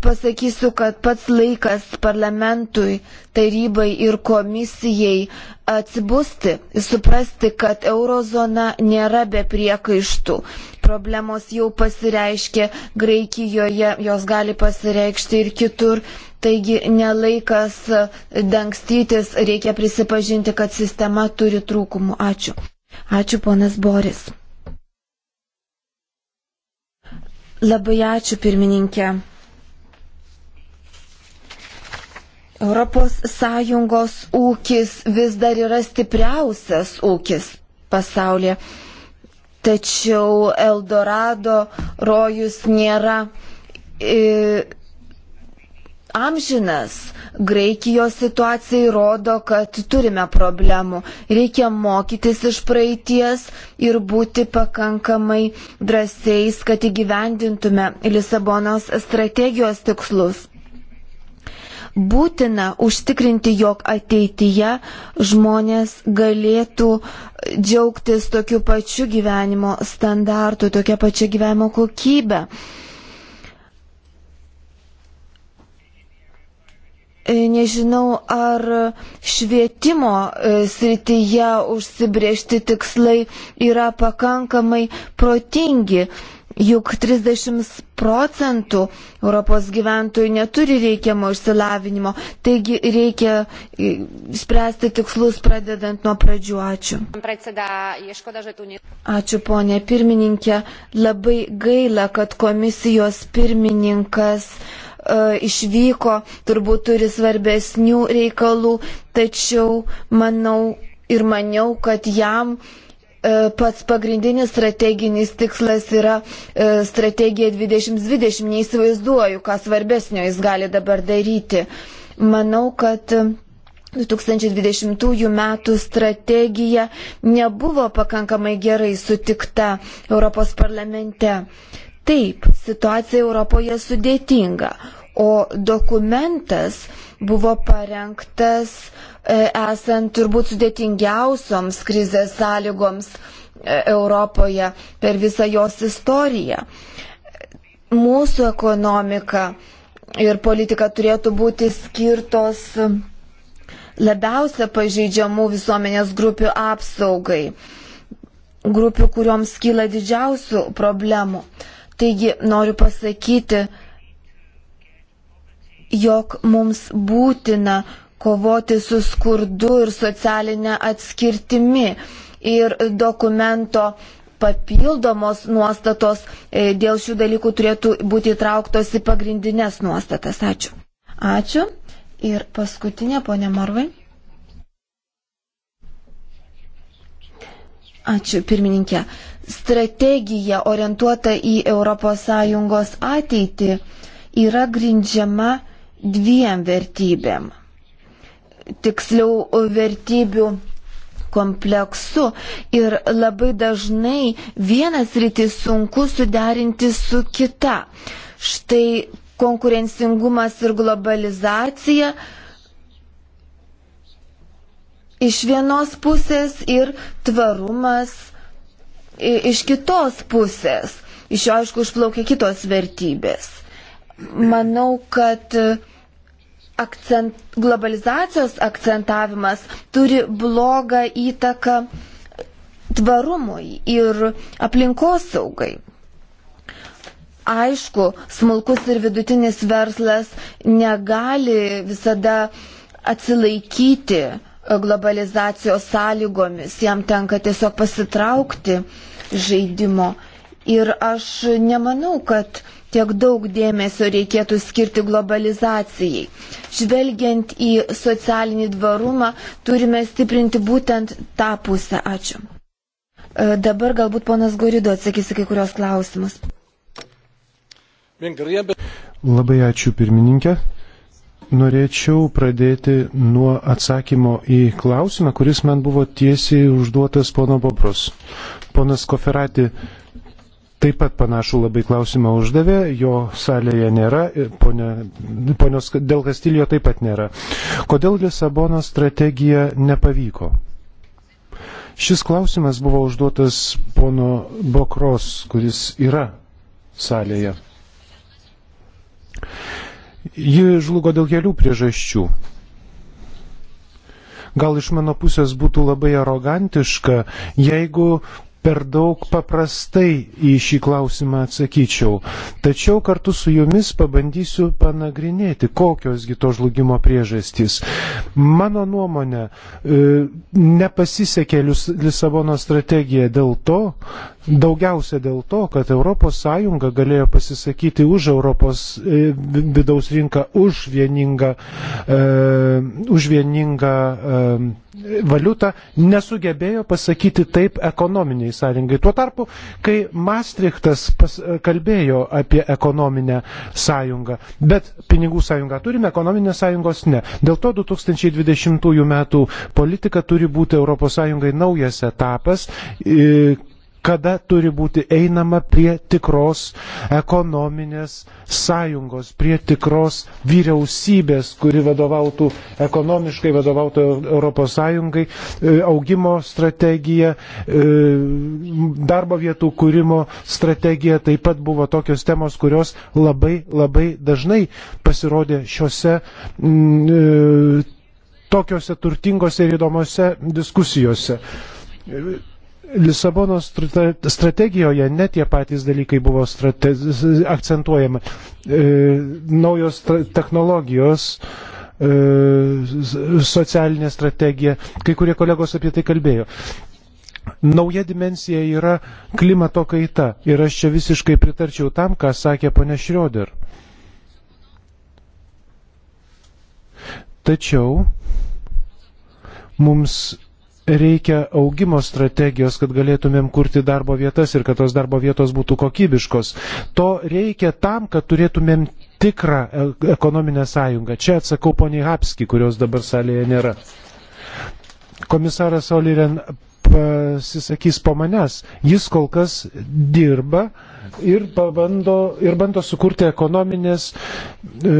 pasakysiu, kad pats laikas parlamentui, tarybai ir komisijai atsibusti, suprasti, kad eurozona nėra be priekaištų. Problemos jau pasireiškė Graikijoje, jos gali pasireikšti ir kitur. Taigi nelaikas e, dangstytis, reikia prisipažinti, kad sistema turi trūkumų. Ačiū. Ačiū, ponas Boris. Labai ačiū pirmininkė. Europos Sąjungos ūkis vis dar yra stipriausias ūkis pasaulyje, tačiau Eldorado rojus nėra e, amžinas. Graikijos situacija įrodo, kad turime problemų. Reikia mokytis iš praeities ir būti pakankamai drąsiais, kad įgyvendintume Lisabonos strategijos tikslus. Būtina užtikrinti, jog ateityje žmonės galėtų džiaugtis tokiu pačiu gyvenimo standartu, tokia pačia gyvenimo kokybė. E, nežinau, ar švietimo e, srityje užsibriežti tikslai yra pakankamai protingi. Juk 30 procentų Europos gyventojų neturi reikiamo išsilavinimo, taigi reikia e, spręsti tikslus pradedant nuo pradžių. Ačiū. Ačiū ponė pirmininkė. Labai gaila, kad komisijos pirmininkas uh, E, išvyko, turbūt turi svarbesnių reikalų, tačiau manau ir maniau, kad jam e, pats pagrindinis strateginis tikslas yra e, strategija 2020. Neįsivaizduoju, ką svarbesnio jis gali dabar daryti. Manau, kad 2020 metų strategija nebuvo pakankamai gerai sutikta Europos parlamente. Taip, situacija Europoje sudėtinga, o dokumentas buvo parengtas e, esant turbūt sudėtingiausioms krizės sąlygoms e, Europoje per visą jos istoriją. Mūsų ekonomika ir politika turėtų būti skirtos labiausia pažeidžiamų visuomenės grupių apsaugai, grupių, kurioms kyla didžiausių problemų. Taigi noriu pasakyti, jog mums būtina kovoti su skurdu ir socialinė atskirtimi. Ir dokumento papildomos nuostatos e, dėl šių dalykų turėtų būti įtrauktos į pagrindinės nuostatas. Ačiū. Ačiū. Ir paskutinė, ponė Morvai. Ačiū, pirmininkė strategija orientuota į ES ateitį yra grindžiama dviem vertybėm. Tiksliau vertybių kompleksu ir labai dažnai vienas rytis sunku suderinti su kita. Štai konkurencingumas ir globalizacija iš vienos pusės ir tvarumas iš kitos pusės. Iš jo, aišku, išplaukia kitos vertybės. Manau, kad e, akcent, globalizacijos akcentavimas turi blogą įtaką tvarumui ir aplinkosaugai. Aišku, smulkus ir vidutinis verslas negali visada atsilaikyti globalizacijos sąlygomis, jam tenka tiesiog pasitraukti žaidimo. Ir aš nemanau, kad tiek daug dėmesio reikėtų skirti globalizacijai. Žvelgiant į socialinį dvarumą, turime stiprinti būtent tą pusę. Ačiū. E, dabar galbūt ponas Gorido atsakys į kai kurios klausimus. Labai ačiū pirmininkė norėčiau pradėti nuo atsakymo į klausimą, kuris man buvo tiesiai užduotas pono Bobros. Ponas Koferati taip pat panašų labai klausimą uždavė, jo salėje nėra, ponio, ponios Del Kastilio taip pat nėra. Kodėl Lisabono strategija nepavyko? Šis klausimas buvo užduotas pono Bokros, kuris yra salėje. Ji žlugo dėl kelių priežasčių. Gal iš mano pusės būtų labai arogantiška, jeigu per daug paprastai į šį klausimą atsakyčiau. Tačiau kartu su jumis pabandysiu panagrinėti, kokiosgi to žlugimo priežastys. Mano nuomonė, e, nepasisekė Lisabono strategija dėl to, Daugiausia dėl to, kad ES galėjo pasisakyti už Europos e, vidaus rinką, už vieningą, e, už vieningą e, valiutą, nesugebėjo pasakyti taip ekonominiai sąjungai. Tuo tarpu, kai Maastrichtas pas, e, kalbėjo apie ekonominę sąjungą, bet pinigų sąjungą turime, ekonominės sąjungos ne. Dėl to 2020 m. politika turi būti ES naujas etapas. E, kada turi būti einama prie tikros ekonominės sąjungos, prie tikros vyriausybės, kuri vadovautų ekonomiškai, vadovautų Europos Sąjungai, e, augimo strategija, e, darbo vietų kūrimo strategija taip pat buvo tokios temos, kurios labai labai dažnai pasirodė šiuose mm, e, tokiuose turtingose ir įdomiose diskusijose. Lisabono strategijoje net tie patys dalykai buvo akcentuojami. E, naujos technologijos, e, socialinė strategija, kai kurie kolegos apie tai kalbėjo. Nauja dimensija yra klimato kaita ir aš čia visiškai pritarčiau tam, ką sakė ponė Šrioder. Tačiau mums reikia augimo strategijos, kad galėtumėm kurti darbo vietas ir kad tos darbo vietos būtų kokybiškos. To reikia tam, kad turėtumėm tikrą e, ekonominę sąjungą. Čia atsakau poniai Hapski, kurios dabar salėje nėra. Komisaras Oliren pasisakys po manęs. Jis kol kas dirba uh, ir, pabando, ir bando sukurti ekonominės, e,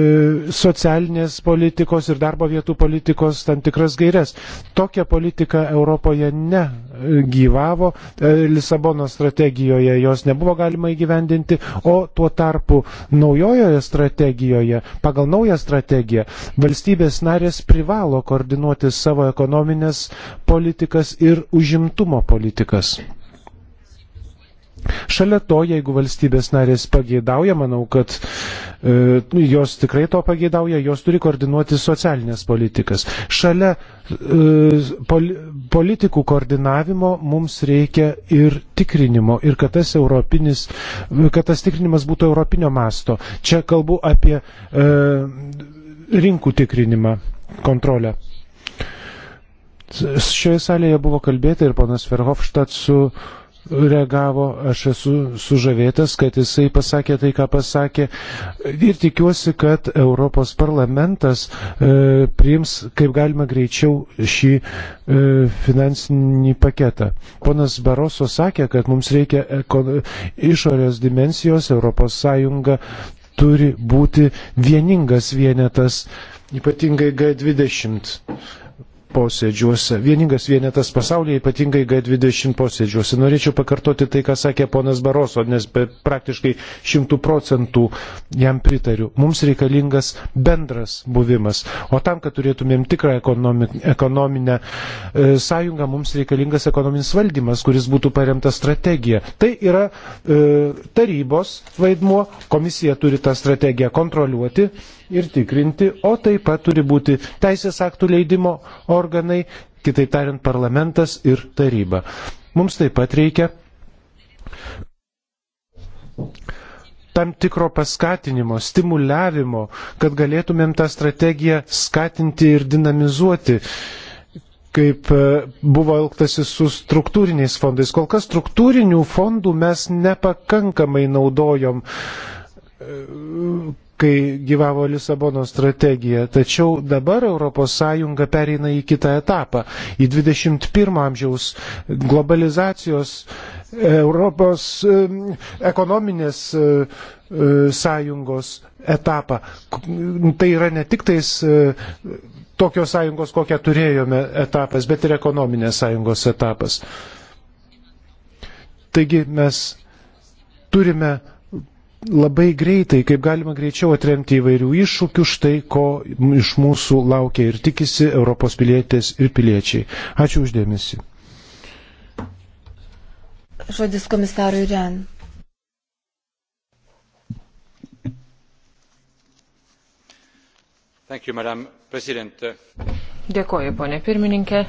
socialinės politikos ir darbo vietų politikos tam tikras gairias. Tokia politika Europoje negyvavo, e, Lisabono strategijoje jos nebuvo galima įgyvendinti, o tuo tarpu naujojoje strategijoje, pagal naują strategiją, valstybės narės privalo koordinuoti savo ekonominės politikas ir užimtumo politikas. Šalia to, jeigu valstybės narės pageidauja, manau, kad e, nu, jos tikrai to pageidauja, jos turi koordinuoti socialinės politikas. Šalia e, pol, politikų koordinavimo mums reikia ir tikrinimo, ir kad tas, europinis, kad tas tikrinimas būtų europinio masto. Čia kalbu apie e, rinkų tikrinimą, kontrolę. Šioje salėje buvo kalbėta ir ponas Verhofstadt su reagavo, aš esu sužavėtas, kad jisai pasakė tai, ką pasakė ir tikiuosi, kad Europos parlamentas e, priims kaip galima greičiau šį e, finansinį paketą. Ponas Baroso sakė, kad mums reikia išorės dimensijos, Europos Sąjunga turi būti vieningas vienetas, ypatingai G20 posėdžiuose. Vieningas vienetas pasaulyje, ypatingai G20 posėdžiuose. Norėčiau pakartoti tai, ką sakė ponas Baroso, nes praktiškai šimtų procentų jam pritariu. Mums reikalingas bendras buvimas. O tam, kad turėtumėm tikrą ekonomi, ekonominę e, sąjungą, mums reikalingas ekonominis valdymas, kuris būtų paremtas strategija. Tai yra e, tarybos vaidmuo, komisija turi tą strategiją kontroliuoti ir tikrinti, o taip pat turi būti teisės aktų leidimo organai, kitaip tariant, parlamentas ir taryba. Mums taip pat reikia tam tikro paskatinimo, stimuliavimo, kad galėtumėm tą strategiją skatinti ir dinamizuoti kaip e, buvo elgtasi su struktūriniais fondais. Kol kas struktūrinių fondų mes nepakankamai naudojom e, kai gyvavo Lisabono strategija. Tačiau dabar ES pereina į kitą etapą, į 21 amžiaus globalizacijos e, Europos e, ekonominės e, sąjungos etapą. Tai yra ne tik tais tokios sąjungos, kokią turėjome etapas, bet ir ekonominės sąjungos etapas. Taigi mes turime labai greitai, kaip galima greičiau atremti įvairių iššūkių, štai ko iš mūsų laukia ir tikisi Europos pilietės ir piliečiai. Ačiū uždėmesi. Žodis komisarui Ren. You, Dėkoju, ponė pirmininkė,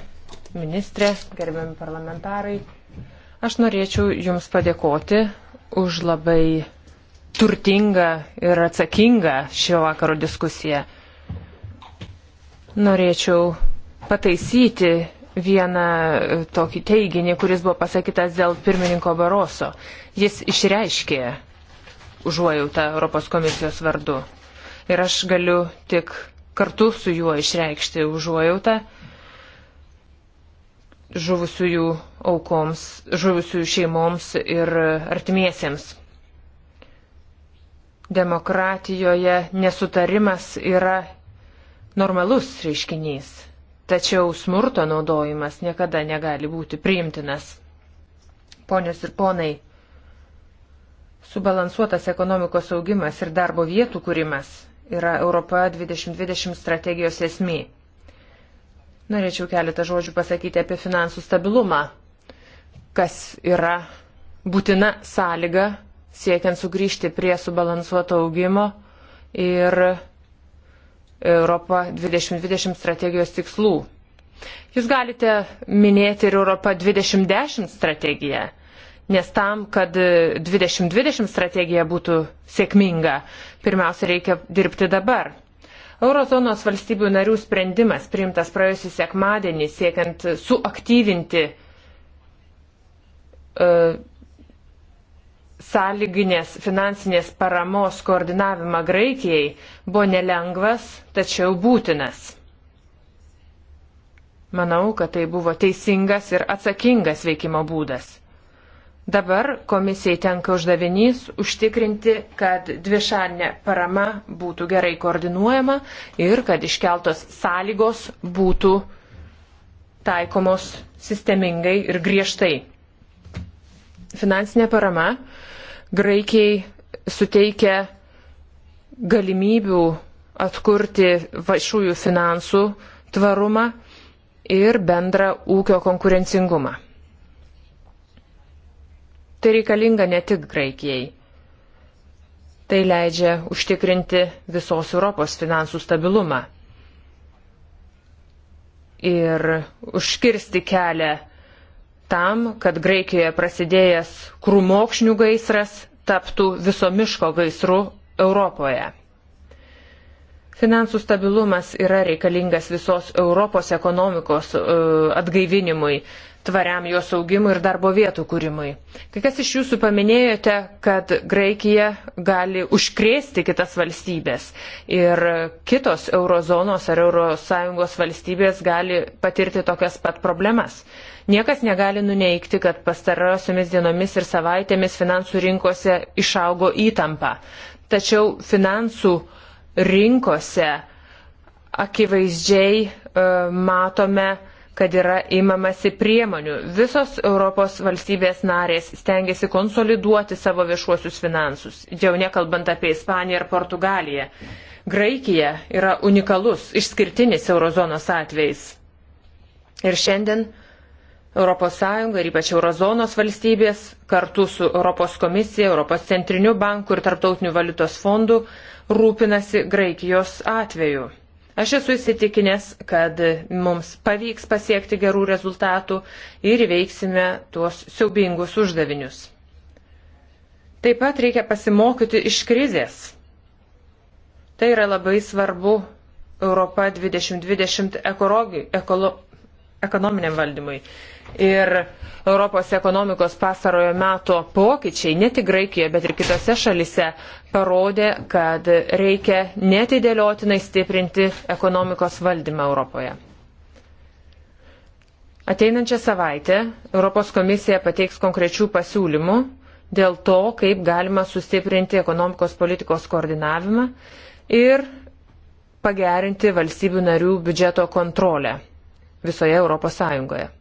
ministrė, gerbiami parlamentarai. Aš norėčiau Jums padėkoti už labai turtingą ir atsakingą šio vakaro diskusiją. Norėčiau pataisyti vieną e, tokį teiginį, kuris buvo pasakytas dėl pirmininko Baroso. Jis išreiškė užuojautą Europos komisijos vardu. Ir aš galiu tik kartu su juo išreikšti užuojautą žuvusiųjų aukoms, žuvusiųjų šeimoms ir artimiesiems. Demokratijoje nesutarimas yra normalus reiškinys, tačiau smurto naudojimas niekada negali būti priimtinas. Ponios ir ponai, subalansuotas ekonomikos augimas ir darbo vietų kūrimas yra Europa 2020 strategijos esmė. Norėčiau keletą žodžių pasakyti apie finansų stabilumą, kas yra būtina sąlyga siekiant sugrįžti prie subalansuoto augimo ir Europa 2020 strategijos tikslų. Jūs galite minėti ir Europa 2010 strategiją, nes tam, kad 2020 strategija būtų sėkminga, pirmiausia, reikia dirbti dabar. Eurozonos valstybių narių sprendimas priimtas praėjusį sekmadienį siekiant suaktyvinti uh, sąlyginės finansinės paramos koordinavimą Graikijai buvo nelengvas, tačiau būtinas. Manau, kad tai buvo teisingas ir atsakingas veikimo būdas. Dabar komisijai tenka uždavinys užtikrinti, kad dvišalnė parama būtų gerai koordinuojama ir kad iškeltos sąlygos būtų taikomos sistemingai ir griežtai. Finansinė parama Graikiai suteikia galimybių atkurti viešųjų finansų tvarumą ir bendrą ūkio konkurencingumą. Tai reikalinga ne tik Graikijai. Tai leidžia užtikrinti visos Europos finansų stabilumą ir užkirsti kelią tam, kad Graikijoje prasidėjęs krūmokšnių gaisras taptų viso miško gaisru Europoje. Finansų stabilumas yra reikalingas visos Europos ekonomikos e, atgaivinimui, tvariam jos augimui ir darbo vietų kūrimui. Kai kas iš jūsų paminėjote, kad Graikija gali užkrėsti kitas valstybės ir kitos eurozonos ar ES valstybės gali patirti tokias pat problemas. Niekas negali nuneikti, kad pastarosiomis dienomis ir savaitėmis finansų rinkose išaugo įtampa. Tačiau finansų rinkose akivaizdžiai e, matome, kad yra imamasi priemonių. Visos Europos valstybės narės stengiasi konsoliduoti savo viešuosius finansus, jau nekalbant apie Ispaniją ir Portugaliją. Graikija yra unikalus, išskirtinis eurozonos atvejs. Ir šiandien ES ir ypač eurozonos valstybės kartu su ES komisija, ES centriniu banku ir Tarptautiniu valiutos fondu rūpinasi Graikijos atveju. Aš esu įsitikinęs, kad mums pavyks pasiekti gerų rezultatų ir įveiksime tuos siaubingus uždavinius. Taip pat reikia pasimokyti iš krizės. Tai yra labai svarbu Europa 2020 ekologi, ekolo, ekonominiam valdymui ir Europos ekonomikos pastarojo meto pokyčiai ne tik Graikijoje, bet ir kitose šalise parodė, kad reikia netidėliotinai stiprinti ekonomikos valdymą Europoje. Ateinančią savaitę Europos komisija pateiks konkrečių pasiūlymų dėl to, kaip galima sustiprinti ekonomikos politikos koordinavimą ir pagerinti valstybių narių biudžeto kontrolę visoje Europos Sąjungoje.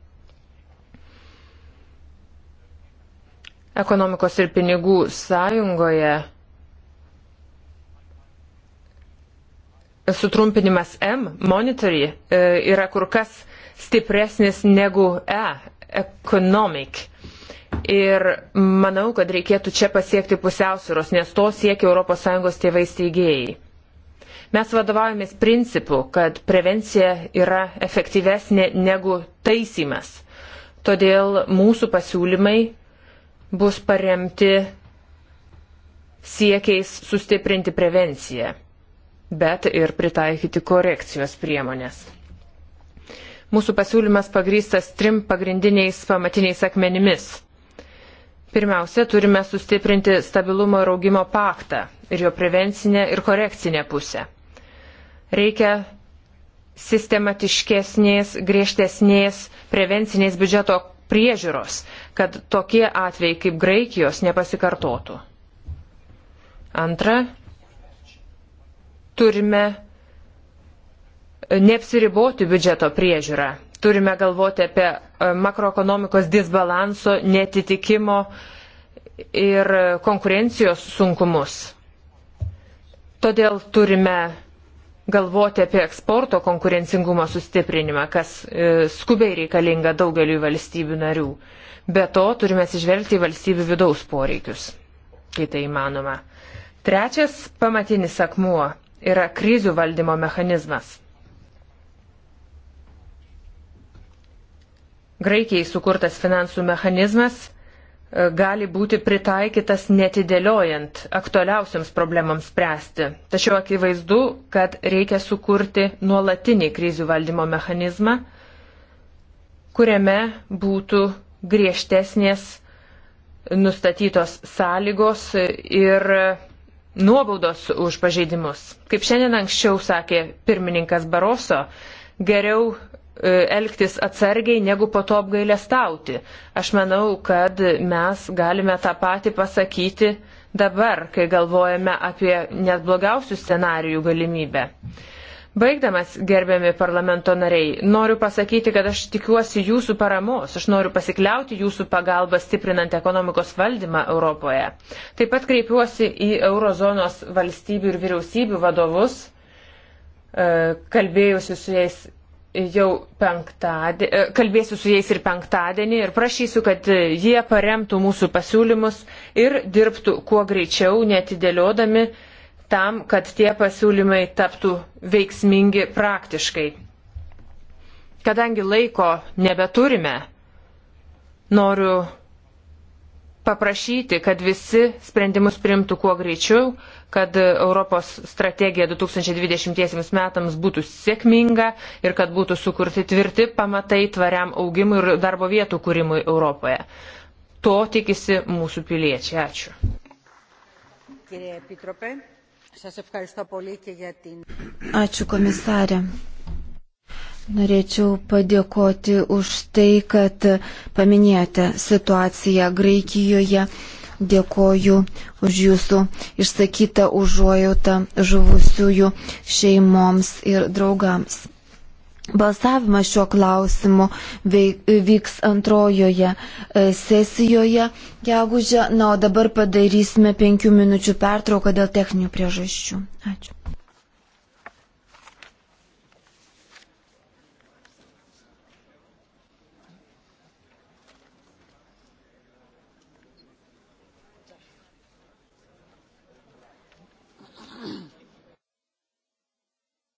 Ekonomikos ir pinigų sąjungoje sutrumpinimas M, monitory, e, yra kur kas stipresnis negu E, economic. Ir manau, kad reikėtų čia pasiekti pusiausvyros, nes to siekia ES tėvai steigėjai. Mes vadovaujamės principu, kad prevencija yra efektyvesnė negu taisymas. Todėl mūsų pasiūlymai bus paremti siekiais sustiprinti prevenciją, bet ir pritaikyti korekcijos priemonės. Mūsų pasiūlymas pagrystas trim pagrindiniais pamatiniais akmenimis. Pirmiausia, turime sustiprinti stabilumo ir augimo paktą ir jo prevencinę ir korekcinę pusę. Reikia sistematiškesnės, griežtesnės prevencinės biudžeto priežiūros, kad tokie atvejai kaip Graikijos nepasikartotų. Antra, turime neapsiriboti biudžeto priežiūrą. Turime galvoti apie e, makroekonomikos disbalanso, netitikimo ir konkurencijos sunkumus. Todėl turime galvoti apie eksporto konkurencingumo sustiprinimą, kas e, skubiai reikalinga daugeliu valstybių narių. Be to turime atsižvelgti į valstybių vidaus poreikius, kai tai įmanoma. Trečias pamatinis akmuo yra krizių valdymo mechanizmas. Graikijai sukurtas finansų mechanizmas gali būti pritaikytas netidėliojant aktualiausiams problemams spręsti. Tačiau akivaizdu, kad reikia sukurti nuolatinį krizių valdymo mechanizmą, kuriame būtų griežtesnės nustatytos sąlygos ir nuobaudos už pažeidimus. Kaip šiandien anksčiau sakė pirmininkas Baroso, geriau E, elgtis atsargiai, negu po to apgailestauti. Aš manau, kad mes galime tą patį pasakyti dabar, kai galvojame apie net blogiausių scenarijų galimybę. Baigdamas, gerbiami parlamento nariai, noriu pasakyti, kad aš tikiuosi jūsų paramos, aš noriu pasikliauti jūsų pagalbą stiprinant ekonomikos valdymą Europoje. Taip pat kreipiuosi į eurozonos valstybių ir vyriausybių vadovus, e, kalbėjusi su jais jau penktadienį, e, kalbėsiu su jais ir penktadienį ir prašysiu, kad e, jie paremtų mūsų pasiūlymus ir dirbtų kuo greičiau, netidėliodami tam, kad tie pasiūlymai taptų veiksmingi praktiškai. Kadangi laiko nebeturime, noriu paprašyti, kad visi sprendimus priimtų kuo greičiau, kad Europos strategija 2020 metams būtų sėkminga ir kad būtų sukurti tvirti pamatai tvariam augimui ir darbo vietų kūrimui Europoje. To tikisi mūsų piliečiai. Ačiū. Ačiū komisarė. Norėčiau padėkoti už tai, kad paminėjote situaciją Graikijoje. Dėkoju už jūsų išsakytą užuojautą žuvusiųjų šeimoms ir draugams. Balsavimas šiuo klausimu vyks antrojoje e, sesijoje gegužę, na o dabar padarysime penkių minučių pertrauką dėl techninių priežasčių. Ačiū.